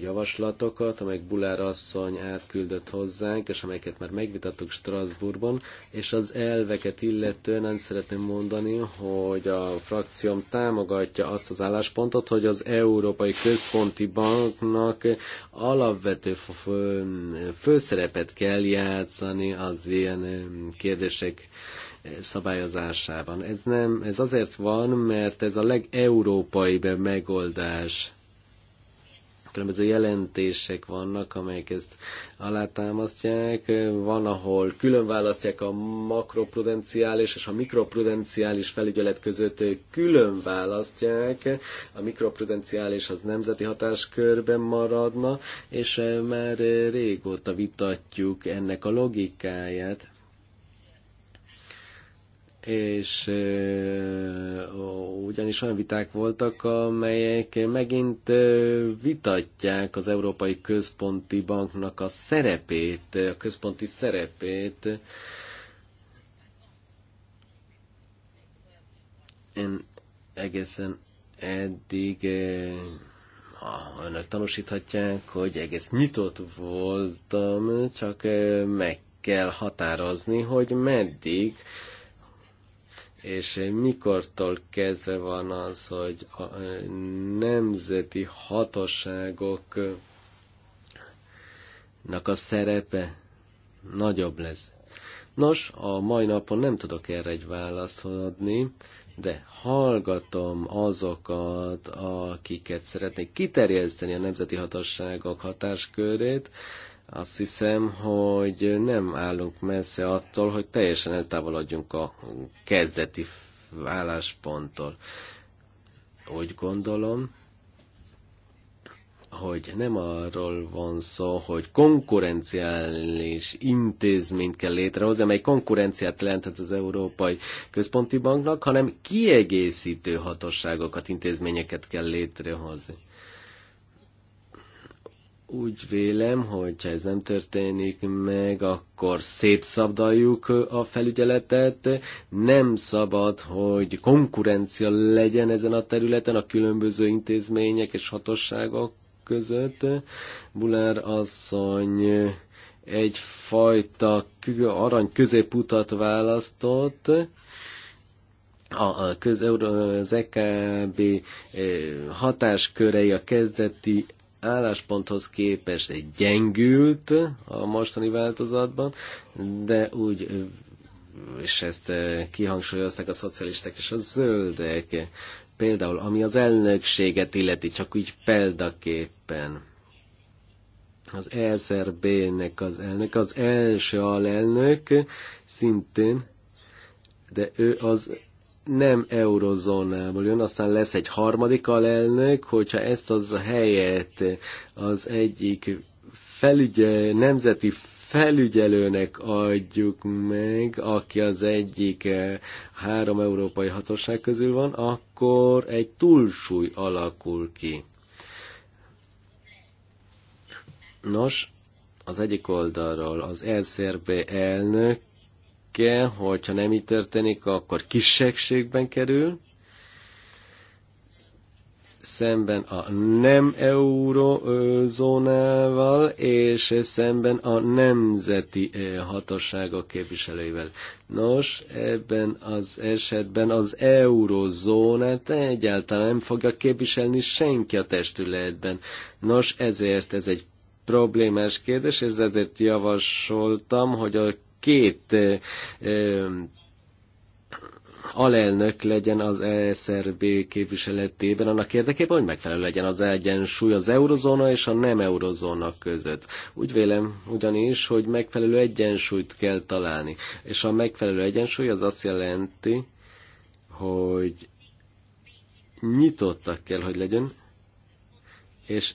javaslatokat, amelyek Bulár asszony átküldött hozzánk, és amelyeket már megvitattuk Strasbourgban, és az elveket illetően nem szeretném mondani, hogy a frakcióm támogatja azt az álláspontot, hogy az Európai Központi Banknak alapvető főszerepet kell játszani az ilyen kérdések szabályozásában. Ez, nem, ez azért van, mert ez a legeurópaibb megoldás különböző jelentések vannak, amelyek ezt alátámasztják. Van, ahol külön választják a makroprudenciális és a mikroprudenciális felügyelet között külön választják. A mikroprudenciális az nemzeti hatáskörben maradna, és már régóta vitatjuk ennek a logikáját és ugyanis olyan viták voltak, amelyek megint vitatják az Európai Központi Banknak a szerepét, a központi szerepét. Én egészen eddig önök tanúsíthatják, hogy egész nyitott voltam, csak meg kell határozni, hogy meddig és mikortól kezdve van az, hogy a nemzeti hatóságoknak a szerepe nagyobb lesz. Nos, a mai napon nem tudok erre egy választ adni, de hallgatom azokat, akiket szeretnék kiterjeszteni a nemzeti hatóságok hatáskörét, azt hiszem, hogy nem állunk messze attól, hogy teljesen eltávolodjunk a kezdeti állásponttól. Úgy gondolom, hogy nem arról van szó, hogy konkurenciális intézményt kell létrehozni, amely konkurenciát jelenthet az Európai Központi Banknak, hanem kiegészítő hatosságokat, intézményeket kell létrehozni úgy vélem, hogy ha ez nem történik meg, akkor szétszabdaljuk a felügyeletet. Nem szabad, hogy konkurencia legyen ezen a területen a különböző intézmények és hatosságok között. Bulár asszony egyfajta arany középutat választott, a, a az EKB eh, hatáskörei a kezdeti állásponthoz képest gyengült a mostani változatban, de úgy, és ezt kihangsúlyozták a szocialisták és a zöldek, például ami az elnökséget illeti, csak úgy példaképpen az e SRB-nek az elnök, az első alelnök szintén, de ő az nem eurozónából jön, aztán lesz egy harmadik alelnök, hogyha ezt az helyet az egyik felügye, nemzeti felügyelőnek adjuk meg, aki az egyik eh, három európai hatóság közül van, akkor egy túlsúly alakul ki. Nos, az egyik oldalról az Elszerbe elnök cikke, hogyha nem így történik, akkor kisegségben kerül, szemben a nem eurozónával, és szemben a nemzeti hatóságok képviselőivel. Nos, ebben az esetben az eurozónát egyáltalán nem fogja képviselni senki a testületben. Nos, ezért ez egy problémás kérdés, és ezért javasoltam, hogy a két alelnök legyen az ESRB képviseletében, annak érdekében, hogy megfelelő legyen az egyensúly az eurozóna és a nem eurozóna között. Úgy vélem ugyanis, hogy megfelelő egyensúlyt kell találni. És a megfelelő egyensúly az azt jelenti, hogy nyitottak kell, hogy legyen, és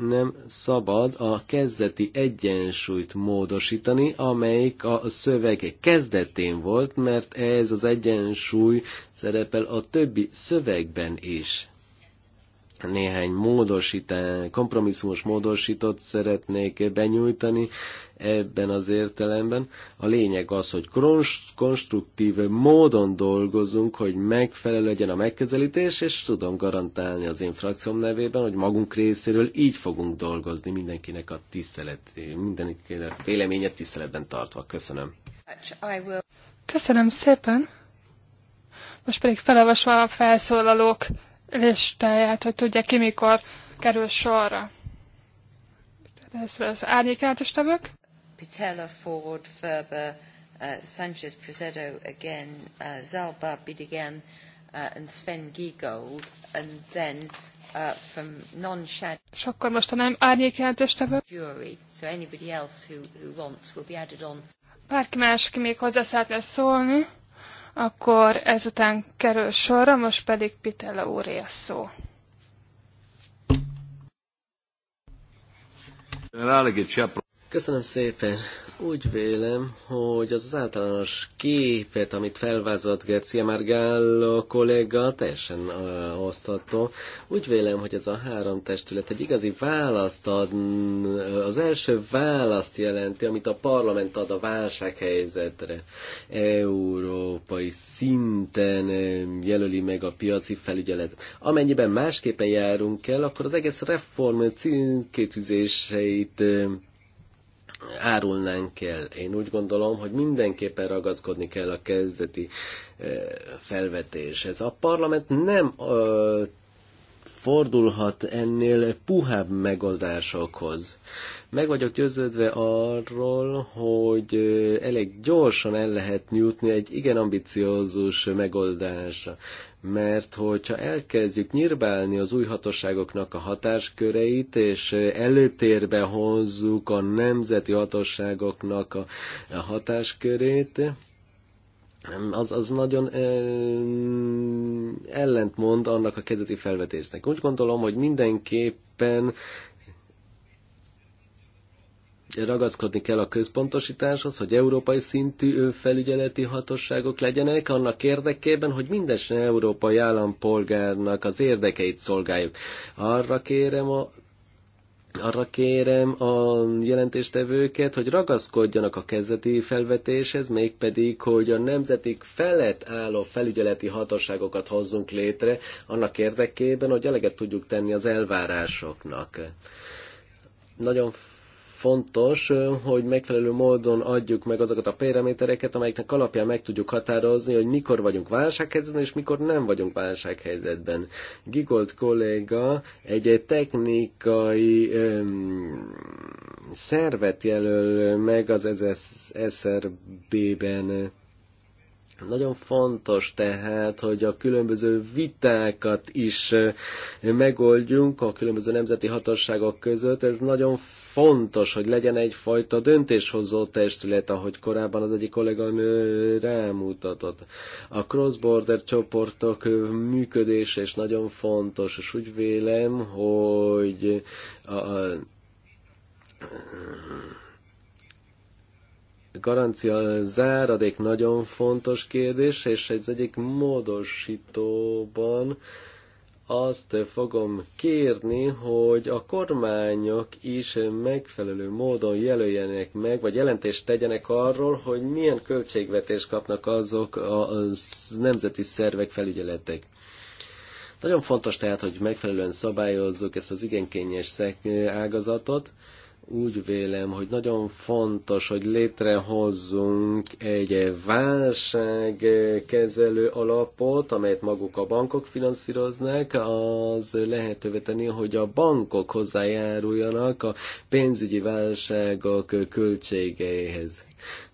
nem szabad a kezdeti egyensúlyt módosítani, amelyik a szöveg kezdetén volt, mert ez az egyensúly szerepel a többi szövegben is. Néhány módosítás, kompromisszumos módosítót szeretnék benyújtani, ebben az értelemben. A lényeg az, hogy konstruktív módon dolgozunk, hogy megfelelő legyen a megközelítés, és tudom garantálni az én frakcióm nevében, hogy magunk részéről így fogunk dolgozni mindenkinek a tisztelet, mindenkinek a véleménye tiszteletben tartva. Köszönöm. Köszönöm szépen. Most pedig felolvasva a felszólalók listáját, hogy tudja ki mikor kerül sorra. Először az árnyékátos tevők. Pitella forward, Ferber, uh, Sanchez Presedo again, uh, Zalba Bidigan, uh, and Sven Giegold, and then uh, from non-shadow. most nem Jury, so anybody else who, who wants will be added on. Bárki más, aki még hozzá szeretne szólni, akkor ezután kerül sorra, most pedig Pitella úré a szó. Köszönöm szépen. Úgy vélem, hogy az általános képet, amit felvázolt Gercia Margallo kolléga, teljesen uh, osztható. Úgy vélem, hogy ez a három testület egy igazi választ ad, az első választ jelenti, amit a parlament ad a válsághelyzetre. Európai szinten jelöli meg a piaci felügyelet. Amennyiben másképpen járunk el, akkor az egész reform címkétüzéseit árulnánk el. Én úgy gondolom, hogy mindenképpen ragaszkodni kell a kezdeti eh, felvetéshez. A parlament nem fordulhat ennél puhább megoldásokhoz. Meg vagyok győződve arról, hogy elég gyorsan el lehet nyújtni egy igen ambiciózus megoldásra. Mert hogyha elkezdjük nyírbálni az új hatóságoknak a hatásköreit, és előtérbe hozzuk a nemzeti hatóságoknak a hatáskörét, az, az nagyon ö, ellentmond annak a kezdeti felvetésnek. Úgy gondolom, hogy mindenképpen ragaszkodni kell a központosításhoz, hogy európai szintű felügyeleti hatóságok legyenek, annak érdekében, hogy minden európai állampolgárnak az érdekeit szolgáljuk. Arra kérem a arra kérem a jelentéstevőket, hogy ragaszkodjanak a kezdeti felvetéshez, mégpedig, hogy a nemzetik felett álló felügyeleti hatóságokat hozzunk létre, annak érdekében, hogy eleget tudjuk tenni az elvárásoknak. Nagyon fontos, hogy megfelelő módon adjuk meg azokat a paramétereket, amelyeknek alapján meg tudjuk határozni, hogy mikor vagyunk válsághelyzetben, és mikor nem vagyunk válsághelyzetben. Gigolt kolléga egy, -egy technikai öm, szervet jelöl meg az srb ben nagyon fontos tehát, hogy a különböző vitákat is eh, megoldjunk a különböző nemzeti hatóságok között. Ez nagyon fontos, hogy legyen egyfajta döntéshozó testület, ahogy korábban az egyik kolléganő rámutatott. A cross-border csoportok eh, működése is nagyon fontos, és úgy vélem, hogy a, garancia záradék nagyon fontos kérdés, és ez egyik módosítóban azt fogom kérni, hogy a kormányok is megfelelő módon jelöljenek meg, vagy jelentést tegyenek arról, hogy milyen költségvetést kapnak azok a nemzeti szervek felügyeletek. Nagyon fontos tehát, hogy megfelelően szabályozzuk ezt az igen kényes ágazatot, úgy vélem, hogy nagyon fontos, hogy létrehozzunk egy válságkezelő alapot, amelyet maguk a bankok finanszíroznak, az lehetővé tenni, hogy a bankok hozzájáruljanak a pénzügyi válságok költségeihez.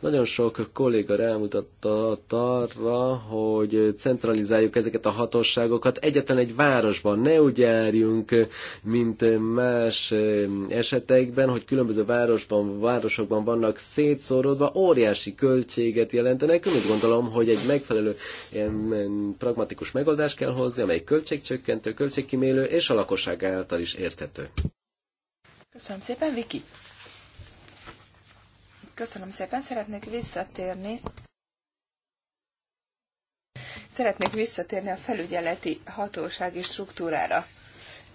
Nagyon sok kolléga rámutatta arra, hogy centralizáljuk ezeket a hatóságokat egyetlen egy városban. Ne úgy járjunk, mint más eh, esetekben, hogy különböző városban, városokban vannak szétszórodva, óriási költséget jelentenek. Én úgy gondolom, hogy egy megfelelő ilyen mm, pragmatikus megoldást kell hozni, amely költségcsökkentő, költségkímélő és a lakosság által is érthető. Köszönöm szépen, Viki! Köszönöm szépen, szeretnék visszatérni. Szeretnék visszatérni a felügyeleti hatósági struktúrára.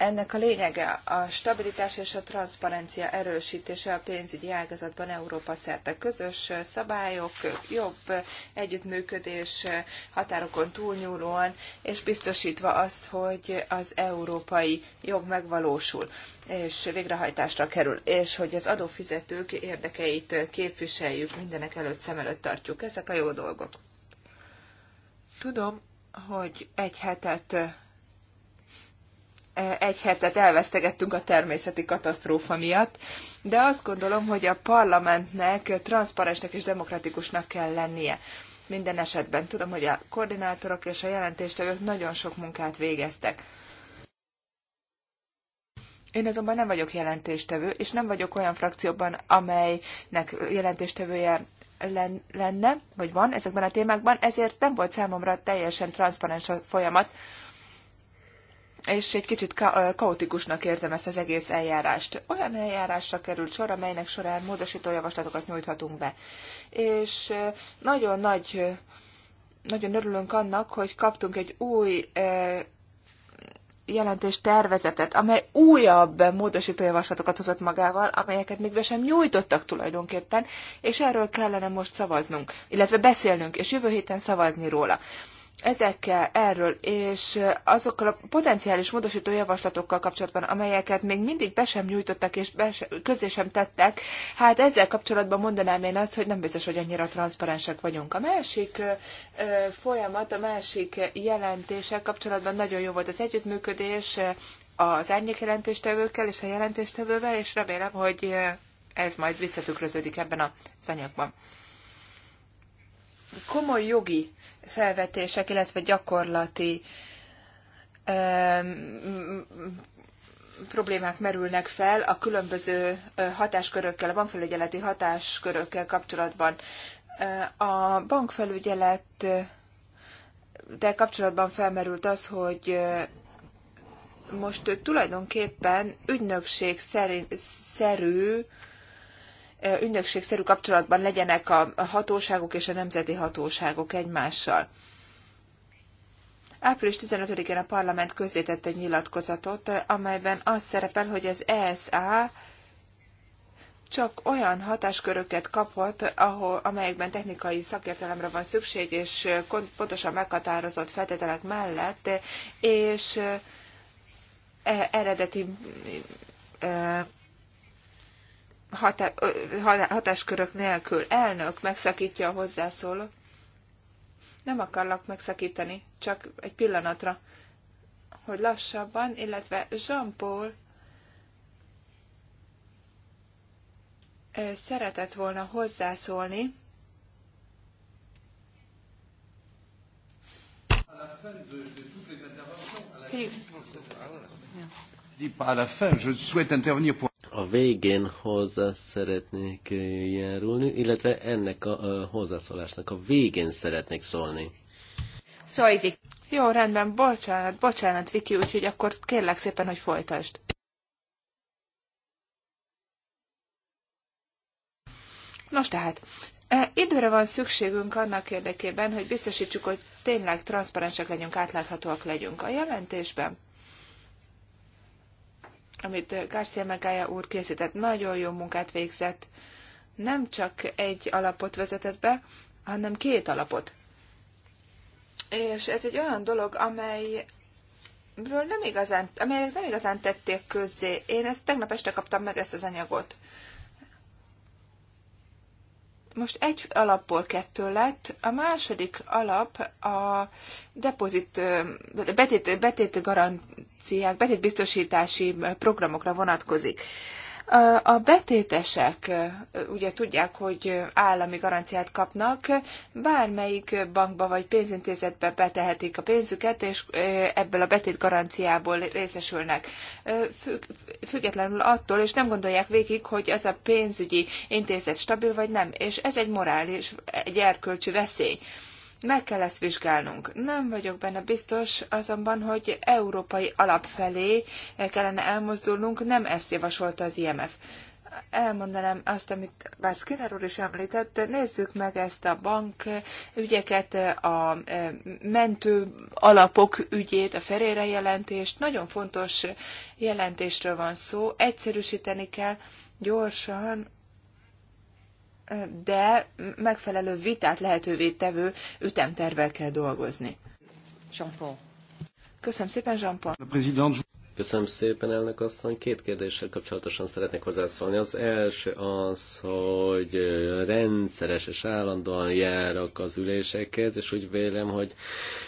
Ennek a lényege a stabilitás és a transzparencia erősítése a pénzügyi ágazatban Európa szerte. Közös szabályok, jobb együttműködés határokon túlnyúlóan, és biztosítva azt, hogy az európai jog megvalósul és végrehajtásra kerül, és hogy az adófizetők érdekeit képviseljük, mindenek előtt szem előtt tartjuk. Ezek a jó dolgok. Tudom, hogy egy hetet egy hetet elvesztegettünk a természeti katasztrófa miatt, de azt gondolom, hogy a parlamentnek transzparensnek és demokratikusnak kell lennie. Minden esetben tudom, hogy a koordinátorok és a jelentéstevők nagyon sok munkát végeztek. Én azonban nem vagyok jelentéstevő, és nem vagyok olyan frakcióban, amelynek jelentéstevője lenne, vagy van ezekben a témákban, ezért nem volt számomra teljesen transzparens a folyamat, és egy kicsit ka- kaotikusnak érzem ezt az egész eljárást. Olyan eljárásra került sor, amelynek során módosító javaslatokat nyújthatunk be. És nagyon nagy, nagyon örülünk annak, hogy kaptunk egy új jelentés tervezetet, amely újabb módosító javaslatokat hozott magával, amelyeket még be sem nyújtottak tulajdonképpen, és erről kellene most szavaznunk, illetve beszélnünk, és jövő héten szavazni róla ezekkel, erről és azokkal a potenciális módosító javaslatokkal kapcsolatban, amelyeket még mindig be sem nyújtottak és be se, közé sem tettek, hát ezzel kapcsolatban mondanám én azt, hogy nem biztos, hogy annyira transzparensek vagyunk. A másik folyamat, a másik jelentéssel kapcsolatban nagyon jó volt az együttműködés az árnyékjelentéstevőkkel és a jelentéstevővel, és remélem, hogy ez majd visszatükröződik ebben az anyagban komoly jogi felvetések, illetve gyakorlati problémák merülnek fel a különböző hatáskörökkel, a bankfelügyeleti hatáskörökkel kapcsolatban. A bankfelügyelet de kapcsolatban felmerült az, hogy most tulajdonképpen ügynökség szerű ügynökségszerű kapcsolatban legyenek a hatóságok és a nemzeti hatóságok egymással. Április 15-én a parlament közzétett egy nyilatkozatot, amelyben az szerepel, hogy az ESA csak olyan hatásköröket kaphat, ahol, amelyekben technikai szakértelemre van szükség, és pontosan meghatározott feltételek mellett, és e-, eredeti hatá hatáskörök nélkül. Elnök megszakítja a hozzászóló. Nem akarlak megszakítani, csak egy pillanatra, hogy lassabban, illetve Jean-Paul szeretett volna hozzászólni. Philippe. Pas à la fin, je souhaite intervenir pour a végén hozzá szeretnék eh, járulni, illetve ennek a, a eh, hozzászólásnak a végén szeretnék szólni. Szóval Viki. Jó, rendben, bocsánat, bocsánat, Viki, úgyhogy akkor kérlek szépen, hogy folytasd. Nos tehát, e, időre van szükségünk annak érdekében, hogy biztosítsuk, hogy tényleg transzparensek legyünk, átláthatóak legyünk. A jelentésben amit Garcia Megája úr készített. Nagyon jó munkát végzett. Nem csak egy alapot vezetett be, hanem két alapot. És ez egy olyan dolog, amely amiről nem igazán, amelyek nem igazán tették közzé. Én ezt tegnap este kaptam meg ezt az anyagot most egy alapból kettő lett, a második alap a depozit, betét, betét garanciák, betétbiztosítási programokra vonatkozik. A betétesek ugye tudják, hogy állami garanciát kapnak, bármelyik bankba vagy pénzintézetbe betehetik a pénzüket, és ebből a betét garanciából részesülnek. Függetlenül attól, és nem gondolják végig, hogy ez a pénzügyi intézet stabil vagy nem, és ez egy morális, egy erkölcsi veszély meg kell ezt vizsgálnunk. Nem vagyok benne biztos azonban, hogy európai alap felé kellene elmozdulnunk, nem ezt javasolta az IMF. Elmondanám azt, amit Vászkiner úr is említett, nézzük meg ezt a bank ügyeket, a e, mentő alapok ügyét, a Ferére jelentést. Nagyon fontos jelentésről van szó, egyszerűsíteni kell gyorsan de megfelelő vitát lehetővé tevő ütemtervel kell dolgozni. Jean-Paul. Köszönöm szépen, Jean-Paul. Köszönöm szépen, elnök asszony. Két kérdéssel kapcsolatosan szeretnék hozzászólni. Az első az, hogy rendszeres és állandóan járok az ülésekhez, és úgy vélem, hogy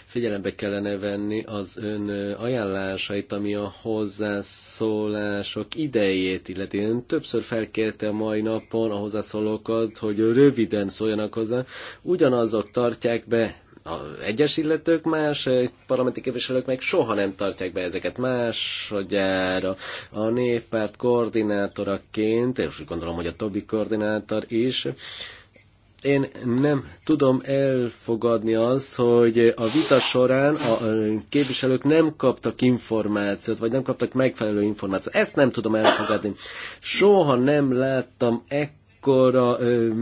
figyelembe kellene venni az ön ajánlásait, ami a hozzászólások idejét illeti. Ön többször felkérte a mai napon a hozzászólókat, hogy röviden szóljanak hozzá. Ugyanazok tartják be a egyes illetők más parlamenti képviselők meg soha nem tartják be ezeket más, másodjára. A néppárt koordinátoraként, és úgy gondolom, hogy a többi koordinátor is, én nem tudom elfogadni az, hogy a vita során a képviselők nem kaptak információt, vagy nem kaptak megfelelő információt. Ezt nem tudom elfogadni. Soha nem láttam ekkor mekkora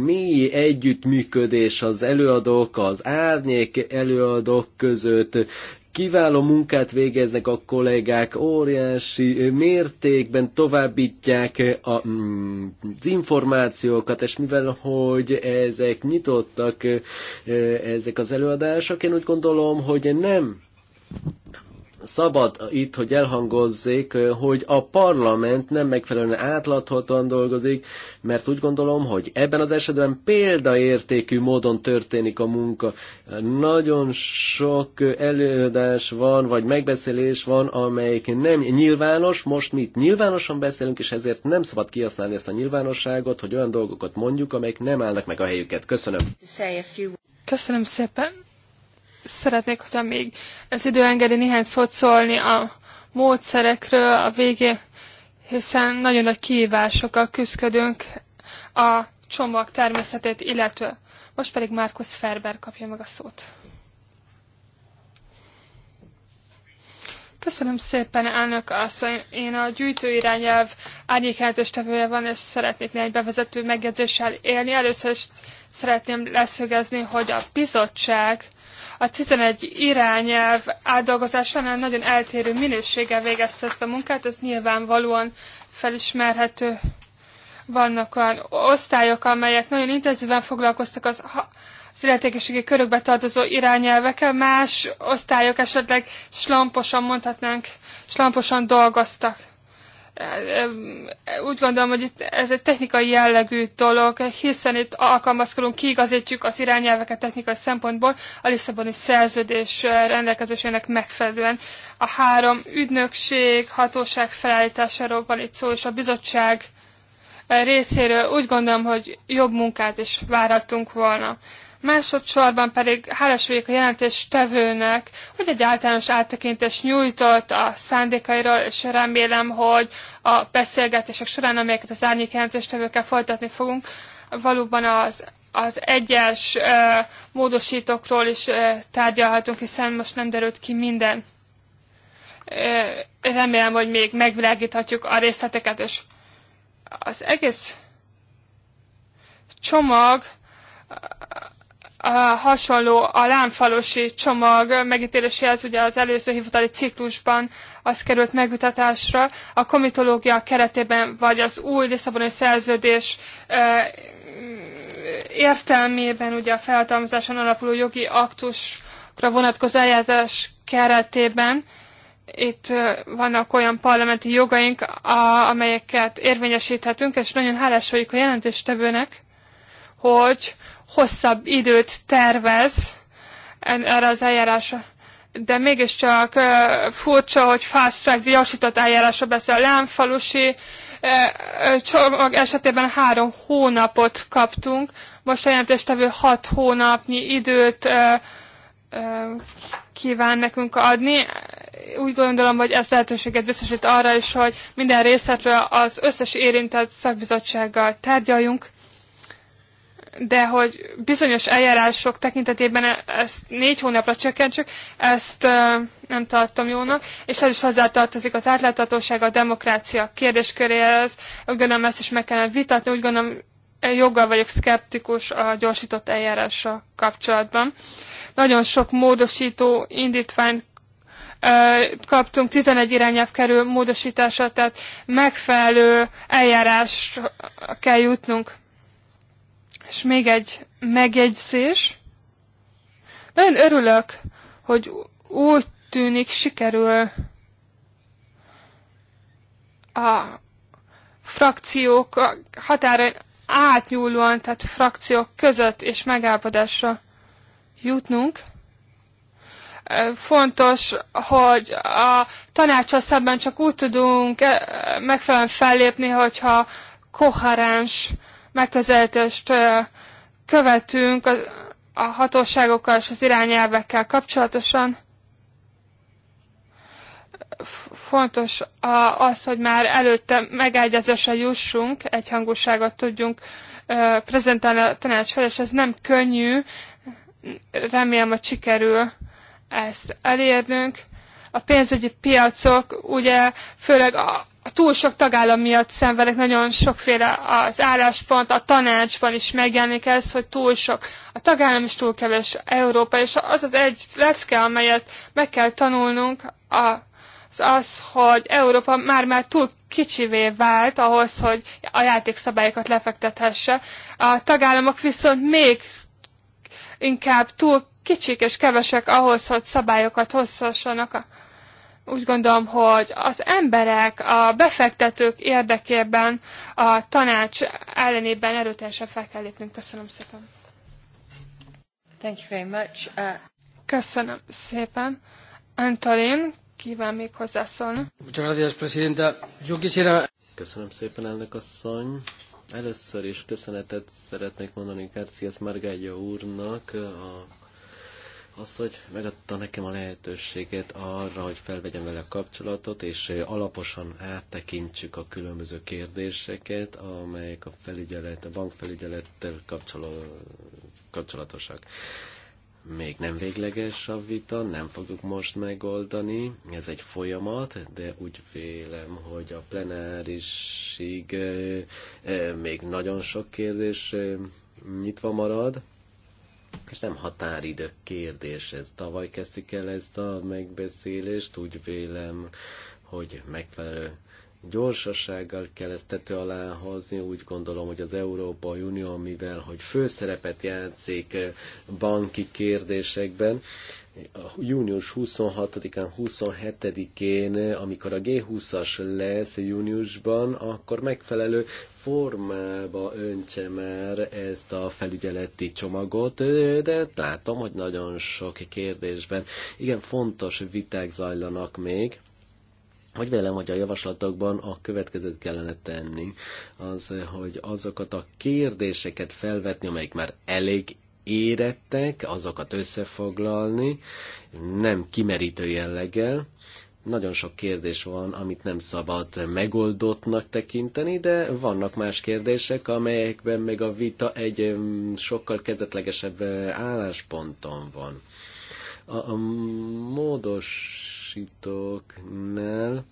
mély együttműködés az előadók, az árnyék előadók között, kiváló munkát végeznek a kollégák, óriási mértékben továbbítják a, mm, az információkat, és mivel hogy ezek nyitottak, ezek az előadások, én úgy gondolom, hogy nem szabad itt, hogy elhangozzék, hogy a parlament nem megfelelően átláthatóan dolgozik, mert úgy gondolom, hogy ebben az esetben példaértékű módon történik a munka. Nagyon sok előadás van, vagy megbeszélés van, amelyik nem nyilvános, most mit nyilvánosan beszélünk, és ezért nem szabad kihasználni ezt a nyilvánosságot, hogy olyan dolgokat mondjuk, amelyek nem állnak meg a helyüket. Köszönöm. Köszönöm szépen szeretnék, hogyha még az idő engedi néhány szót szólni a módszerekről a végén, hiszen nagyon nagy kihívásokkal küzdködünk a csomag természetét, illetve most pedig Márkus Ferber kapja meg a szót. Köszönöm szépen, elnök asszony. Én a gyűjtő irányelv tevője van, és szeretnék néhány bevezető megjegyzéssel élni. Először is szeretném leszögezni, hogy a bizottság a 11 irányelv átdolgozásánál nagyon eltérő minőséggel végezte ezt a munkát, ez nyilvánvalóan felismerhető. Vannak olyan osztályok, amelyek nagyon intenzíven foglalkoztak az az illetékeségi körökbe tartozó irányelvekkel, más osztályok esetleg slamposan mondhatnánk, slamposan dolgoztak úgy gondolom, hogy itt ez egy technikai jellegű dolog, hiszen itt alkalmazkodunk, kiigazítjuk az irányelveket technikai szempontból a Lisszaboni szerződés rendelkezésének megfelelően. A három ügynökség, hatóság felállításáról van itt szó, és a bizottság részéről úgy gondolom, hogy jobb munkát is várhatunk volna. Másodszorban pedig hálás vagyok a jelentés tevőnek, hogy egy általános áttekintés nyújtott a szándékairól, és remélem, hogy a beszélgetések során, amelyeket az árnyék jelentéstevőkkel folytatni fogunk, valóban az az egyes ö, e, módosítókról is ö, e, tárgyalhatunk, hiszen most nem derült ki minden. E, remélem, hogy még megvilágíthatjuk a részleteket, és az egész csomag hasonló a lámfalosi csomag megítéléséhez ugye az előző hivatali ciklusban az került megvitatásra, a komitológia keretében vagy az új Lisszaboni szerződés értelmében ugye a felhatalmazáson alapuló jogi aktusra vonatkozó eljárás keretében itt vannak olyan parlamenti jogaink, a, amelyeket érvényesíthetünk, és nagyon hálás vagyok a jelentéstevőnek, hogy, hosszabb időt tervez erre az eljárásra. De mégiscsak furcsa, hogy fast track gyorsított eljárásra beszél. A Lámfalusi csomag esetében három hónapot kaptunk, most a jelentéstevő hat hónapnyi időt kíván nekünk adni. Úgy gondolom, hogy ez lehetőséget biztosít arra is, hogy minden részletről az összes érintett szakbizottsággal tárgyaljunk, de hogy bizonyos eljárások tekintetében ezt négy hónapra csökkentsük, ezt nem tartom jónak, és ez is hozzátartozik az átláthatóság, a demokrácia kérdésköréhez, úgy gondolom ezt is meg kellene vitatni, úgy gondolom joggal vagyok szkeptikus a gyorsított eljárással kapcsolatban. Nagyon sok módosító indítványt kaptunk, 11 irányelv kerül módosításra, tehát megfelelő eljárás kell jutnunk és még egy megjegyzés. Nagyon örülök, hogy úgy tűnik sikerül a frakciók határon átnyúlóan, tehát frakciók között és megállapodásra jutnunk. Fontos, hogy a tanácsa szemben csak úgy tudunk megfelelően fellépni, hogyha koherens megközelítést követünk a hatóságokkal és az irányelvekkel kapcsolatosan. Fontos az, hogy már előtte megágyazásra jussunk, egyhangúságot tudjunk prezentálni a tanács fel, és ez nem könnyű. Remélem, hogy sikerül ezt elérnünk. A pénzügyi piacok ugye főleg a, túl sok tagállam miatt szenvedek, nagyon sokféle az álláspont, a tanácsban is megjelenik ez, hogy túl sok a tagállam is túl kevés Európa, és az az egy lecke, amelyet meg kell tanulnunk, az az, hogy Európa már-már túl kicsivé vált ahhoz, hogy a játékszabályokat lefektethesse. A tagállamok viszont még inkább túl kicsik és kevesek ahhoz, hogy szabályokat hozhassanak úgy gondolom, hogy az emberek, a befektetők érdekében a tanács ellenében erőteljesen fel kell lépnünk. Köszönöm szépen. Thank you very much. Uh... Köszönöm szépen. Antolin, kíván még hozzászólni. Köszönöm szépen, elnök asszony. Először is köszönetet szeretnék mondani Kárciasz Margallo úrnak a az, hogy megadta nekem a lehetőséget arra, hogy felvegyem vele a kapcsolatot, és alaposan áttekintsük a különböző kérdéseket, amelyek a felügyelet, a bankfelügyelettel kapcsolatosak. Még nem végleges a vita, nem fogjuk most megoldani, ez egy folyamat, de úgy vélem, hogy a plenárisig még nagyon sok kérdés nyitva marad és nem határidő kérdés ez. Tavaly kezdtük el ezt a megbeszélést, úgy vélem, hogy megfelelő gyorsasággal kell ezt tető alá hozni. Úgy gondolom, hogy az Európai Unió, mivel hogy főszerepet játszik eh, banki kérdésekben, a június 26-án, 27-én, amikor a G20-as lesz júniusban, akkor megfelelő formába öntse már ezt a felügyeleti csomagot, de látom, hogy nagyon sok kérdésben igen fontos viták zajlanak még. Hogy vélem, hogy a javaslatokban a következőt kellene tenni, az, hogy azokat a kérdéseket felvetni, amelyek már elég érettek, azokat összefoglalni, nem kimerítő jelleggel. Nagyon sok kérdés van, amit nem szabad megoldottnak tekinteni, de vannak más kérdések, amelyekben meg a vita egy sokkal kezdetlegesebb eh, állásponton van. A, a módosítóknál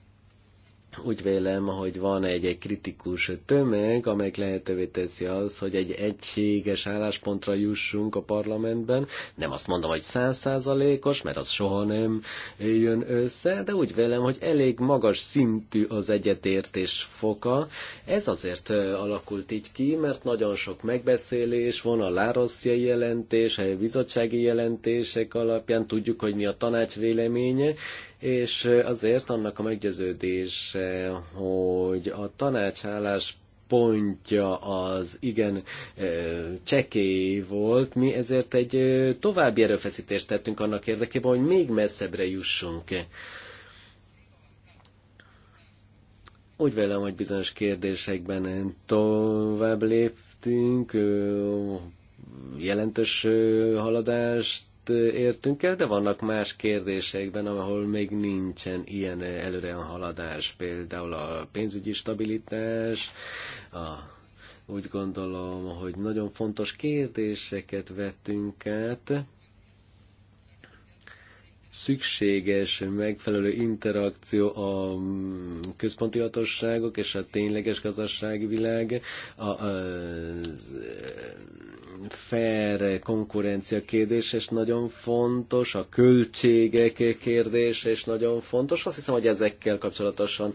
úgy vélem, hogy van egy, egy kritikus tömeg, amely lehetővé teszi az, hogy egy egységes álláspontra jussunk a parlamentben. Nem azt mondom, hogy százszázalékos, mert az soha nem jön össze, de úgy vélem, hogy elég magas szintű az egyetértés foka. Ez azért alakult így ki, mert nagyon sok megbeszélés van, a Lárosziai jelentés, a bizottsági jelentések alapján tudjuk, hogy mi a tanács véleménye, és azért annak a meggyőződése, hogy a tanácsállás pontja az igen csekély volt, mi ezért egy további erőfeszítést tettünk annak érdekében, hogy még messzebbre jussunk. Úgy vélem, hogy bizonyos kérdésekben tovább léptünk, jelentős haladást értünk el, de vannak más kérdésekben, ahol még nincsen ilyen előre haladás, például a pénzügyi stabilitás, a úgy gondolom, hogy nagyon fontos kérdéseket vettünk át. Szükséges megfelelő interakció a mm, központi hatóságok és a tényleges gazdasági világ, a, a, fair konkurencia kérdés és nagyon fontos, a költségek kérdés és nagyon fontos. Azt hiszem, hogy ezekkel kapcsolatosan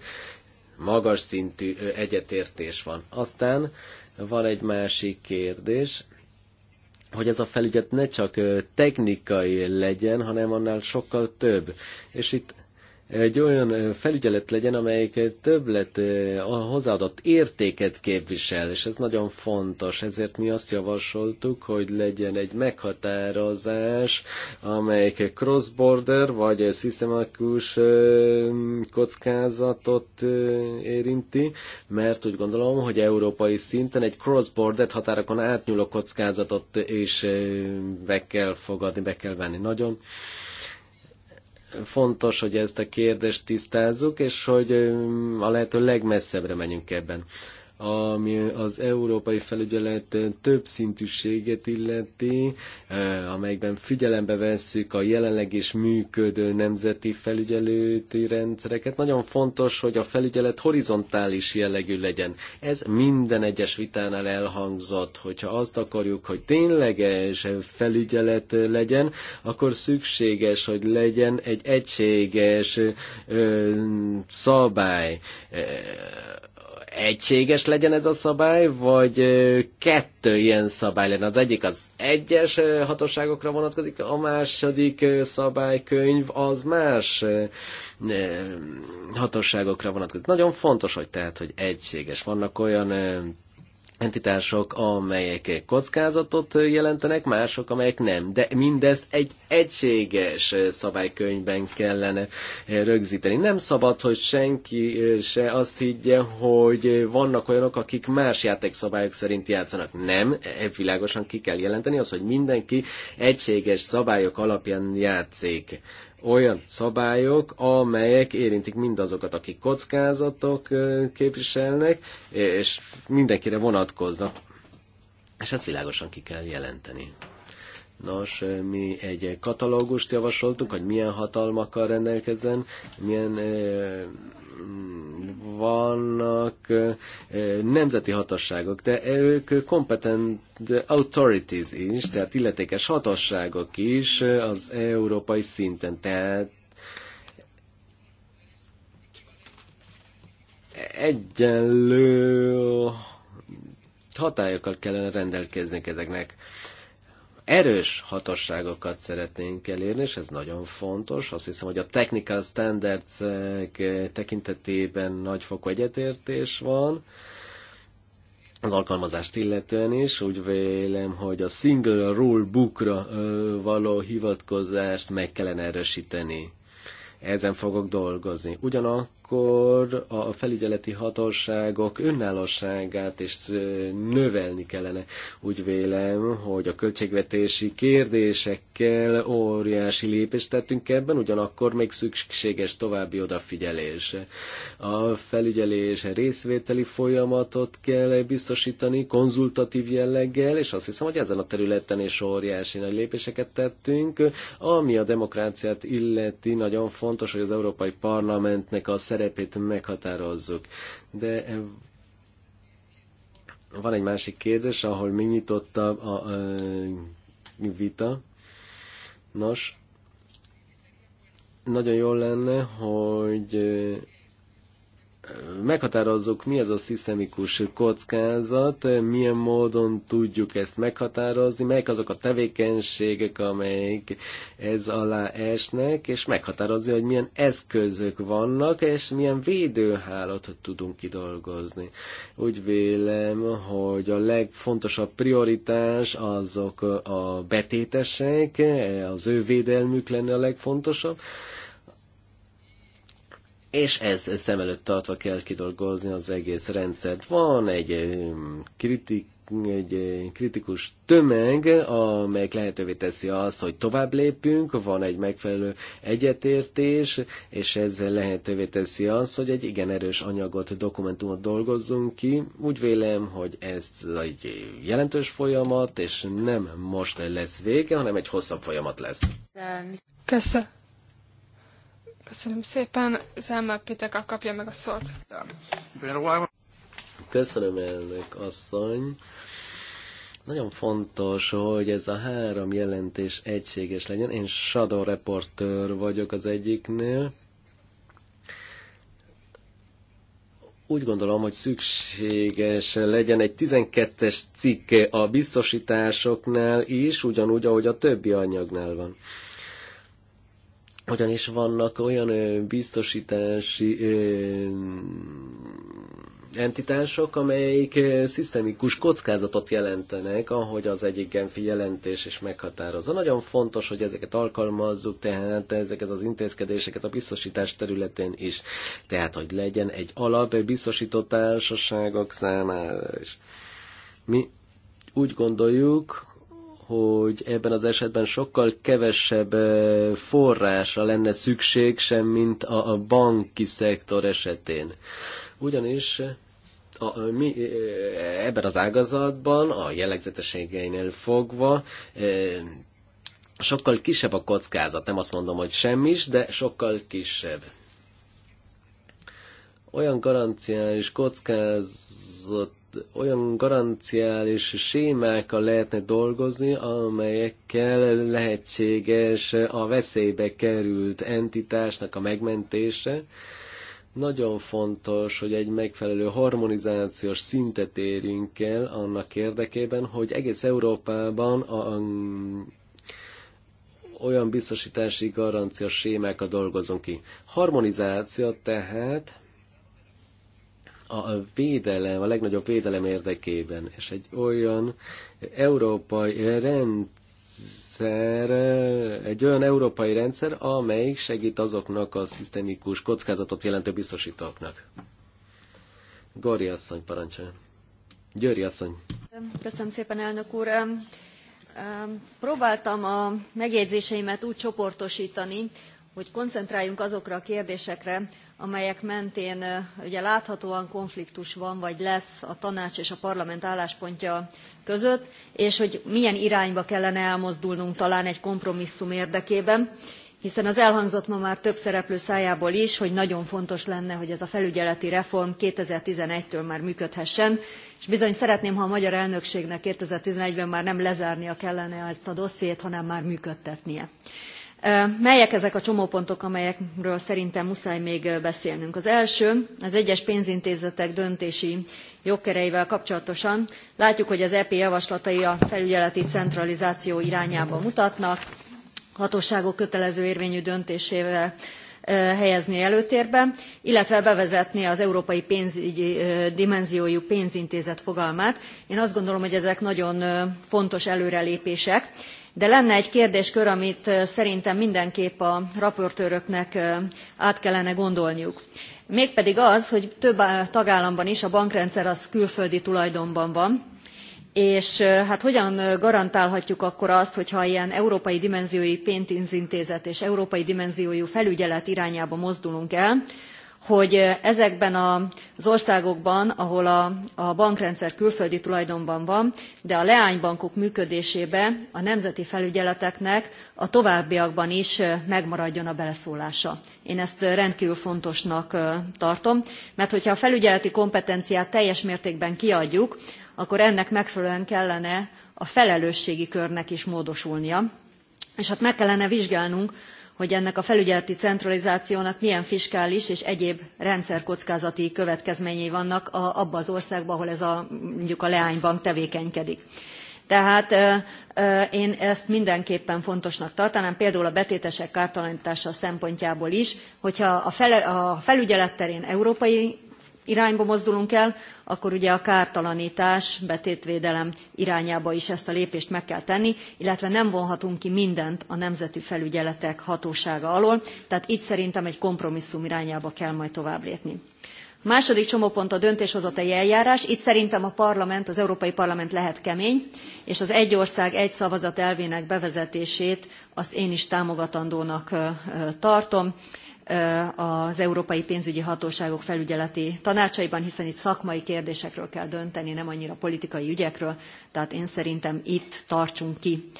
magas szintű egyetértés van. Aztán van egy másik kérdés, hogy ez a felügyet ne csak technikai legyen, hanem annál sokkal több. És itt egy olyan felügyelet legyen, amelyik többlet a hozzáadott értéket képvisel, és ez nagyon fontos. Ezért mi azt javasoltuk, hogy legyen egy meghatározás, amelyik cross-border vagy szisztematikus kockázatot érinti, mert úgy gondolom, hogy európai szinten egy cross-border határokon átnyúló kockázatot is be kell fogadni, be kell venni. Nagyon fontos, hogy ezt a kérdést tisztázzuk, és hogy a lehető legmesszebbre menjünk ebben ami az európai felügyelet több szintűséget illeti, eh, amelyben figyelembe vesszük a jelenleg is működő nemzeti felügyelőti rendszereket. Nagyon fontos, hogy a felügyelet horizontális jellegű legyen. Ez minden egyes vitánál elhangzott, hogyha azt akarjuk, hogy tényleges felügyelet legyen, akkor szükséges, hogy legyen egy egységes eh, szabály eh, egységes legyen ez a szabály, vagy kettő ilyen szabály lenne. Az egyik az egyes hatóságokra vonatkozik, a második szabálykönyv az más hatóságokra vonatkozik. Nagyon fontos, hogy tehát, hogy egységes. Vannak olyan entitások, amelyek kockázatot jelentenek, mások, amelyek nem. De mindezt egy egységes szabálykönyvben kellene rögzíteni. Nem szabad, hogy senki se azt higgye, hogy vannak olyanok, akik más játékszabályok szerint játszanak. Nem, világosan ki kell jelenteni az, hogy mindenki egységes szabályok alapján játszik olyan szabályok, amelyek érintik mindazokat, akik kockázatok képviselnek, és mindenkire vonatkoznak. És ezt világosan ki kell jelenteni. Nos, mi egy katalógust javasoltunk, hogy milyen hatalmakkal rendelkezzen, milyen vannak nemzeti hatosságok, de ők competent authorities is, tehát illetékes hatosságok is az európai szinten, tehát egyenlő hatályokkal kellene rendelkeznek ezeknek erős hatosságokat szeretnénk elérni, és ez nagyon fontos. Azt hiszem, hogy a technical standards eh, tekintetében nagyfokú egyetértés van. Az alkalmazást illetően is úgy vélem, hogy a single rule bookra eh, való hivatkozást meg kellene erősíteni. Ezen fogok dolgozni. Ugyanakkor akkor a felügyeleti hatóságok önállóságát is növelni kellene. Úgy vélem, hogy a költségvetési kérdésekkel óriási lépést tettünk ebben, ugyanakkor még szükséges további odafigyelés. A felügyelés részvételi folyamatot kell biztosítani konzultatív jelleggel, és azt hiszem, hogy ezen a területen is óriási nagy lépéseket tettünk. Ami a demokráciát illeti, nagyon fontos, hogy az Európai Parlamentnek a szerep szerepét meghatározzuk. De eh, van egy másik kérdés, ahol mi a, a, vita. Nos, nagyon jó lenne, hogy eh, meghatározzuk, mi az a szisztemikus kockázat, milyen módon tudjuk ezt meghatározni, melyek azok a tevékenységek, amelyek ez alá esnek, és meghatározni, hogy milyen eszközök vannak, és milyen védőhálót tudunk kidolgozni. Úgy vélem, hogy a legfontosabb prioritás azok a betétesek, az ő védelmük lenne a legfontosabb, és ez szem előtt tartva kell kidolgozni az egész rendszert. Van egy eh, kritik, egy eh, kritikus tömeg, amely lehetővé teszi azt, hogy tovább lépünk, van egy megfelelő egyetértés, és ez lehetővé teszi azt, hogy egy igen erős anyagot, dokumentumot dolgozzunk ki. Úgy vélem, hogy ez egy jelentős folyamat, és nem most lesz vége, hanem egy hosszabb folyamat lesz. Köszönöm. Köszönöm szépen. Zemmel Pitek kapja meg a szót. Köszönöm elnök asszony. Nagyon fontos, hogy ez a három jelentés egységes legyen. Én shadow reporter vagyok az egyiknél. Úgy gondolom, hogy szükséges legyen egy 12-es cikke a biztosításoknál is, ugyanúgy, ahogy a többi anyagnál van ugyanis vannak olyan biztosítási entitások, amelyik szisztemikus kockázatot jelentenek, ahogy az egyik Genfi jelentés is meghatározza. Nagyon fontos, hogy ezeket alkalmazzuk, tehát ezeket az intézkedéseket a biztosítás területén is. Tehát, hogy legyen egy alap biztosító társaságok számára is. Mi úgy gondoljuk, hogy ebben az esetben sokkal kevesebb forrásra lenne szükség, sem mint a banki szektor esetén. Ugyanis a, mi, ebben az ágazatban a jellegzetességeinél fogva sokkal kisebb a kockázat. Nem azt mondom, hogy semmis, de sokkal kisebb olyan garanciális kockázat olyan garanciális sémákkal lehetne dolgozni, amelyekkel lehetséges a veszélybe került entitásnak a megmentése. Nagyon fontos, hogy egy megfelelő harmonizációs szintet érjünk el annak érdekében, hogy egész Európában a, a olyan biztosítási garancia sémákat dolgozunk ki. Harmonizáció tehát a védelem, a legnagyobb védelem érdekében, és egy olyan európai rendszer, egy olyan európai rendszer, amely segít azoknak a szisztemikus kockázatot jelentő biztosítóknak. Gori asszony parancsolja. Győri asszony. Köszönöm szépen, elnök úr. Próbáltam a megjegyzéseimet úgy csoportosítani, hogy koncentráljunk azokra a kérdésekre, amelyek mentén ugye láthatóan konfliktus van, vagy lesz a tanács és a parlament álláspontja között, és hogy milyen irányba kellene elmozdulnunk talán egy kompromisszum érdekében, hiszen az elhangzott ma már több szereplő szájából is, hogy nagyon fontos lenne, hogy ez a felügyeleti reform 2011-től már működhessen, és bizony szeretném, ha a magyar elnökségnek 2011-ben már nem lezárnia kellene ezt a dossziét, hanem már működtetnie. Melyek ezek a csomópontok, amelyekről szerintem muszáj még beszélnünk? Az első, az egyes pénzintézetek döntési jogkereivel kapcsolatosan. Látjuk, hogy az EP javaslatai a felügyeleti centralizáció irányába mutatnak, hatóságok kötelező érvényű döntésével helyezni előtérbe, illetve bevezetni az európai pénzügyi dimenziójú pénzintézet fogalmát. Én azt gondolom, hogy ezek nagyon fontos előrelépések de lenne egy kérdéskör amit szerintem mindenképp a raportőröknek át kellene gondolniuk mégpedig az hogy több tagállamban is a bankrendszer az külföldi tulajdonban van és hát hogyan garantálhatjuk akkor azt hogyha ilyen európai dimenziójú pénzintézet és európai dimenziójú felügyelet irányába mozdulunk el hogy ezekben az országokban, ahol a, a bankrendszer külföldi tulajdonban van, de a leánybankok működésébe a nemzeti felügyeleteknek a továbbiakban is megmaradjon a beleszólása. Én ezt rendkívül fontosnak tartom, mert hogyha a felügyeleti kompetenciát teljes mértékben kiadjuk, akkor ennek megfelelően kellene a felelősségi körnek is módosulnia, és hát meg kellene vizsgálnunk, hogy ennek a felügyeleti centralizációnak milyen fiskális és egyéb rendszerkockázati következményei vannak a, abba az országban, ahol ez a, mondjuk a leánybank tevékenykedik. Tehát én ezt mindenképpen fontosnak tartanám, például a betétesek kártalanítása szempontjából is, hogyha a felügyelet terén európai irányba mozdulunk el, akkor ugye a kártalanítás, betétvédelem irányába is ezt a lépést meg kell tenni, illetve nem vonhatunk ki mindent a nemzeti felügyeletek hatósága alól, tehát itt szerintem egy kompromisszum irányába kell majd tovább lépni. A második csomópont a döntéshozatai eljárás. Itt szerintem a parlament, az Európai Parlament lehet kemény, és az egy ország, egy szavazat elvének bevezetését azt én is támogatandónak tartom az európai pénzügyi hatóságok felügyeleti tanácsaiban, hiszen itt szakmai kérdésekről kell dönteni, nem annyira politikai ügyekről, tehát én szerintem itt tartsunk ki.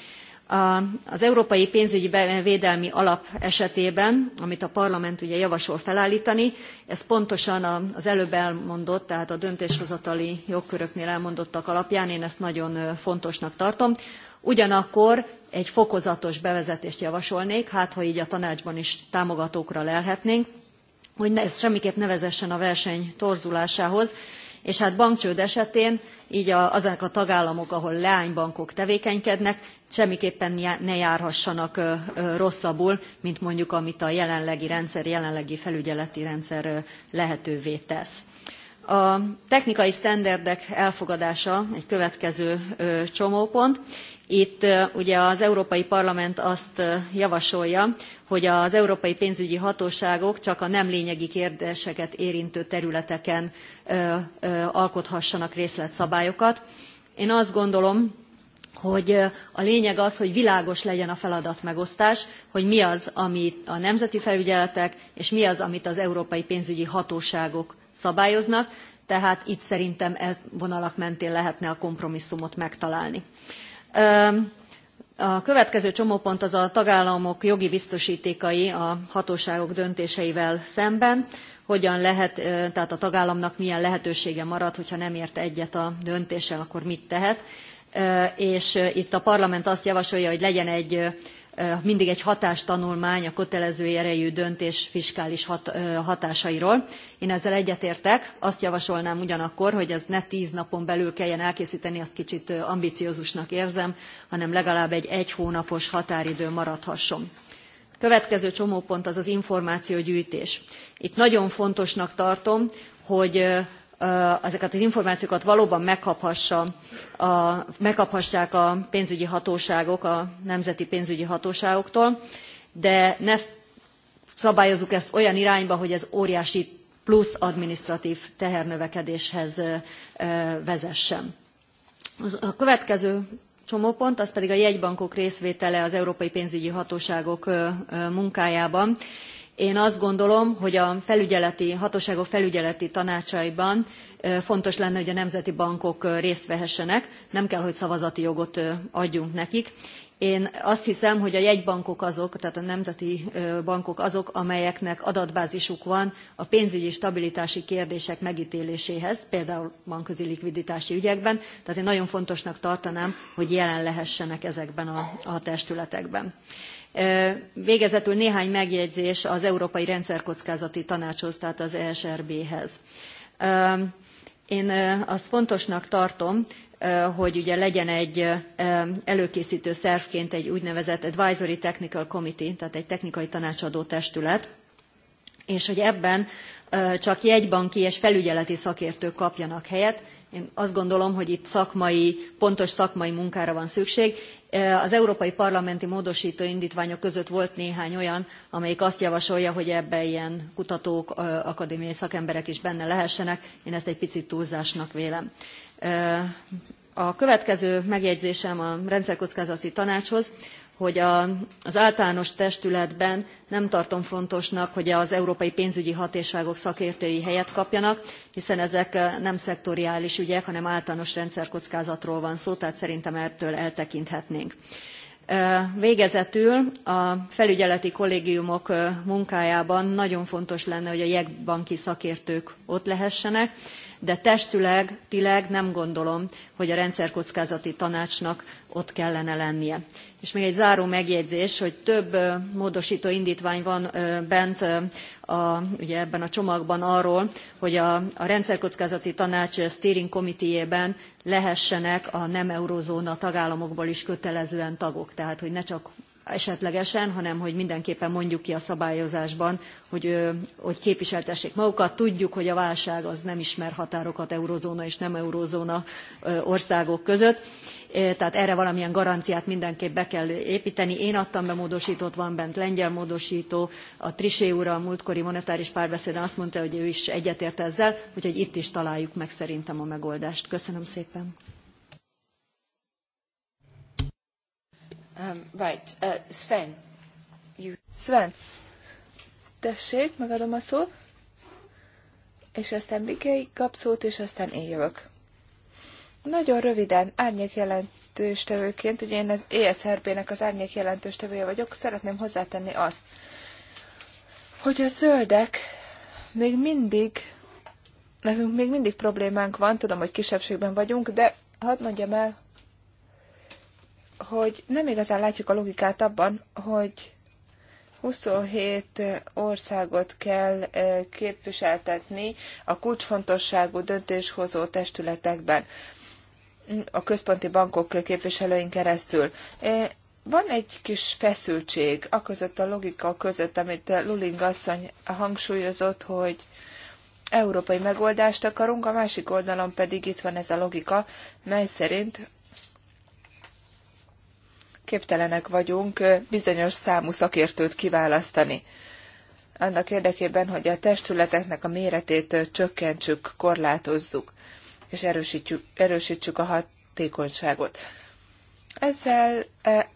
Az Európai Pénzügyi Védelmi Alap esetében, amit a parlament ugye javasol felállítani, ez pontosan az előbb elmondott, tehát a döntéshozatali jogköröknél elmondottak alapján, én ezt nagyon fontosnak tartom. Ugyanakkor egy fokozatos bevezetést javasolnék, hát ha így a tanácsban is támogatókra lelhetnénk, hogy ez semmiképp ne vezessen a verseny torzulásához, és hát bankcsőd esetén így a, azok a tagállamok, ahol leánybankok tevékenykednek, semmiképpen ne járhassanak rosszabbul, mint mondjuk amit a jelenlegi rendszer, jelenlegi felügyeleti rendszer lehetővé tesz. A technikai sztenderdek elfogadása egy következő csomópont. Itt ugye az Európai Parlament azt javasolja, hogy az európai pénzügyi hatóságok csak a nem lényegi kérdéseket érintő területeken alkothassanak részletszabályokat. Én azt gondolom, hogy a lényeg az, hogy világos legyen a feladatmegosztás, hogy mi az, amit a nemzeti felügyeletek, és mi az, amit az európai pénzügyi hatóságok szabályoznak, tehát itt szerintem e vonalak mentén lehetne a kompromisszumot megtalálni. A következő csomópont az a tagállamok jogi biztosítékai a hatóságok döntéseivel szemben, hogyan lehet, tehát a tagállamnak milyen lehetősége marad, hogyha nem ért egyet a döntéssel, akkor mit tehet. És itt a parlament azt javasolja, hogy legyen egy Eh, mindig egy hatástanulmány a kötelező erejű döntés fiskális hat, eh, hatásairól. Én ezzel egyetértek, azt javasolnám ugyanakkor, hogy ez ne tíz napon belül kelljen elkészíteni, azt kicsit eh, ambiciózusnak érzem, hanem legalább egy egy hónapos határidő maradhasson. Következő csomópont az az információgyűjtés. Itt nagyon fontosnak tartom, hogy ezeket az információkat valóban megkaphassa, a, megkaphassák a pénzügyi hatóságok a nemzeti pénzügyi hatóságoktól, de ne szabályozzuk ezt olyan irányba, hogy ez óriási plusz adminisztratív tehernövekedéshez vezessen. A következő csomópont, az pedig a jegybankok részvétele az európai pénzügyi hatóságok munkájában. Én azt gondolom, hogy a felügyeleti, hatóságok felügyeleti tanácsaiban fontos lenne, hogy a nemzeti bankok részt vehessenek, nem kell, hogy szavazati jogot adjunk nekik. Én azt hiszem, hogy a jegybankok azok, tehát a nemzeti bankok azok, amelyeknek adatbázisuk van a pénzügyi stabilitási kérdések megítéléséhez, például bankközi likviditási ügyekben, tehát én nagyon fontosnak tartanám, hogy jelen lehessenek ezekben a, a testületekben. Végezetül néhány megjegyzés az Európai Rendszerkockázati Tanácshoz, tehát az ESRB-hez. Én azt fontosnak tartom, hogy ugye legyen egy előkészítő szervként egy úgynevezett Advisory Technical Committee, tehát egy technikai tanácsadó testület, és hogy ebben csak jegybanki és felügyeleti szakértők kapjanak helyet, én azt gondolom, hogy itt szakmai, pontos szakmai munkára van szükség. E, az európai parlamenti módosító indítványok között volt néhány olyan, amelyik azt javasolja, hogy ebbe ilyen kutatók, akadémiai szakemberek is benne lehessenek. Én ezt egy picit túlzásnak vélem. E, a következő megjegyzésem a rendszerkockázati tanácshoz hogy a, az általános testületben nem tartom fontosnak, hogy az európai pénzügyi hatóságok szakértői helyet kapjanak, hiszen ezek eh, nem szektoriális ügyek, hanem általános rendszerkockázatról van szó, tehát szerintem ettől eltekinthetnénk. Eh, végezetül a felügyeleti kollégiumok eh, munkájában nagyon fontos lenne, hogy a jegybanki szakértők ott lehessenek, de testüleg, tileg nem gondolom, hogy a rendszerkockázati tanácsnak ott kellene lennie és még egy záró megjegyzés hogy több módostó indtvány van bent a, ugye ebben a csomagban arról hogy a, a rendszerkockázati tanács steering komitéjében lehessenek a nem eurózóna tagállamokból is kötelezően tagok tehát hogy ne csak esetlegesen hanem hogy mindenképpen mondjuk ki a szabályozásban hogy, hogy képviseltessék magukat. tudjuk hogy a válság az nem ismer határokat eurózóna és nem eurózóna országok között tehát erre valamilyen garanciát mindenképp be kell építeni. Én adtam be módosítót, van bent lengyel módosító, a Trisé úr a múltkori monetáris párbeszéden azt mondta, hogy ő is egyetért ezzel, úgyhogy itt is találjuk meg szerintem a megoldást. Köszönöm szépen. Um, right. Uh, Sven. You... Sven. Tessék, megadom a szót. És aztán Bikei kap szót, és aztán én jövök. Nagyon röviden, árnyék jelentőstevőként, ugye én az ESRB-nek az árnyék jelentőstevője vagyok, szeretném hozzátenni azt, hogy a zöldek még mindig, nekünk még mindig problémánk van, tudom, hogy kisebbségben vagyunk, de hadd mondjam el, hogy nem igazán látjuk a logikát abban, hogy 27 országot kell képviseltetni a kulcsfontosságú döntéshozó testületekben a központi bankok képviselőink keresztül. Van egy kis feszültség a között a logika között, amit Luling asszony hangsúlyozott, hogy európai megoldást akarunk, a másik oldalon pedig itt van ez a logika, mely szerint képtelenek vagyunk bizonyos számú szakértőt kiválasztani. Annak érdekében, hogy a testületeknek a méretét csökkentsük, korlátozzuk és erősítjük, erősítsük a hatékonyságot. Ezzel e,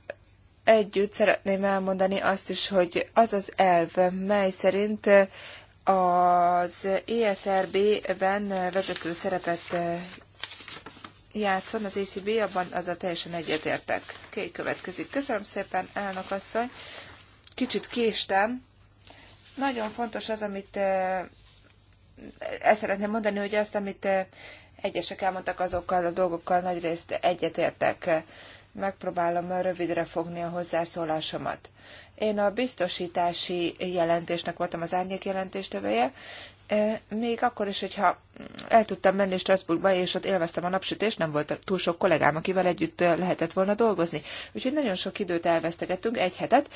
együtt szeretném elmondani azt is, hogy az az elv, mely szerint az ESRB-ben vezető szerepet e, játszon, az ACB, abban a teljesen egyetértek. okay, következik. Köszönöm szépen, elnök asszony. Kicsit késtem. Nagyon fontos az, amit e, el szeretném mondani, hogy azt, amit Egyesek elmondtak azokkal a dolgokkal, nagyrészt egyetértek. Megpróbálom rövidre fogni a hozzászólásomat. Én a biztosítási jelentésnek voltam az árnyék jelentéstevője, még akkor is, hogyha el tudtam menni Strasbourgba, és ott élveztem a napsütést, nem volt túl sok kollégám, akivel együtt lehetett volna dolgozni. Úgyhogy nagyon sok időt elvesztegettünk, egy hetet,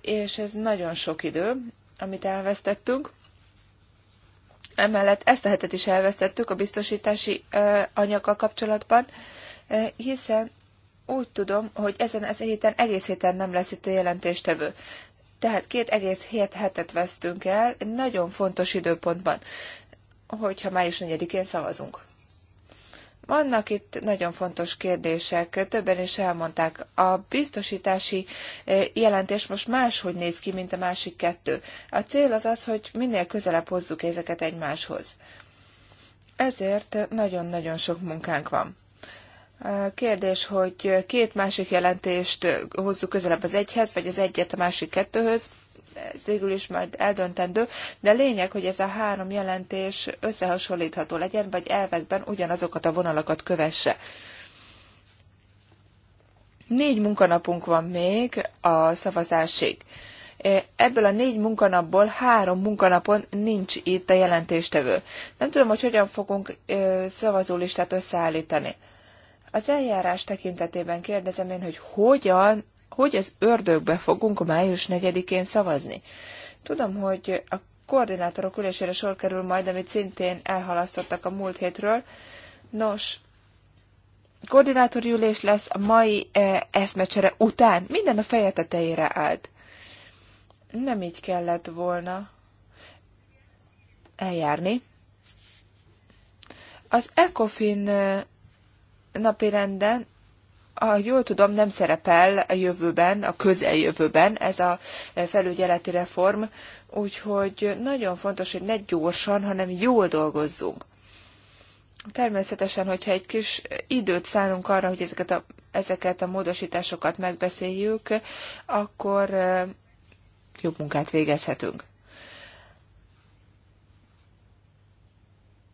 és ez nagyon sok idő, amit elvesztettünk. Emellett ezt a hetet is elvesztettük a biztosítási anyaggal kapcsolatban, hiszen úgy tudom, hogy ezen az héten egész héten nem lesz itt a jelentéstevő. Tehát két egész hét hetet vesztünk el, nagyon fontos időpontban, hogyha május 4-én szavazunk. Vannak itt nagyon fontos kérdések, többen is elmondták. A biztosítási e, jelentés most máshogy néz ki, mint a másik kettő. A cél az az, hogy minél közelebb hozzuk ezeket egymáshoz. Ezért nagyon-nagyon sok munkánk van. Kérdés, hogy két másik jelentést hozzuk közelebb az egyhez, vagy az egyet a másik kettőhöz ez végül is majd eldöntendő, de lényeg, hogy ez a három jelentés összehasonlítható legyen, vagy elvekben ugyanazokat a vonalakat kövesse. Négy munkanapunk van még a szavazásig. Ebből a négy munkanapból három munkanapon nincs itt a jelentéstevő. Nem tudom, hogy hogyan fogunk szavazólistát összeállítani. Az eljárás tekintetében kérdezem én, hogy hogyan hogy az ördögbe fogunk május 4-én szavazni. Tudom, hogy a koordinátorok ülésére sor kerül majd, amit szintén elhalasztottak a múlt hétről. Nos, koordinátori ülés lesz a mai e, eszmecsere után. Minden a feje tetejére állt. Nem így kellett volna eljárni. Az ECOFIN e, napirenden ha jól tudom, nem szerepel a jövőben, a közeljövőben ez a felügyeleti reform, úgyhogy nagyon fontos, hogy ne gyorsan, hanem jól dolgozzunk. Természetesen, hogyha egy kis időt szánunk arra, hogy ezeket a, ezeket a módosításokat megbeszéljük, akkor jobb munkát végezhetünk.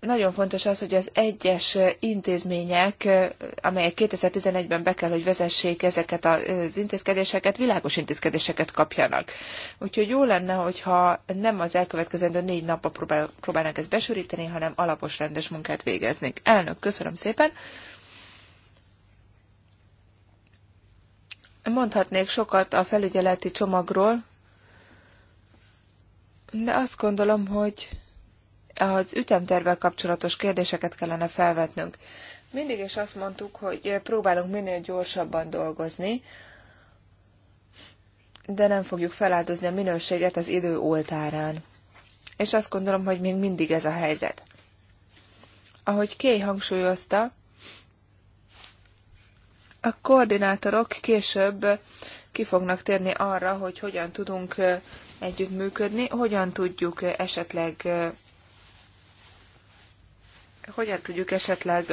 nagyon fontos az, hogy az egyes intézmények, amelyek 2011-ben be kell, hogy vezessék ezeket az intézkedéseket, világos intézkedéseket kapjanak. Úgyhogy jó lenne, hogyha nem az elkövetkezendő négy napba próbálnak próbálnánk ezt besűríteni, hanem alapos, rendes munkát végeznék. Elnök, köszönöm szépen! Mondhatnék sokat a felügyeleti csomagról, de azt gondolom, hogy az ütemtervvel kapcsolatos kérdéseket kellene felvetnünk. Mindig is azt mondtuk, hogy próbálunk minél gyorsabban dolgozni, de nem fogjuk feláldozni a minőséget az idő oltárán. És azt gondolom, hogy még mindig ez a helyzet. Ahogy Kay hangsúlyozta, a koordinátorok később ki fognak térni arra, hogy hogyan tudunk eh, együttműködni, hogyan tudjuk eh, esetleg eh, hogyan tudjuk esetleg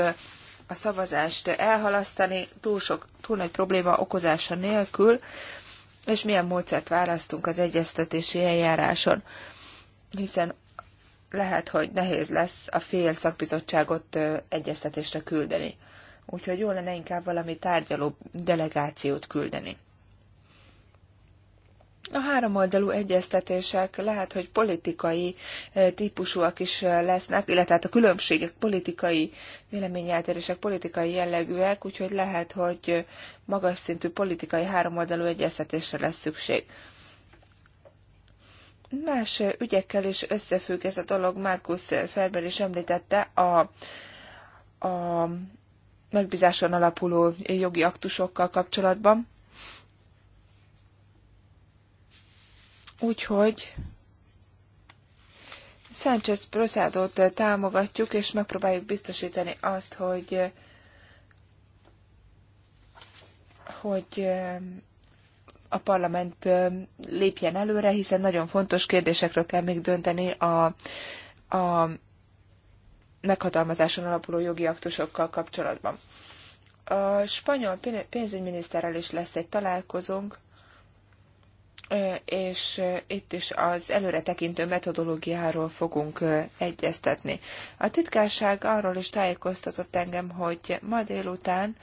a szavazást elhalasztani túl, sok, túl nagy probléma okozása nélkül, és milyen módszert választunk az egyeztetési eljáráson, hiszen lehet, hogy nehéz lesz a fél szakbizottságot egyeztetésre küldeni. Úgyhogy jó lenne inkább valami tárgyaló delegációt küldeni. A háromoldalú egyeztetések lehet, hogy politikai eh, típusúak is eh, lesznek, illetve hát a különbségek politikai véleményeltérések politikai jellegűek, úgyhogy lehet, hogy eh, magas szintű politikai háromoldalú egyeztetésre lesz szükség. Más ügyekkel is összefügg ez a dolog, Markus Ferber is említette, a, a megbízáson alapuló jogi aktusokkal kapcsolatban. Úgyhogy Sánchez Proszádót támogatjuk, és megpróbáljuk biztosítani azt, hogy hogy a parlament lépjen előre, hiszen nagyon fontos kérdésekről kell még dönteni a, a meghatalmazáson alapuló jogi aktusokkal kapcsolatban. A spanyol pénzügyminiszterrel is lesz egy találkozónk, és itt is az előretekintő metodológiáról fogunk egyeztetni. A titkárság arról is tájékoztatott engem, hogy ma délután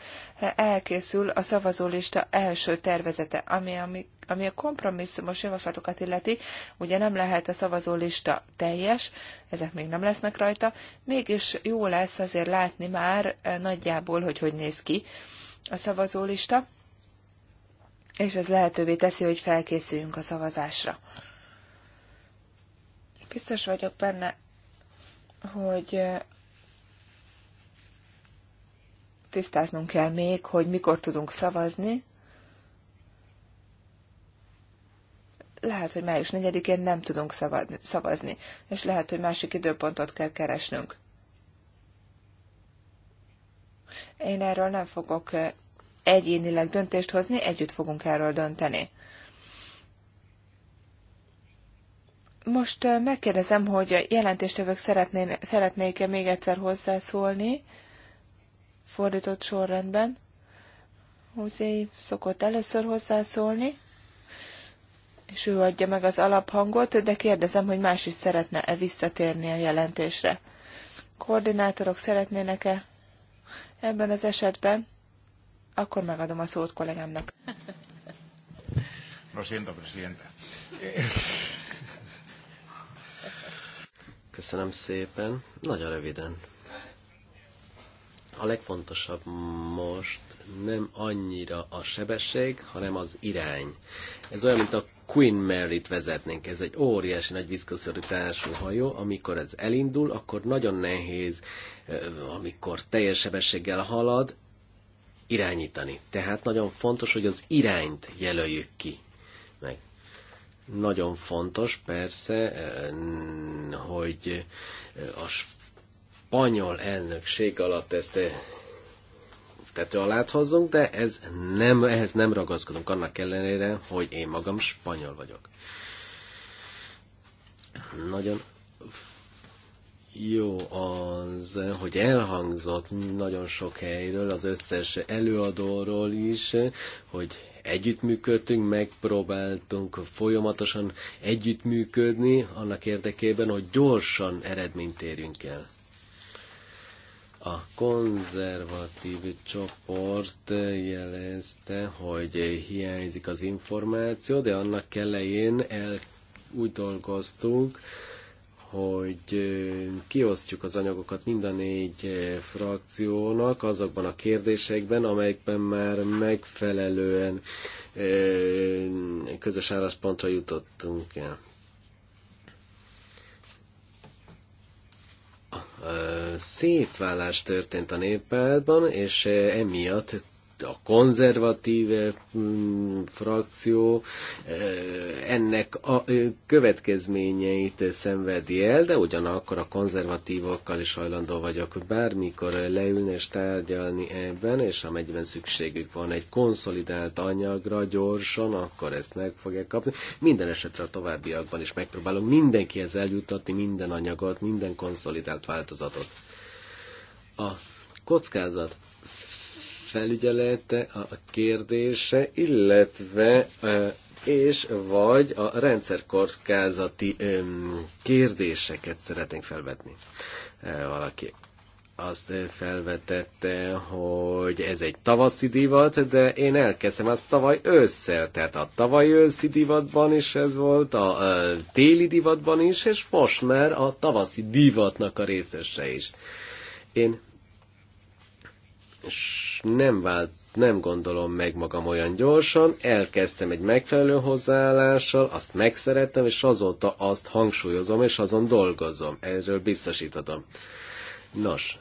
elkészül a szavazólista első tervezete, ami, ami, ami a kompromisszumos javaslatokat illeti, ugye nem lehet a szavazólista teljes, ezek még nem lesznek rajta, mégis jó lesz azért látni már nagyjából, hogy hogy néz ki a szavazólista és ez lehetővé teszi, hogy felkészüljünk a szavazásra. Biztos vagyok benne, hogy tisztáznunk kell még, hogy mikor tudunk szavazni. Lehet, hogy május 4-én nem tudunk szavazni, és lehet, hogy másik időpontot kell keresnünk. Én erről nem fogok egyénileg döntést hozni, együtt fogunk erről dönteni. Most megkérdezem, hogy a jelentéstevők szeretnék-e még egyszer hozzászólni, fordított sorrendben. Húzé szokott először hozzászólni, és ő adja meg az alaphangot, de kérdezem, hogy más is szeretne-e visszatérni a jelentésre. Koordinátorok szeretnének-e ebben az esetben? Akkor megadom a szót kollégámnak. Lo siento, presidente. Köszönöm szépen. Nagyon röviden. A legfontosabb most nem annyira a sebesség, hanem az irány. Ez olyan, mint a Queen Mary-t vezetnénk. Ez egy óriási nagy viszkoszorítású hajó. Amikor ez elindul, akkor nagyon nehéz, amikor teljes sebességgel halad, irányítani. Tehát nagyon fontos, hogy az irányt jelöljük ki. Meg. Nagyon fontos persze, eh, hogy a spanyol elnökség alatt ezt eh, tető alá hozzunk, de ez nem, ehhez nem ragaszkodunk, annak ellenére, hogy én magam spanyol vagyok. Nagyon jó az, hogy elhangzott nagyon sok helyről, az összes előadóról is, hogy együttműködtünk, megpróbáltunk folyamatosan együttműködni annak érdekében, hogy gyorsan eredményt érjünk el. A konzervatív csoport jelezte, hogy hiányzik az információ, de annak elején el úgy dolgoztunk, hogy kiosztjuk az anyagokat mind a négy frakciónak azokban a kérdésekben, amelyekben már megfelelően közös álláspontra jutottunk el. szétválás történt a néppártban, és emiatt a konzervatív eh, mm, frakció eh, ennek a eh, következményeit szenvedi el, de ugyanakkor a konzervatívokkal is hajlandó vagyok bármikor leülni és tárgyalni ebben, és amennyiben szükségük van egy konszolidált anyagra gyorsan, akkor ezt meg fogják kapni. Minden esetre a továbbiakban is megpróbálom mindenkihez eljutatni minden anyagot, minden konszolidált változatot. A kockázat felügyelete a kérdése, illetve és vagy a rendszerkorszkázati kérdéseket szeretnénk felvetni. Valaki azt felvetette, hogy ez egy tavaszi divat, de én elkezdtem azt tavaly ősszel, tehát a tavaly őszi divatban is ez volt, a, a téli divatban is, és most már a tavaszi divatnak a részese is. Én és nem vált nem gondolom meg magam olyan gyorsan, elkezdtem egy megfelelő hozzáállással, azt megszerettem, és azóta azt hangsúlyozom, és azon dolgozom. Erről biztosítatom. Nos,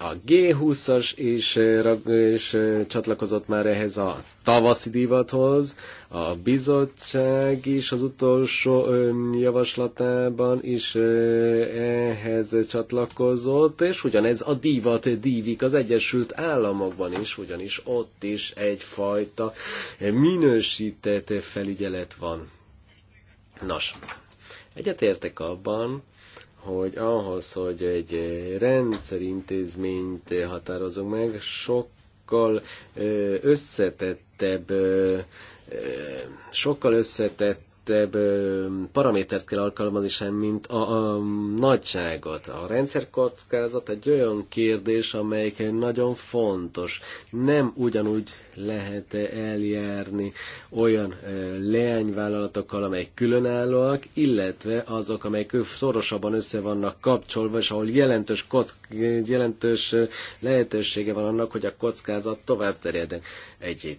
a G20-as is, is eh, eh, csatlakozott már ehhez a tavaszi divathoz. A bizottság is az utolsó javaslatában is eh, ehhez csatlakozott, és ugyanez a divat dívik az Egyesült Államokban is, ugyanis ott is egyfajta minősített felügyelet van. Nos, egyetértek abban, hogy ahhoz, hogy egy rendszerintézményt határozunk meg, sokkal összetettebb sokkal összetett rövidebb paramétert kell alkalmazni sem, mint a, a nagyságot. A rendszerkockázat egy olyan kérdés, amelyik nagyon fontos. Nem ugyanúgy lehet -e eljárni olyan leányvállalatokkal, amelyek különállóak, illetve azok, amelyek szorosabban össze vannak kapcsolva, és ahol jelentős, kock, jelentős lehetősége van annak, hogy a kockázat tovább terjedjen. Egy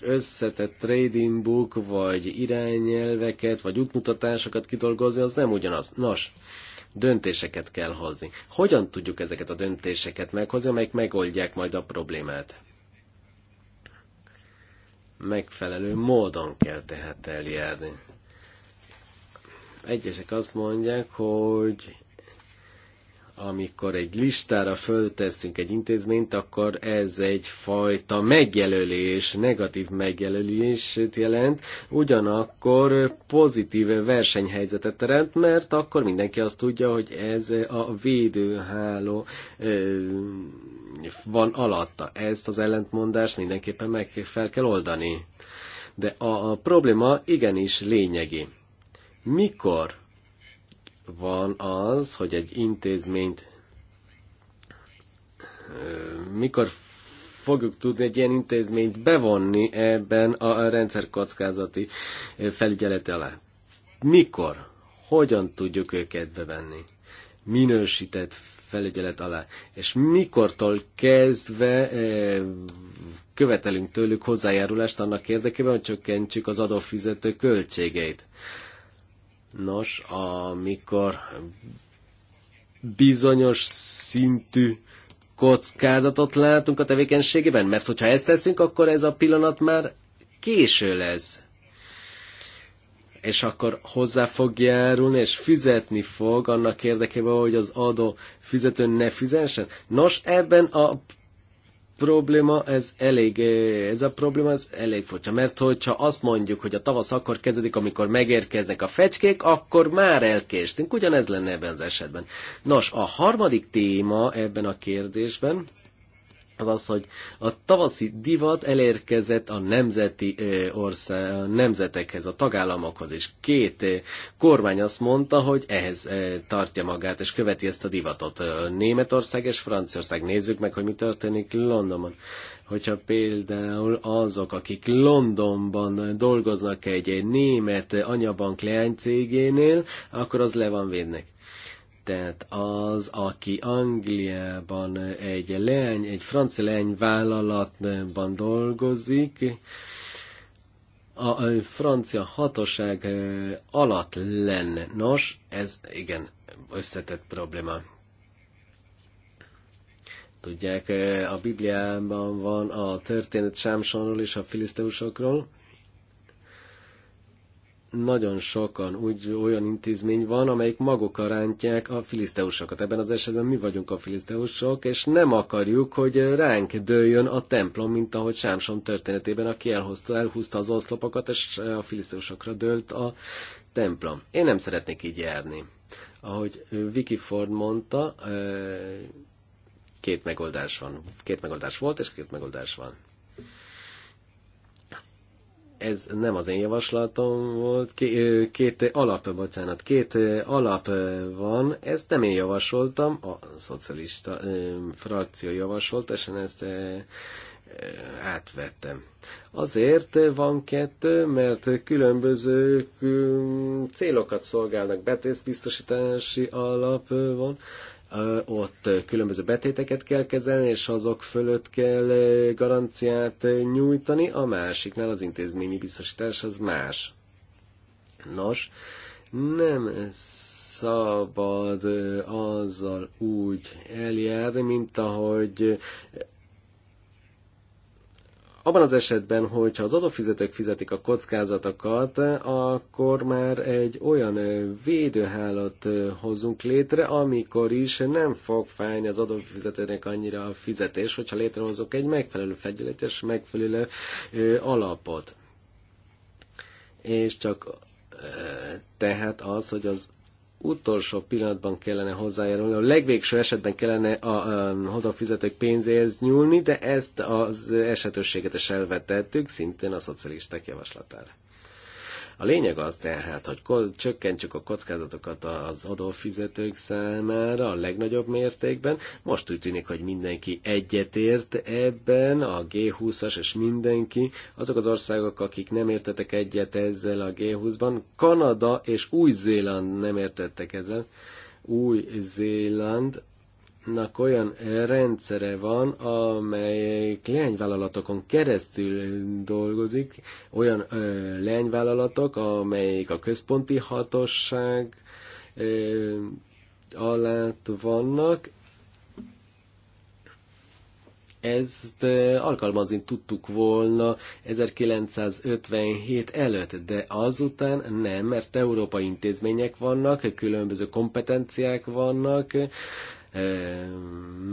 összetett trading book, vagy irányelveket, vagy útmutatásokat kidolgozni, az nem ugyanaz. Nos, döntéseket kell hozni. Hogyan tudjuk ezeket a döntéseket meghozni, amelyek megoldják majd a problémát? Megfelelő módon kell tehát eljárni. Egyesek azt mondják, hogy amikor egy listára föltesszünk egy intézményt, akkor ez egyfajta megjelölés, negatív megjelölését jelent, ugyanakkor pozitív versenyhelyzetet teremt, mert akkor mindenki azt tudja, hogy ez a védőháló van alatta. Ezt az ellentmondást mindenképpen meg fel kell oldani. De a, a probléma igenis lényegi. Mikor van az, hogy egy intézményt mikor fogjuk tudni egy ilyen intézményt bevonni ebben a kockázati felügyelete alá? Mikor? Hogyan tudjuk őket bevenni? Minősített felügyelet alá. És mikortól kezdve követelünk tőlük hozzájárulást annak érdekében, hogy csökkentsük az adófizető költségeit. Nos, amikor bizonyos szintű kockázatot látunk a tevékenységében, mert hogyha ezt teszünk, akkor ez a pillanat már késő lesz. És akkor hozzá fog járulni, és fizetni fog annak érdekében, hogy az adó fizető ne fizessen. Nos, ebben a probléma, ez elég, ez a probléma, ez elég furcsa, mert hogyha azt mondjuk, hogy a tavasz akkor kezdődik, amikor megérkeznek a fecskék, akkor már elkéstünk, ugyanez lenne ebben az esetben. Nos, a harmadik téma ebben a kérdésben, az az, hogy a tavaszi divat elérkezett a nemzeti ország, a nemzetekhez, a tagállamokhoz, és két kormány azt mondta, hogy ehhez tartja magát, és követi ezt a divatot. Németország és Franciaország. Nézzük meg, hogy mi történik Londonban hogyha például azok, akik Londonban dolgoznak egy német anyabank leánycégénél, akkor az le van védnek. Tehát az, aki Angliában egy leány, egy francia vállalatban dolgozik, a francia hatóság alatt lenne. Nos, ez igen, összetett probléma. Tudják, a Bibliában van a történet Sámsonról és a filiszteusokról, nagyon sokan úgy olyan intézmény van, amelyik maguk rántják a filiszteusokat. Ebben az esetben mi vagyunk a filiszteusok, és nem akarjuk, hogy ránk dőljön a templom, mint ahogy Sámson történetében, aki elhozta, elhúzta az oszlopokat, és a filiszteusokra dőlt a templom. Én nem szeretnék így járni. Ahogy Vicky Ford mondta, két megoldás van. Két megoldás volt, és két megoldás van ez nem az én javaslatom volt, két, két alap, bocsánat, két alap van, ezt nem én javasoltam, a szocialista frakció javasolt, és én ezt átvettem. Azért van kettő, mert különböző mm, célokat szolgálnak. betészbiztosítási alap van, ott különböző betéteket kell kezelni, és azok fölött kell garanciát nyújtani, a másiknál az intézményi biztosítás az más. Nos, nem szabad azzal úgy eljárni, mint ahogy abban az esetben, hogyha az adófizetők fizetik a kockázatokat, akkor már egy olyan védőhálat hozunk létre, amikor is nem fog fájni az adófizetőnek annyira a fizetés, hogyha létrehozok egy megfelelő felgyeletes, megfelelő alapot. És csak tehát az, hogy az utolsó pillanatban kellene hozzájárulni, a legvégső esetben kellene a, a hazafizetők pénzéhez nyúlni, de ezt az esetőséget is elvetettük, szintén a szocialisták javaslatára. A lényeg az tehát, hogy csökkentsük a kockázatokat az adófizetők számára a legnagyobb mértékben. Most úgy tűnik, hogy mindenki egyetért ebben, a G20-as és mindenki, azok az országok, akik nem értetek egyet ezzel a G20-ban, Kanada és Új-Zéland nem értettek ezzel. Új-Zéland nak olyan rendszere van, amely leányvállalatokon keresztül dolgozik, olyan ö, leányvállalatok, amelyik a központi hatosság ö, alatt vannak. Ezt alkalmazni tudtuk volna 1957 előtt, de azután nem, mert európai intézmények vannak, különböző kompetenciák vannak,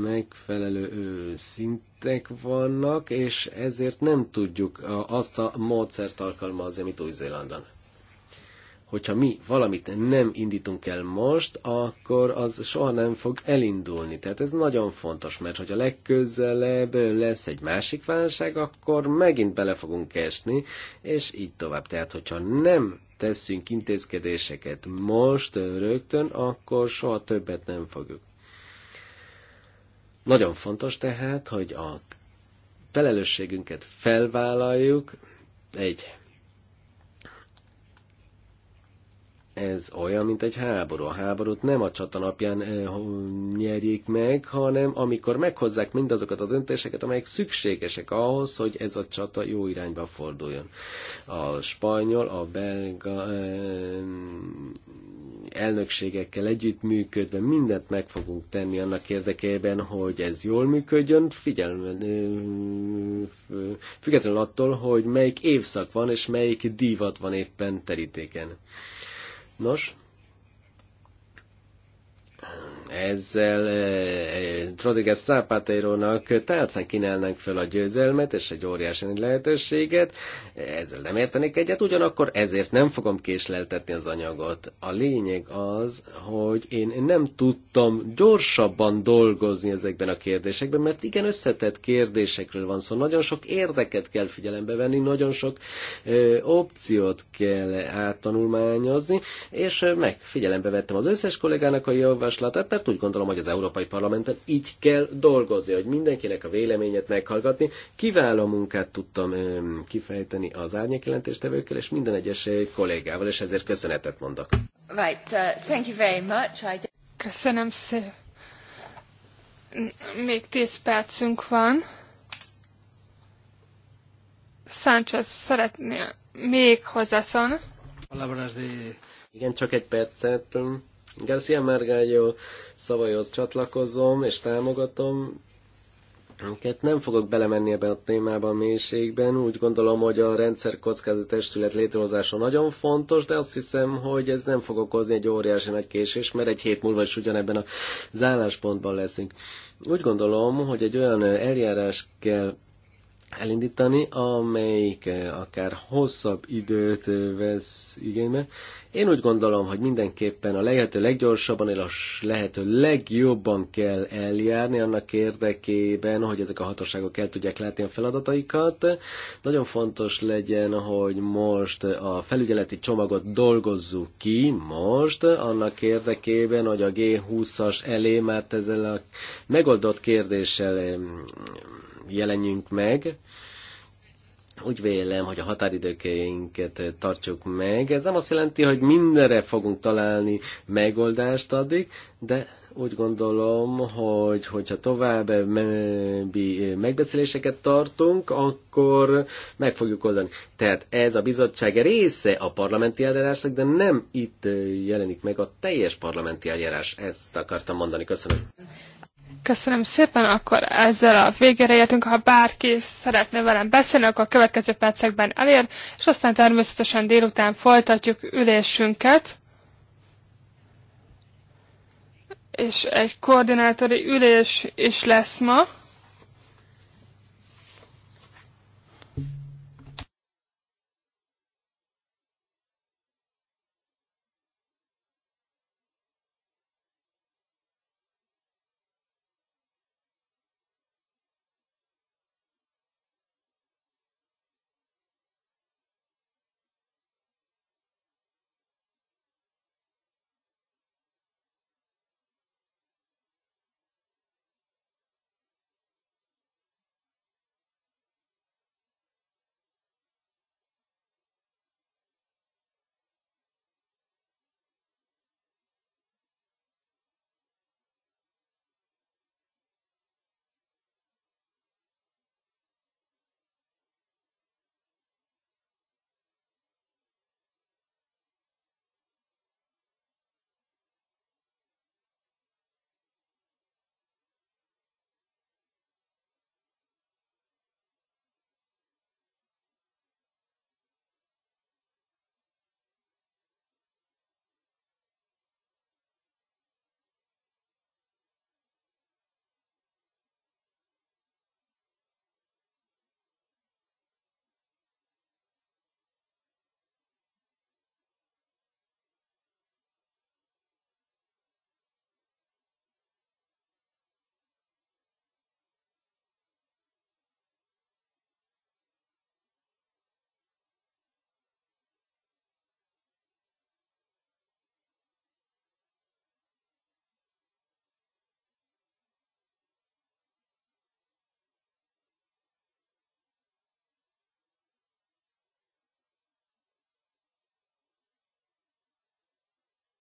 megfelelő szintek vannak, és ezért nem tudjuk azt a módszert alkalmazni, amit Új-Zélandon hogyha mi valamit nem indítunk el most, akkor az soha nem fog elindulni. Tehát ez nagyon fontos, mert hogyha legközelebb lesz egy másik válság, akkor megint bele fogunk esni, és így tovább. Tehát, hogyha nem teszünk intézkedéseket most rögtön, akkor soha többet nem fogjuk nagyon fontos tehát, hogy a felelősségünket felvállaljuk, egy ez olyan, mint egy háború. A háborút nem a csata napján eh, nyerjék meg, hanem amikor meghozzák mindazokat a döntéseket, amelyek szükségesek ahhoz, hogy ez a csata jó irányba forduljon. A spanyol, a belga eh, elnökségekkel együttműködve mindent meg fogunk tenni annak érdekében, hogy ez jól működjön, figyelmen, függetlenül attól, hogy melyik évszak van és melyik dívat van éppen terítéken. Nos, ezzel eh, eh, Rodriguez Zapatero-nak tárcán kínálnánk fel a győzelmet, és egy óriási lehetőséget. Ezzel nem értenék egyet, ugyanakkor ezért nem fogom késleltetni az anyagot. A lényeg az, hogy én nem tudtam gyorsabban dolgozni ezekben a kérdésekben, mert igen, összetett kérdésekről van szó. Szóval nagyon sok érdeket kell figyelembe venni, nagyon sok ö, eh, opciót kell áttanulmányozni, és meg figyelembe vettem az összes kollégának a javaslatát, mert mert úgy gondolom, hogy az Európai Parlamenten így kell dolgozni, hogy mindenkinek a véleményet meghallgatni. Kiváló munkát tudtam kifejteni az árnyékjelentéstevőkkel és minden egyes kollégával, és ezért köszönetet mondok. Right, uh, thank you very much. I... Köszönöm szépen. Még tíz percünk van. Sánchez szeretnél még hozzászólni? Igen, csak egy percet. Garcia Margallo szavaihoz csatlakozom és támogatom. Minket nem fogok belemenni ebbe a témába a mélységben. Úgy gondolom, hogy a rendszer kockázat testület létrehozása nagyon fontos, de azt hiszem, hogy ez nem fog okozni egy óriási nagy késés, mert egy hét múlva is ugyanebben a zálláspontban leszünk. Úgy gondolom, hogy egy olyan eljárás kell elindítani, amelyik eh, akár hosszabb időt eh, vesz igénybe. Én úgy gondolom, hogy mindenképpen a lehető leggyorsabban és a lehető legjobban kell eljárni annak érdekében, hogy ezek a hatóságok el tudják látni a feladataikat. Nagyon fontos legyen, hogy most a felügyeleti csomagot dolgozzuk ki most, annak érdekében, hogy a G20-as elé mert ezzel a megoldott kérdéssel jelenjünk meg. Úgy vélem, hogy a határidőkeinket tartsuk meg. Ez nem azt jelenti, hogy mindenre fogunk találni megoldást addig, de úgy gondolom, hogy hogyha tovább megbeszéléseket tartunk, akkor meg fogjuk oldani. Tehát ez a bizottság része a parlamenti eljárásnak, de nem itt jelenik meg a teljes parlamenti eljárás. Ezt akartam mondani. Köszönöm. Köszönöm szépen, akkor ezzel a végére értünk, ha bárki szeretne velem beszélni, akkor a következő percekben elér, és aztán természetesen délután folytatjuk ülésünket, és egy koordinátori ülés is lesz ma.